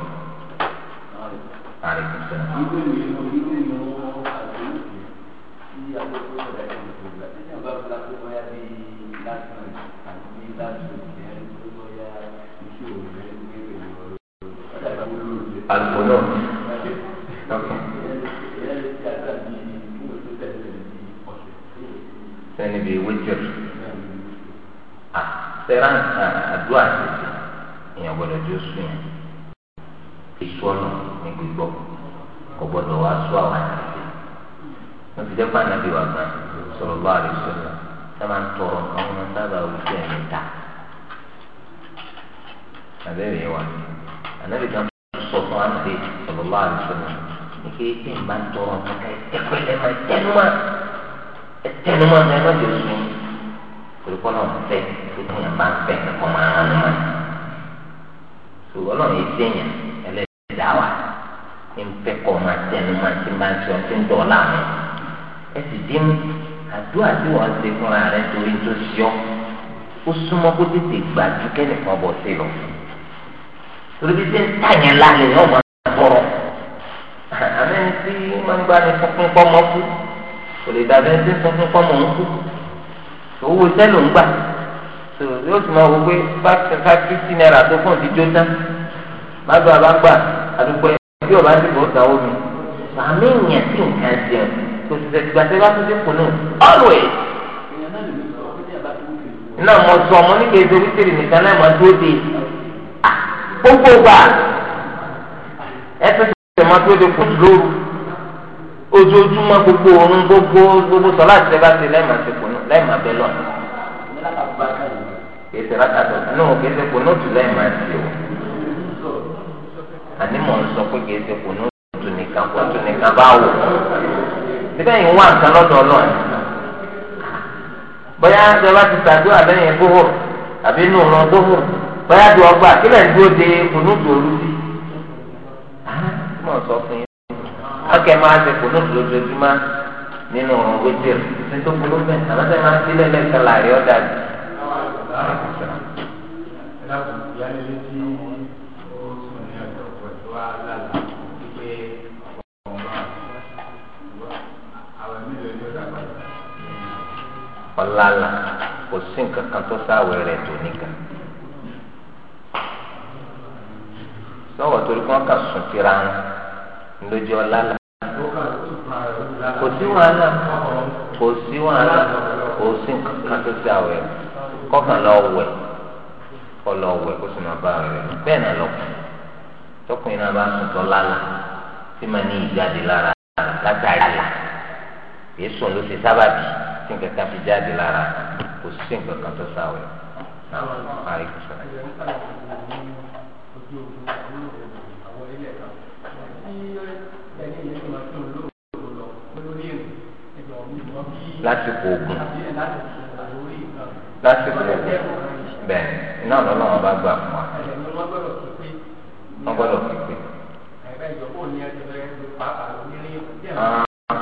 Àrègùn sẹ́yìn. al Bologna. Seni bi wíjọ́s àtẹ̀rán àdúrà tètè èèyàn gbọ́dọ̀ jó sùn yẹn èso ọ̀nà ní gbígbọ́ kò gbọ́dọ̀ wá sọ àwọn Non wọ́n ti dẹ́pọ̀ ànábì wà gan sọ̀rọ̀ bá àrẹ sọ̀rọ̀ ẹ máa ń tọrọ nǹkan wọn sábà wíjọ́ ẹ̀mẹ́ta àbẹ̀rẹ̀ wa ànábì kan sọ fún wa ṣe ọlọlọ àìsàn ní kí ẹgbẹ́ ìgbà ń tọrọ kankan ẹkọ ẹlẹmọ ẹtẹnumọ ẹtẹnumọ ní ẹgbẹ́ yóò sùn olùkọ́ náà fẹ́ kíkún yẹn bá ń fẹ́ ẹ̀kọ́ máa ń hàn mọ́ ṣùgbọ́n náà yìí sẹ́yìn ẹlẹ́dà wa ní fẹ́ kọ́ máa tẹnumọ tí máa ń sọ tí ń dọ̀ọ́ láàmú ẹ sì dín àdúrà tí wọ́n ṣe fúnra rẹ̀ torí tó ṣíọ́ ó súnmọ́ kó tètè gbàdúkẹ́ nìkan bọ̀ sí lọ fún torí bí ṣe ń tàyàn lálẹ́ yẹn ọmọ àtọrọ àmì ń tí máa ń gbá ní fúnfún pọ́mọ́ kú kò lè dàbẹ́ ń tí fúnfún pọ́mọ́ ń kú owó sẹ́lò ń gbà yóò sì máa wọ pé five fifty naira tó fún ìdíjọ́ tán bàbá bá gbà àdúgbò bí ọba ti bọ̀ ọ̀gá omi àmì ìyẹn sì ń kàn jẹun kò sì tẹ̀sí gbàtẹ́ bá tún dé kùnú always náà mo sọ ọmọ nígbà èdè orí tèrè nìkan náà máa dúró de. gbogbo gbà ẹsẹ̀ tó máa tó de kù lóru ojoojúmọ́ gbogbo oorun gbogbo gbogbo sọlá ti sẹba ti lẹẹma ti lọ kèsì rata tó kèsì kùnú tù lẹẹma ti o àní ń sọ pé kèsì kùnú tù nìkan kó tù nìkan bá wò síbẹ̀ yìí lọ́dọ̀ ọlọ́run bóyá ti lẹ́yìn gbóhùn àbí bóyá di ọgbà kílẹ̀ ń dúró de kùnúùtù olú bí. mo sọ fún yín ọkẹ máa ṣe kùnúùtù lójoojúmọ́ nínú ọ̀rọ̀ wẹ́tẹ̀ nítorí kùnúùtù bẹ́ẹ̀ àwọn tẹ̀ máa ń sílẹ̀ lẹ́ẹ̀kan láàrin ọ̀dà yìí. ọ̀làlà kò sí nǹkan kan tó sáwẹ̀ rẹ̀ tó nìkan. lọ́wọ́ torí kí wọ́n kà sùn síra wọn lójú ọ̀la la. kò sí wàhálà kò sí wàhálà kò sí nǹkan tó ti àwẹ̀ kọ́kàn lọ wẹ̀ kọ́ lọ wẹ̀ kó sì máa bá rẹ̀ bẹ́ẹ̀ náà lọ́kùnrin tọkùnrin náà bá sùn tọ́ lálà tí màá ní ìjáde lára látàrí àlà èyí sùn ló ṣe sábàbí tí nǹkan kan fi jáde lára kò sí nǹkan kan tó sáwẹ̀ náà àríkùsọ̀rọ̀. láti lásìkò ogun lásìkò ogun bẹ́ẹ̀ iná lọ lọ́nà wọn bá gbà fún wa wọ́n gbọ́dọ̀ pípé.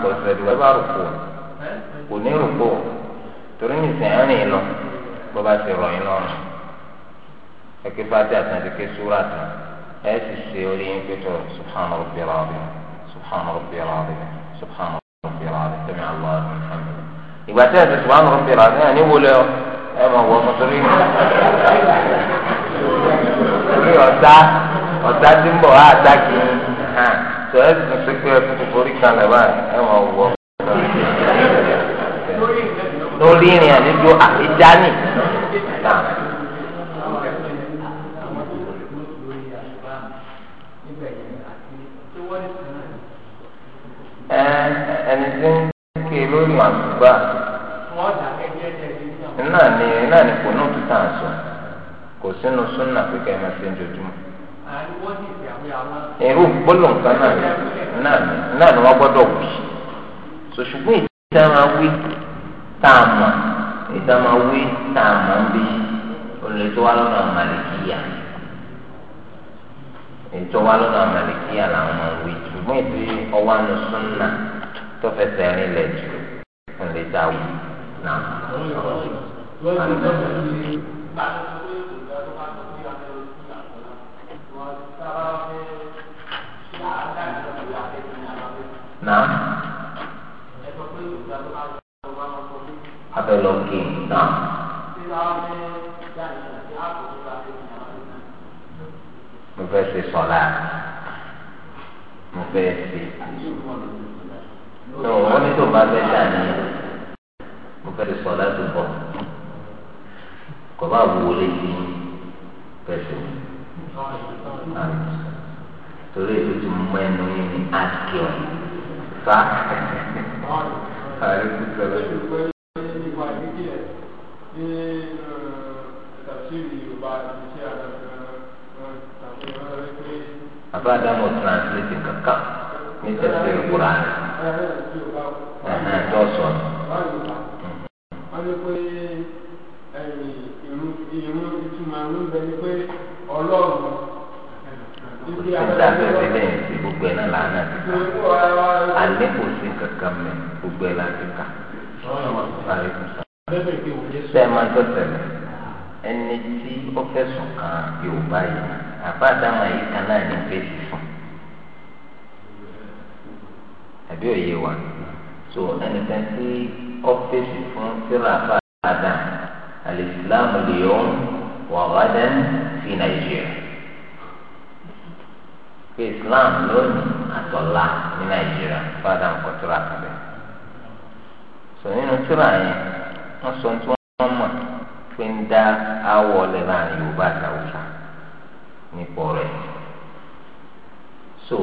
kò sẹ́dí wọ́n bá rògbò kò ní rògbò torí ní sẹ́yìn lọ bó bá ti rọ̀ yín lọ́rùn ẹ̀kẹ́ bá dé àtàndé ké súrà tán ẹ̀ sì ṣe orí yín pé tó subhanahu rabbil azim subhanahu rabbil azim subhanahu rabbil azim sami allah alhamdulilayi. ìgbà tí ẹsẹ sùn ànú rọpìlà ní ẹni wọlé ọ ẹ mọ wọ ọmọ torí torí ọ̀tá ọ̀tá tí ń bọ̀ á àtá kì í hàn tó ẹ sùn sí pé ẹkú forí kan lẹ ẹ mọ wọ lórí ìrìn àdéjọ àtijánì. ẹni tí ń lóyún àdúgbà náà ni náà ni kò náà tó tà ń kò sínú súnà pé kẹ́ máa ṣe ń dojúmọ́. irú gbólóǹkan náà náà ni náà ni wọ́n gbọ́dọ̀ wù sí. sòṣùgbọ́n ìdá máa wí tá a mọ̀ ìdá máa wí tá a mọ̀ ń bí olùdó wa lọ́nà àmàlìkíyà lọ́nà àmàlìkíyà làwọn wí ṣùgbọ́n ìdí ọwọ́ súnà. tó fẹsẹ̀ rìn lẹ̀ jù fún lè ta wù náà. Náà. Abẹ́ lọ kí n Mo fẹ́ ṣe sọ̀lá. Mo fẹ́ ṣe tó wọn ní tó bá fẹ́ dà nìyẹn mo fẹ́ sọ láti bọ̀ kò bá wò létí pẹ̀sẹ̀ torí èyí tó mú ẹnu yín ní àkíọ̀ sá. Àbá Adamu translate kankan ní tẹ̀sí Kùránì tó sọ. wọ́n ní pé ìrún ìtumọ̀ ìrún bẹ ni pé ọlọ́run ibi àgbẹ̀ sílẹ̀ sí gbogbo ẹ̀ náà lánàá ti ká alẹ́ kò sí kankan mẹ́ gbogbo ẹ̀ láti ká. sẹ́ẹ̀ máa tó tẹ̀lé ẹni tí ó fẹ̀sùn kan Yorùbá yìí àbá yìí kan náà ní fèsì fún. àbí òye wa so ẹnìkan tí ọ́fíìsì fún síràfà àdá alìsílámù lèyọ́n wà wádẹ́n sí nàìjíríà pé islam lónìí àtọ̀là ní nàìjíríà fàdà nǹkan tíra kalẹ̀ so nínú tíra yẹn wọ́n sọ tí wọ́n mọ̀ pé ń dá awọ lẹ̀ láàrin yorùbá àtàwùsà nípa ọ̀rọ̀ so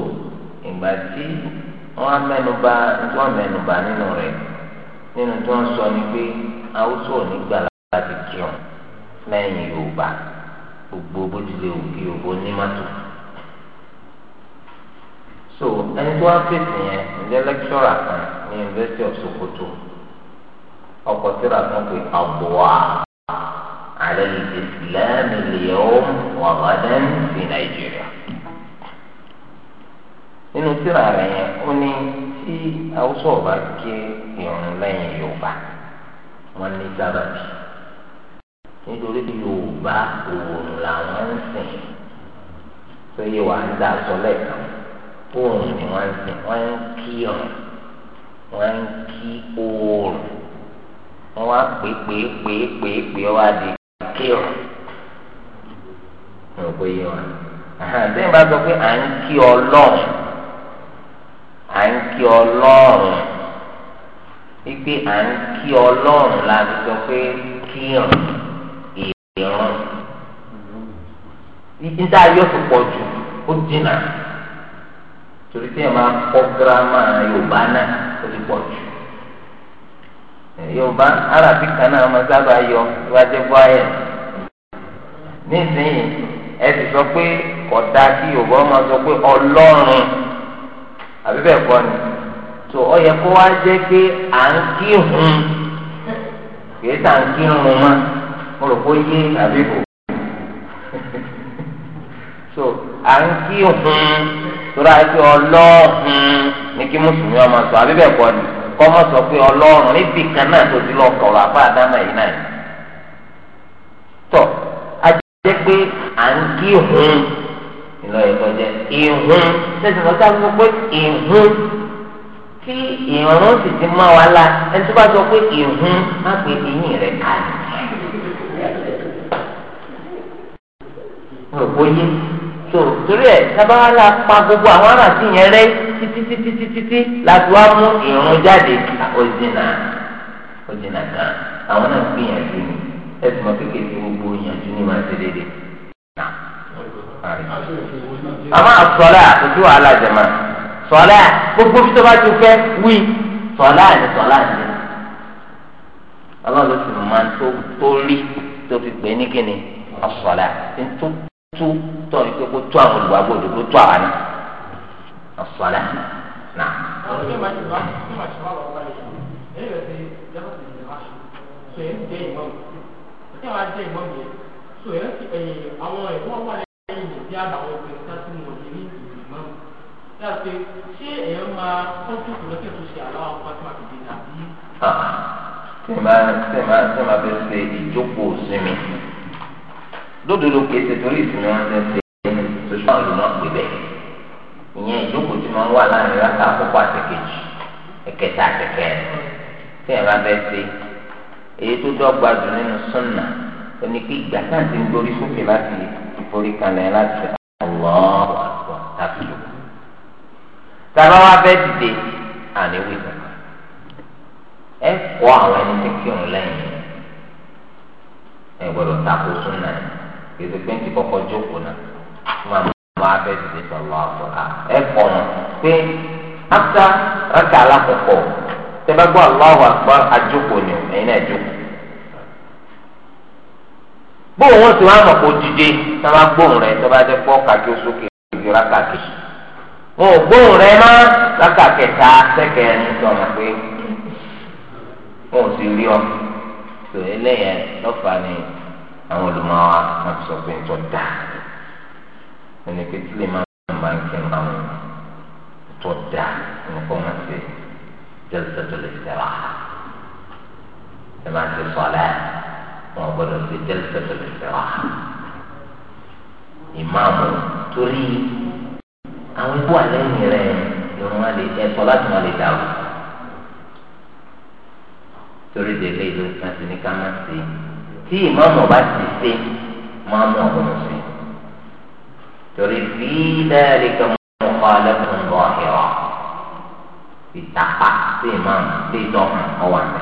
ìgbà tí. wọn mẹ́nubà tí wọn mẹ́nubà nínú rẹ̀ nínú tí wọn sọ ni pé haúsá ò láti kírun lẹ́yìn yorùbá gbogbo bó tilẹ̀ òkè so ẹni tí wọn fèsì yẹn ǹjẹ́ kan ní University of Sokoto ọkọ̀ kan pé àbúwá àlẹ́ ìsìlámù lè yẹ ó wà Nàìjíríà. nínú tíra rẹ̀ yẹn ó ní tí haúsá ọba gé irun lẹ́yìn yorùbá wọn ní sábàbí nítorí bí yorùbá òòrùn làwọn ń sìn tó yẹ wà ń dà sọ lẹ́ẹ̀kan òòrùn ni wọ́n ń sìn wọ́n ń kí ọ̀run wọ́n ń kí òòrùn wọ́n wá pé pé pé pé pé wá di kí ọ̀run wọn kò yẹ wọn àhàn sẹ́yìn bá sọ pé à ń kí ọlọ́run. à ń kí ọlọ́run wípé à ń kí ọlọ́run la fi sọ pé kírun ìrún níta yóò fi pọ̀ jù ó dínà torí tí ẹ máa kọ́ gírámà yorùbá náà ó ti pọ̀ jù yorùbá arabi kan náà máa sábà yọ iwájú àbí bẹ́ẹ̀ kọ́ ni tó ọ yẹ kó wá jẹ́ pé à ń kí hun kìí tà ń kí hun mọ́ mo rò pé yé àbí kò so à ń kí hun tóra ẹsẹ ọlọ́hun ní kí mùsùlùmí ọmọ sọ àbí bẹ́ẹ̀ kọ́ ni kọ́ mọ́ sọ pé ọlọ́run níbi kan náà tó ti lọ kọ̀ọ̀rọ̀ apá àdámà yìí náà tọ́ a jẹ́ pé à ń kí hun lọ́yẹ̀kọ́ jẹ́ ìhun tẹ̀sí lọ́tà sọ pé ìhun tí ìrún sì ti mọ́ wa la ẹni tó bá sọ pé ìhun má pé eyín rẹ̀ ká rò bóyé tó torí ẹ̀ sábàá la pa gbogbo àwọn aráàtì yẹn rẹ́ títí títí títí tí láti wá mú ìrún jáde òjìnà òjìnà kan àwọn náà gbìyànjú ni ẹ̀sùn mọ́ kékeré gbogbo ìyànjú ni màá ṣe déédéé àmọ́ àsọlá ojú wàhálà jẹmọ sọlá gbogbo bí tó bá ti fẹ́ wí sọlá ni sọlá ni Ọlọ́run ló sì máa ń tó rí tó fi pè é ní kíni ọsọlá tó tú tó ní pé kó tó àwọn olùwàgbọ́ kó tó àwọn náà ọsọlá náà. Ṣé ń jẹ́ ìmọ̀ yẹn? Ṣé ń jẹ́ ìmọ̀ yẹn? Ṣé àwọn ẹ̀fọ́ wà ní bí àdàwọ̀ ọ̀gbìn ká sí wọn ní ìlú mọ́. Dàbí ṣé èèyàn máa tọ́jú ìrọ́kẹ̀ tó ṣe àlọ́ àwọn pátá àbìdí tàbí. Ṣé máa ṣe máa ṣe máa fi ṣe ìjókòó sinmi? Lódodo kìí ṣe torí ìsinmi wọn ṣe ń ṣe ṣoṣù àwọn olùmọ̀ pè bẹ́ẹ̀. Ìyẹn ìjókòó ti máa ń wà láàrin rákà àkókò àtẹ̀kejì, ẹ̀kẹta àtẹ̀kẹrin. Ṣé ẹ̀ máa fẹ́ ṣe? Èyí tó dọ́gba jù nínú súnnà, oníkí ìgbà náà ti ń gorí sókè láti ìforí kalẹ̀ láti ṣe Allahu Akbar tàbí yòókù. Tàbá wa fẹ́ dìde àníwì kankan. Ẹ kọ́ àwọn ẹni tí kí òun lẹ́yìn. Ẹ gbọ́dọ̀ tako súnà yìí. Kìsì pé ń ti kọ́kọ́ jókòó náà. Má má fẹ́ dìde sọ̀rọ̀ àpò. Ẹ kọ́ wọn pé áfíà rákà alákọ̀ọ́kọ́ tẹ bá gbọ́ Allahu Akbar àjókòó ni ẹ̀yin náà jókòó bó wọn ti wá mọ̀ kó dìde tá a bá gbóhùn rẹ̀ tó bá jẹ́ pọ́ kàkí sókè ìdí rákàkì wọn ò gbóhùn rẹ̀ má rákàkẹta sẹ́kẹ̀ẹ́ ní sọ̀rọ̀ pé wọn ò sì rí ọ tó eléyẹn lọ́fà ni àwọn olùmọ̀wá wọn sọ pé tó dà ẹni pé tí lè má bá ń kí máa wọn tó dà ní kó wọn ṣe jẹ́ ìṣẹ́jọ́ lè ṣe wá ẹ máa ṣe sọ́lá wọn gbọ́dọ̀ ṣe jẹlifẹsẹlẹ fẹwà ìmáàmù torí àwọn ikú àlẹyìn rẹ irun wọn lè ẹ̀tọ́ láti wọn lè dàrú torí délé ìlú kan sí ní ká má ṣe tí ìmáàmù ọba ti ṣe máa mú ọgbọ́n ṣe torí fi dáàrí kan mú ọkọ alẹ fún ọgbọ́n ìrọ ìtàpá sí ìmáàmù sí ìtọ́ ọwọ́ àmì.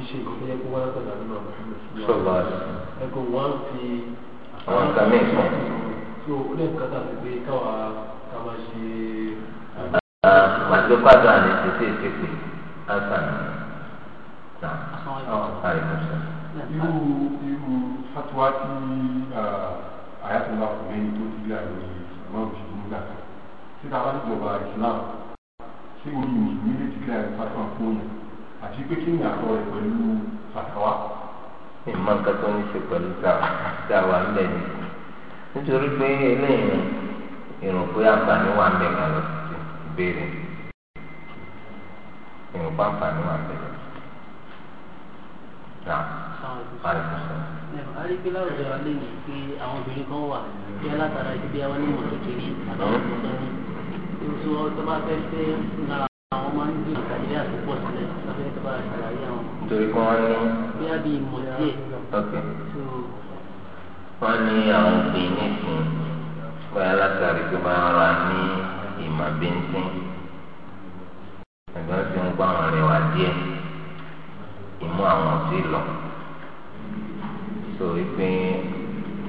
ń ṣe ìkọ́kọ́ yẹ kó wá látọ̀dọ̀ àdúrà Muhammad sọlá ẹ̀kọ́ wọn fi àwọn nǹkan mí sọ. tó o lè kọ́ta sí pé káwa ká máa ṣe. màtí ó pàdé àná ti ṣe é ṣe pé àǹfààní náà irú irú fatuwa tí àyàtọ̀lá kò lẹ́yìn tó ti gbé àgbẹ̀ ìṣàmọ́ òṣèlú nígbà kan síta wá níjọba ìsìlámù ṣé orí mùsùlùmí lè ti gbé àgbẹ̀ fatuwa fún yẹn àti pé kí ni àtọ rẹ pẹ̀lú fàtàwà. ìmọ̀ nǹkan tó ní ṣe pẹ̀lú dáwà ńlẹ̀ ni nítorí pé eléyìí ìrùn pé àǹfààní wà ńlẹ̀ kan lọ sí ìbéèrè ìrùn pé àǹfààní wà ńlẹ̀ kan. Náà, parí fún sọ. Àríkí láwùjọ alẹ́ yìí pé àwọn obìnrin kan wà bí alátara ìdílé àwọn onímọ̀ kékeré àtàwọn ọmọ tó ń sọ tó bá fẹ́ àwọn máa ń gbé wọ́n ní. a bí ok wọ́n ní àwọn òbí nísìn báyà látàrí tó bá ara ní ìmọ̀ bíntín ẹ̀gbọ́n ti ń gbọ́ àwọn rẹwà díẹ̀ ìmú àwọn sí lọ so ìpè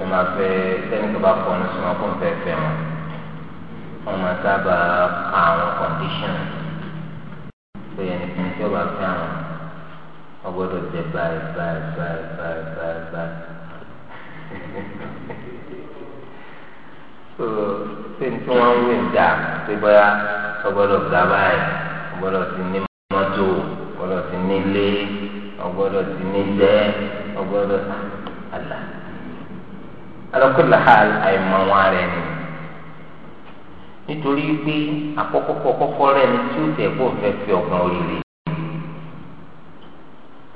ẹ máa fẹ́ sẹ́ni tó bá kọ́ ọ́nù sí wọn kó ń fẹ́ fẹ́ wọn wọ́n máa sábà àwọn conditions pé ẹnìkan tí ọba fẹ́ àwọn ọgbọ́dọ̀ jẹ báyìí báyìí báyìí báyìí báyìí báyìí. so ṣé n tí wọ́n ń wí dà pé bóyá ọgbọ́dọ̀ gbà báyìí ọgbọ́dọ̀ ti ní mọ́tò ọgbọ́dọ̀ ti ní ilé ọgbọ́dọ̀ ti ní jẹ́ ọgbọ́dọ̀ àlà. alọ́kùnrin àìmọ̀ wọn rẹ̀ ni nítorí pé àkọ́kọ́ kọ́kọ́ rẹ̀ ni tí ó tẹ̀ kó fẹ́ fi ọ̀gbọ́n òrìrì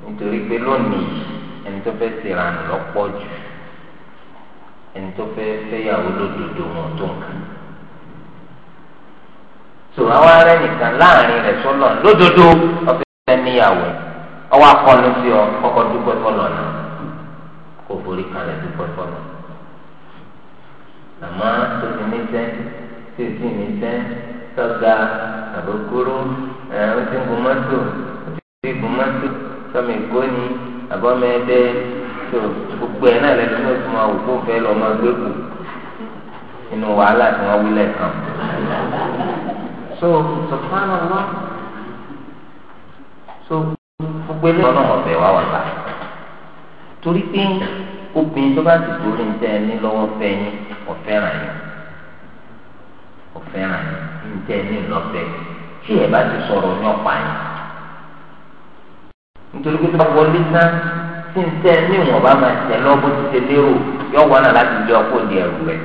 nítorí pé lónìí ẹni tó fẹ́ ṣe ìrànà lọ́pọ̀ jù ẹni tó fẹ́ fẹ́yàwó lódodo wọn tó nǹkan tò àwọn ará nìkan láàrin rẹ̀ sọ́nà lódodo ọ̀fẹ́ fẹ́ níyàwó ọwọ́ akọni sí ọ kọ́kọ́ dúpẹ́ náà kó forí kalẹ̀ dúpẹ́ fọlọ́ àmọ́ tó ti ní sẹ́yìn tí ì sí ní tẹ́ sọ́gà àbókúrú ẹ̀ ń ti gun mọ́tò ti gun mọ́tò sọ́mi ìkóni àbọ́mẹ́ẹ́dẹ́ tó gbogbo ẹ̀ náà lẹ́nu tó tún máa wò kó fẹ́ lọ́ máa gbé kù nínú wàhálà tí wọ́n wílẹ̀ kan. so subhanallah so gbogbo ilé ọ̀nà ọ̀fẹ́ wa wà láàyè torí pé obìnrin tó bá ti torí ń tẹ́ ẹ ní lọ́wọ́ fẹ́ yín ọ̀fẹ́ yín. fẹ́ràn ní na ní lọ́bẹ̀ tí ẹ bá ti sọ̀rọ̀ ní yẹn. nítorí pé tó wọlé tí ń tẹ́ bá máa tẹ̀ lérò yọ náà láti lé ọkọ̀ di ẹ̀rù rẹ̀.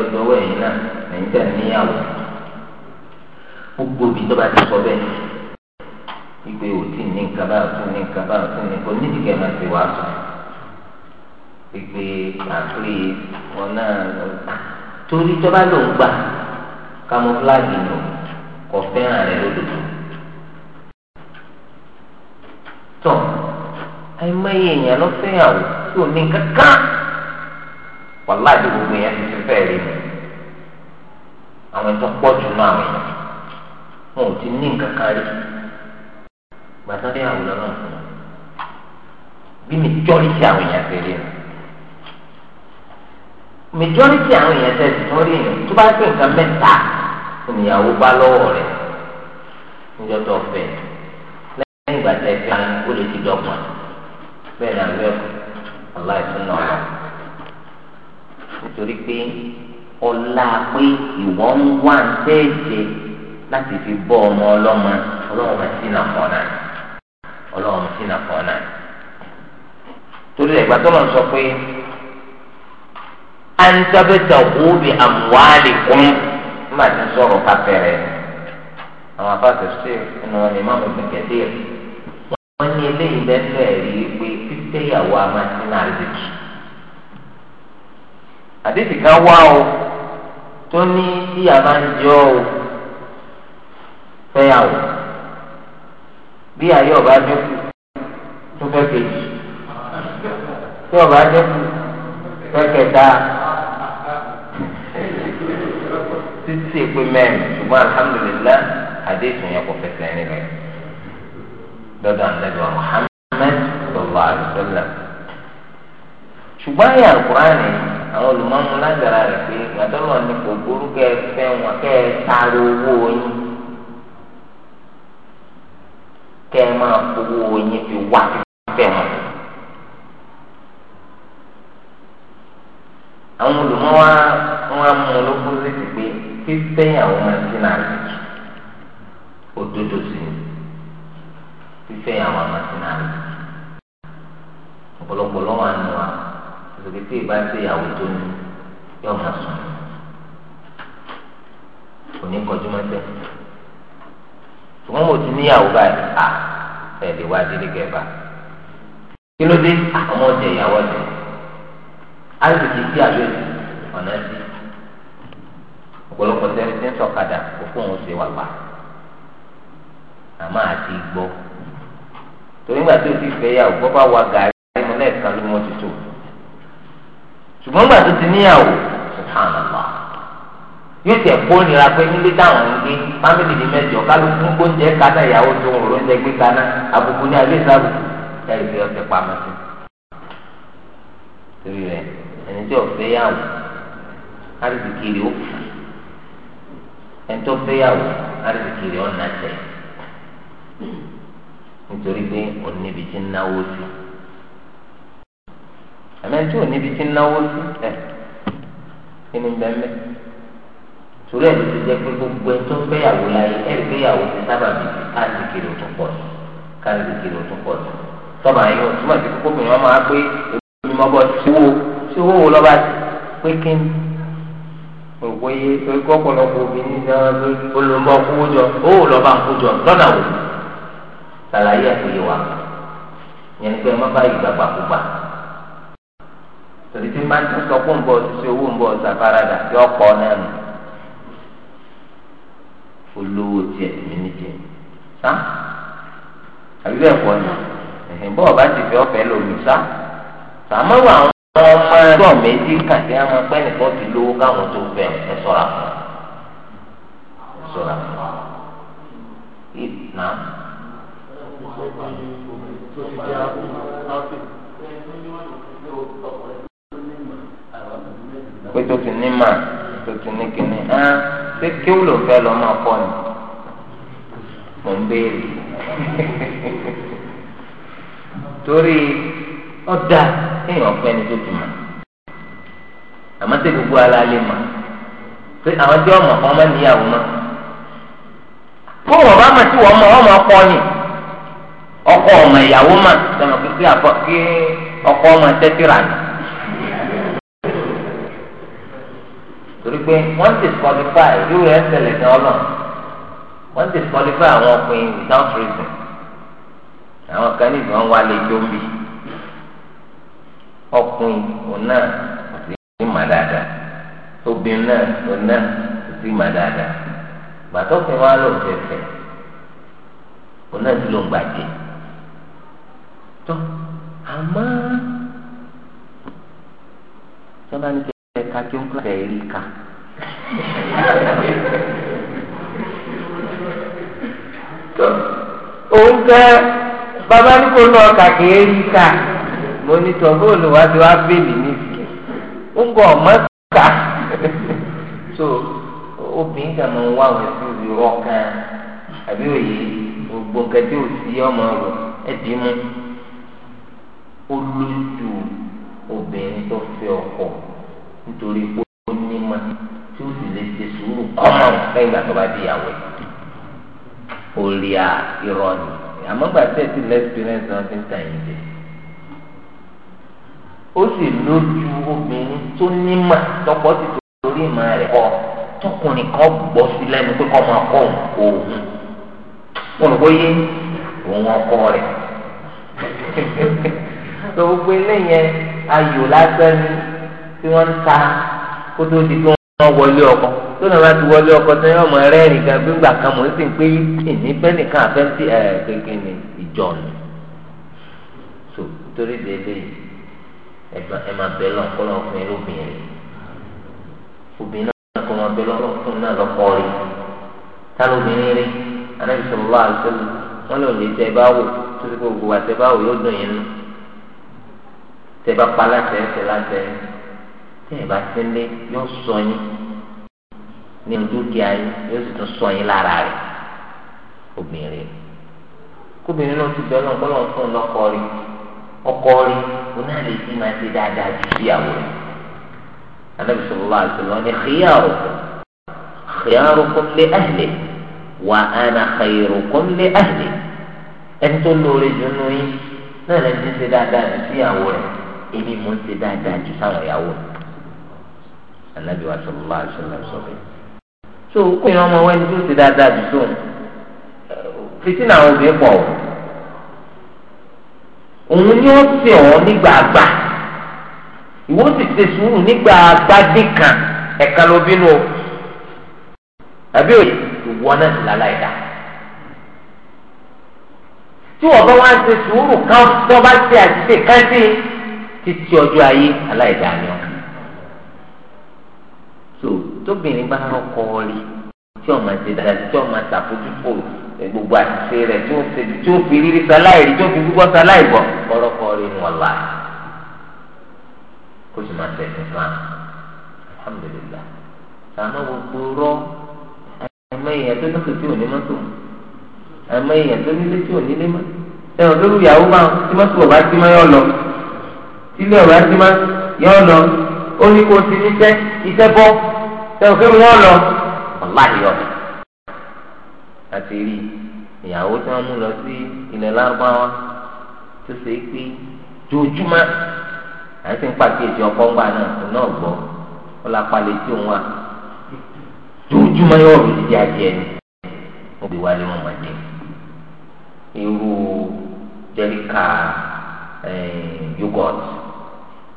ọdọ ẹ̀yìn náà ẹ̀yìn tẹ̀ níyàwó gbogbo ibi tó bá ti ìgbé àpè wọn náà torí tọ́ba ló ń gbà kamọ́fúláàgì nù kò fẹ́ràn rẹ̀ lódodo. tọ́ àìmọye èèyàn ló fẹ́yàwó tí ò ní kankan wàláàdì gbogbo èèyàn ti fi fẹ́ rí mi àwọn ẹ̀tọ́ pọ̀ jù náà àwọn èèyàn wọn ò ti ní kankan rí gbàtàrí àwòrán náà fún wọn bí mi jọ́rí sí àwọn èèyàn fẹ́ rí mi majority àwọn èèyàn tẹ̀sí tó rí yẹn tó bá pè nǹkan mẹ́ta ìyàwó bá lọ́wọ́ rẹ̀ níjọ́ tó fẹ́ lẹ́yìn ìgbà tẹ̀ fi àwọn ó lè ti dọ́gbọ̀n bẹ́ẹ̀ ni àwọn ẹ̀kọ́ aláìsàn náà nítorí pé ọlá pé ìwọ ń wá ń tẹ́ẹ̀jẹ láti fi bọ́ ọmọ ọlọ́mọ ọlọ́mọ sínú àfọ̀nà ọlọ́mọ sínú àfọ̀nà torí ẹ̀gbà tó lọ sọ pé. antabata kóbi amuwaali kum má ti sọ̀rọ̀ ká bẹ̀rẹ̀ àwọn afáàtò ṣe ẹnu wọn ni má mo gbẹgẹ díẹ̀ wọn ní eléyìí lẹsẹ rí i pé fífẹ́yàwó a máa ti náà lè jù àdéhùn kan wá o tó ní tí a máa ń o pé mẹ́rin ṣùgbọ́n alhamdulillah àdéhùn yẹn kò fẹsẹ̀ ní rẹ̀ lọ́dọ̀ àdébọ̀ Muhammad sallallahu alaihi wasallam. ṣùgbọ́n àyà alukurani àwọn olùmọ̀mú lágbára rẹ̀ pé gbàdọ́rọ̀ ní kò burú kẹ́ ẹ fẹ́ wọn kẹ́ ẹ taari owó yín kẹ́ ẹ máa fowó yín fi wá fẹ́ wọn. àwọn olùmọ̀wá fífẹ́yàwó máa ti náà rẹ̀ jù òdodo sí ni fífẹ́yàwó máa ti náà rẹ̀ jù ọ̀pọ̀lọpọ̀ lọ́wọ́ àná wa ìṣèlú tí ìbá ṣe ìyàwó tó ní yóò máa sùn kò ní kọjú máa tẹ́ ṣùgbọ́n mo ti níyàwó báyìí à ẹ̀ lè wá délé gẹ̀ẹ́bà kí ló dé àwọn ọjà ìyàwó ọjà àìsèkì sí àjọ ọ̀nà sí. ọ̀pọ̀lọpọ̀ tẹ́ ń sọ̀kadà òfin òun ṣe wà pa àmọ́ àti gbọ́ torí gbà tó ti fẹ́ yà ògbọ́ bá wa gàrí mu lẹ́ẹ̀kan ló mọ́ tuntun ṣùgbọ́n gbà tó ti níyàwó subhanallah yóò tẹ̀ kónira pé nílé táwọn ń gbé fámìlì ní mẹ́jọ kálukú ń gbóúnjẹ kaná ìyàwó tó ń rò oúnjẹ gbé kaná àbùkù ní alẹ́ sábù ẹ̀rì fi ọ̀sẹ̀ pamọ́ sí. torí rẹ̀ ẹni tí ò ẹ̀ńtọ́ fẹ́yàwó àrísìkì rẹ̀ ọ̀nà tẹ̀ nítorí pé oníbi tí ń náwó sí àmẹ́ńtí oníbi tí ń náwó sí ẹ̀ kí ni bẹ́ẹ̀ mẹ́ torí ẹ̀ ló ti jẹ́ pé gbogbo ẹ̀ńtọ́ fẹ́yàwó láyé ẹ̀ fẹ́yàwó ti sábà bí àrísìkì rẹ̀ tó pọ̀ sí kárísìkì rẹ̀ tó pọ̀ sí tọ́ba yìí ó túmọ̀ sí kókó mi wọ́n máa pé èmi mọ́ bọ́ sí owó sí owó wo lọ́ba pé kí ni òwòye torí kọ́pọ̀lọpọ̀ obìnrin náà olùmọ̀ kówójọ ó lọ́ba kówójọ lọ́nà wò sàlàyé àkóyè wa yẹn ni pé ẹ má bá ìgbà pàkópa torí tí má ti sọ fún bọ́ ṣíṣe owó ń bọ̀ ṣàfaradà tí ó pọ̀ náà nù olówó tiẹ̀ tèmi ní tiẹ̀ sá àbí bẹ́ẹ̀ kọ́ ni ẹ̀hìn bọ́ọ̀ bá ti fi ọ̀fẹ́ lòmì sá sàmọ́wọ́ àwọn àwọn ọmọ ẹgbẹ́ méjì kàdé àwọn ọgbẹ́ nìkan ti lówó káwọn tó bẹ̀ ẹ sọ̀rọ̀ àfọ̀ sọ̀rọ̀ àfọ̀ pé tó ti ní mà tó ti ní kíní á ṣé kí ó lò fẹ́ lọ́mọ kọ́ ni mò ń béèrè torí. ọ̀dà kéèyàn fẹ́ ni tó ti mọ̀ àmọ́ tẹ gbogbo ara lè mọ̀ pé àwọn tí wọ́n mọ̀ kọ́ máa níyàwó mọ́ kó wọ́n bá mọ̀ tí wọ́n mọ̀ ọmọ ọkọ ni ọkọ ọmọ ìyàwó mà sọmọ pípé àpọ̀ kí ọkọ ọmọ tẹ́tìrà ni. torí pé ti without reason àwọn kan ní ìgbà wọn wá ọkùnrin òun náà kò sí ìmà dáadáa obìnrin náà òun náà kò sí ìmà dáadáa gbàtọ́fin wa lọ fẹ̀fẹ̀ òun náà ti ló ń gbàjẹ́ tó àmọ́ sábà ní kẹ́kẹ́ ká kí n kúlẹ̀ ká. òun kẹ́ bàbá ní kò lọ kàkẹ́ rí ká mo ní tọ́ bóòlù wá sí wá bèlì níbi ń gbọ́ mọ́tà so obìnrin kan máa ń wá àwọn ẹ̀sìn ìlú ọkàn àbí òye gbogbo nǹkan tí ò sí ọmọ rẹ ẹ̀dí mú ó lójú obìnrin tó fẹ́ ọkọ nítorí pé ó ní ma tí ó sì lè ṣe sùúrù kọ́mọ̀ lẹ́yìn ìgbà tó bá di ìyàwó ẹ̀ rí a irọ́ ni àmọ́ gbà tẹ́tí lẹ́sìpírẹ́nsì náà ti ń tàn yín jẹ́ ó sì lójú obìnrin tó nímà tọpọ ti torí ìmọ̀ rẹ̀ kọ tọkùnrin kan gbọ́ sí lẹ́nu pé kọ máa kọ òun wọn lọ bóyá òun ọkọ rẹ̀ tó (laughs) gbogbo eléyẹn ayò lásán ni tí wọn ń ta kó tó di tó wọn wọlé ọkọ tó náà láti wọlé ọkọ tó yẹ ọmọ rẹ nìkan gbígbà kan mò ń sìn pé ìní bẹ́ẹ̀ nìkan àfẹ́ntì ẹ̀ kékeré ìjọ ni so torí de eléyìí ẹgbà ẹ máa bẹ lọ kọlọ ọkùnrin lóbìnrin obìnrin náà kọ máa bẹ lọ ọkùnrin náà lọkọ rí tálóbìnrin rí anábì sọlọ wà lọsọlọ wọn lè lè tẹ bá wò tó ti gbogbo wa tẹ bá wò yóò dùn yín nù tẹ bá pa láti ẹsẹ láti ẹ tẹ ẹ bá ti lé yóò sọ yín ní dúkìá yín yóò sì tún sọ yín lára rẹ obìnrin kóbìnrin náà ti bẹ lọ kọlọ ọkùnrin lọkọ rí ọkọ rí oná lè fi máa ṣe dáadáa ju síyàwó rẹ̀ anabi sọlá àtúnlọ ní khiyarukum khiyarukum li ahli wa ana khayrukum li ahli ẹni tó lóore jù nù yín náà lè fi ṣe dáadáa ju síyàwó rẹ̀ èmi mò ń ṣe dáadáa ju sáwọn ìyàwó rẹ̀ anabi wa sọlá àtúnlọ sọ pé so ó yẹ ọmọ wẹni tó ṣe dáadáa ju sóun fitina obìnrin pọ̀ o òun ni ó sè ọ́ nígbà àgbà ìwọ sì ṣe sùúrù nígbà àgbà dìkan ẹ̀ka ló bínú o àbí òye ìwọ náà sì láláì dá tí wọ́n bá wá ń ṣe sùúrù kan tó bá ṣe àṣìṣe kan sí títí ọjọ́ ayé aláìdá ni ọ so tóbìnrin bá rọkọ rí tí ọmọ ti dàda tí ọmọ ṣàfojúfò rò gbogbo àṣìṣe rẹ̀ tí ó ṣe tí ó fi rírí sáláì rí tí ó fi gbígbọ́ sáláì gbọ́ kọ́rọ́kọ́ rí ni là kó sì máa tẹ̀sí Islam alhamdulillah àmọ́ gbogbo rọ ẹ̀mọ èèyàn tó lókè tí ò ní mọ́tò ẹ̀mọ èèyàn tó nílé tí ò ní lé mọ́ ẹ̀wọ̀n tó lùyàwó máa tí mọ́tò ọ̀bá tí máa yọ lọ tílé ọ̀bá tí máa yọ lọ ó ní kó o ti níṣẹ́ iṣẹ́ bọ́ tẹ̀wọ̀n kí wọ́n lọ àti rí ìyàwó tí wọ́n mú lọ sí ilẹ̀ lárúbáwá tó ṣe é pé jojúmọ́ àti ń pàkíyèsí ọkọ ńgbà náà kò náà gbọ́ ó la palẹ̀ tí òun wà jojúmọ́ yóò rí ti adìẹ ni wọ́n gbé wálé wọn irú yogurt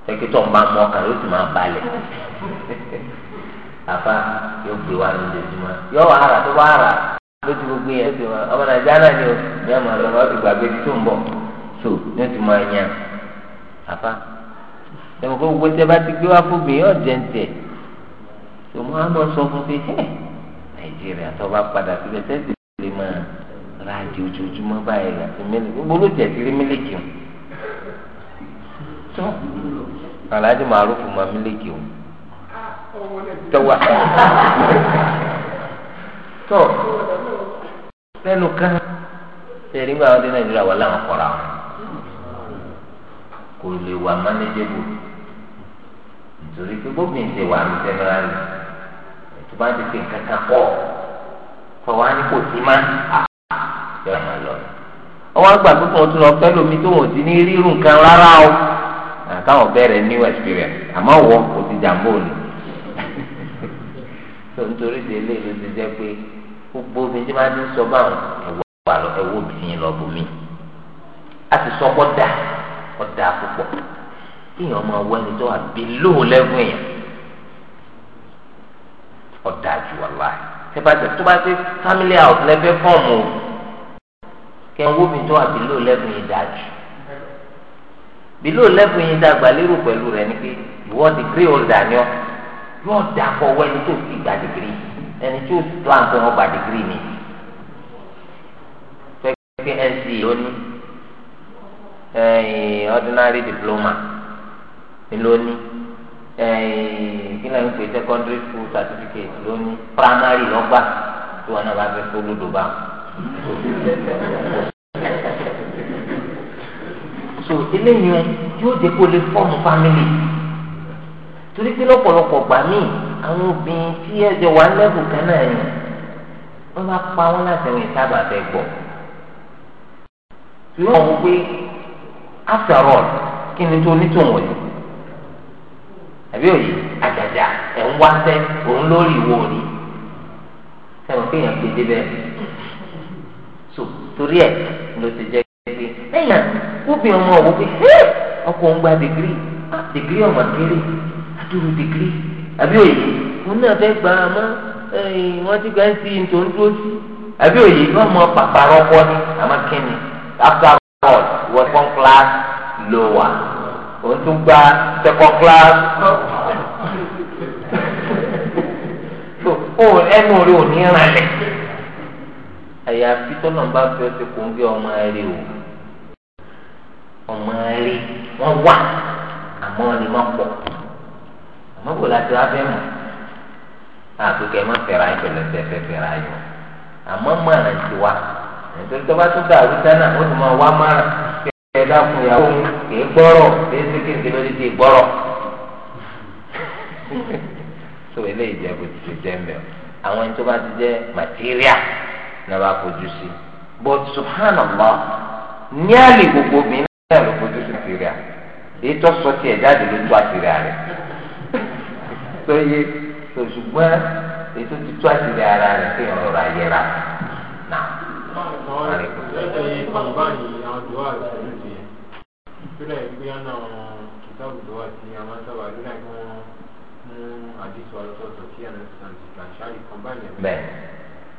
sẹ́kítọ̀ ń bá mọ́ ọkà sì máa ara (laughs) tó ara. lójú gbogbo yẹn lójú wọn ọmọ nàìjíríà náà ni o ní ọmọ àlọ́ wọn ti gbàgbé tó ń bọ̀ so ní o ti máa yan àfa ẹ̀mọ kó gbogbo tẹ bá ti gbé wá fún mi yóò jẹ ń tẹ̀ tó mọ àmọ́ sọ fún mi ẹ̀ nàìjíríà tó bá padà sílẹ̀ tẹ́sí lè máa ra àjẹ ojoojúmọ́ báyìí láti mílíkì gbogbo ló jẹ́ sí rí mílíkì o tó aláàjì màrúfù máa mílíkì o ah, tọ́wọ́ (laughs) tó fẹ́nu kan tẹ̀lé ńgbà wọn dé nàìjíríà wà láwọn kọ́ra wọn kò lè wà mánéjébù nítorí pé bóbi ń ṣe wà ní jẹnẹrálì ètò bá ti fi nǹkan kan kọ́ fọwọ́ á ní kò sí má a ah, yọ̀ọ́ máa lọ. ọwọ́ àgbà tó tún ọtún lọ fẹ́ lómi tó wọ́n ti ní rírun kan rárá o àtàwọn ah, bẹ̀rẹ̀ new experience àmọ́ wọ́n kò ti jàmbó ni. tó (laughs) nítorí délé ló ti jẹ́ pé gbogbo obìnrin tí máa ń sọ báwọn ẹwọ àlọ ẹwọ obìnrin lọ bùnmi a sì sọ kọ́ da kọ́ da púpọ̀ kéèyàn máa wọ ẹni tó wà bí lóò lẹ́gùn èèyàn ọ̀dà jù wà láàyè tẹ bá tẹ tó bá tẹ family house lẹ́fẹ́ fọ́ọ̀mù o kẹ́hìn owó obìnrin tó wà bí lóò lẹ́gùn yìí dáa jù bí lóò lẹ́gùn yìí dáa gbà lérò pẹ̀lú rẹ̀ ni pé ìwọ dìgírì olùdà ni ọ yóò dà kọ́ wọ ẹni tó ti gbà dìgírì yìí ẹni tí ó plan pé wọ́n gba dìgírì ni pé nc lóní ordinary diploma lóní kí lóyún pé secondary school certificate lóní primary lọ́gbà tí wọn náà bá fẹ́ kó lódò bá so eléyìí yóò jẹ́ kó lè fọ́ọ̀mù family. torí pé lọ́pọ̀lọpọ̀ gbà mí àwọn obìnrin tí ẹ̀jẹ̀ wà lẹ́bù kan yẹn wọ́n bá pa wọ́n láti ẹ̀wọ̀n ìtàbà fẹ́ gbọ́. torí wọn wò after all kí ni tó onítòwọ̀n yìí àbí òye àjàjà ẹ̀ ń wá sẹ́ òun lórí ìwọ òní sẹ́wọ̀n so torí ẹ̀ ló ti jẹ́ pé dúró dìgírí àbí òye òun náà fẹ́ gbà á mọ́ wọ́n ti gba ẹ́ sí ní tó ń dúró sí àbí òye wọ́n mọ pàpàrọ̀ pọ̀ ní àmọ́ kínní after all wọ́n second class lower òun tún gba second class so ẹnu orí ò ní ìrànlẹ̀ àyàfi tọ́nà bá fi ọtí kún bí ọmọ ẹrí o ọmọ ẹrí wọ́n wà àmọ́ ni wọ́n pọ̀ àmọ́ kò láti wá fẹ́ mọ̀ àpèkẹ́ má fẹ́ra yín pẹ̀lú ẹsẹ̀ fẹ́ fẹ́ra yín àmọ́ mọ̀ràn ti wá nítorí tó bá tún dà wí sánà ó sì máa wá mọ̀ràn kí ẹ dákun ìyàwó òun kì í gbọ́rọ̀ kì í lórí ti gbọ́rọ̀ tó (laughs) eléyìí jẹ́ bó ti jẹ́ mẹ́ àwọn ẹni tó bá ti jẹ́ màtíríà náà bá fojú sí but subhanallah ní àlè gbogbo obìnrin náà ló fojú sí màtíríà èyí tó sọ tiẹ̀ jáde ló tó àtìrẹ́ rẹ̀ sọyẹ ṣùgbọ́n ètò ti tó àtìlẹ ara rẹ̀ kí ọ̀rọ̀ rà yẹra nà. Ìpínlẹ̀ ìgbéyà náà kìtàbù tó wà sí àwọn sábà lórí àgbọn mú àdìsọ ọlọ́sọ̀tọ̀ kí àná sàn ti kà ṣáàlì kan báyìí. Bẹ́ẹ̀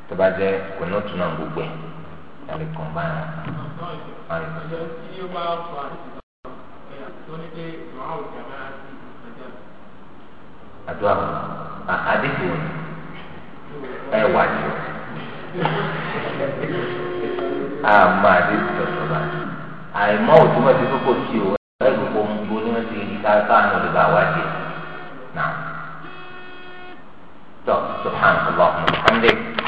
tó bá jẹ́ kò náà tún náà gbogbo ẹ̀ ṣáàlì kan báyìí. Ọjọ́ tí ó bá fa ìgbà tó ní pé ìwà òkè àdúrà àdìsí wọn ẹ wà ní o àmọ́ àdìsí lọ́sọ̀ bá àìmọ́ òtúmọ̀ tí kókó sí o ẹ gbogbo ń gbó ní wọ́n ti di ká káàánú lè bá wá dé náà. طب سبحانك اللهم وبحمدك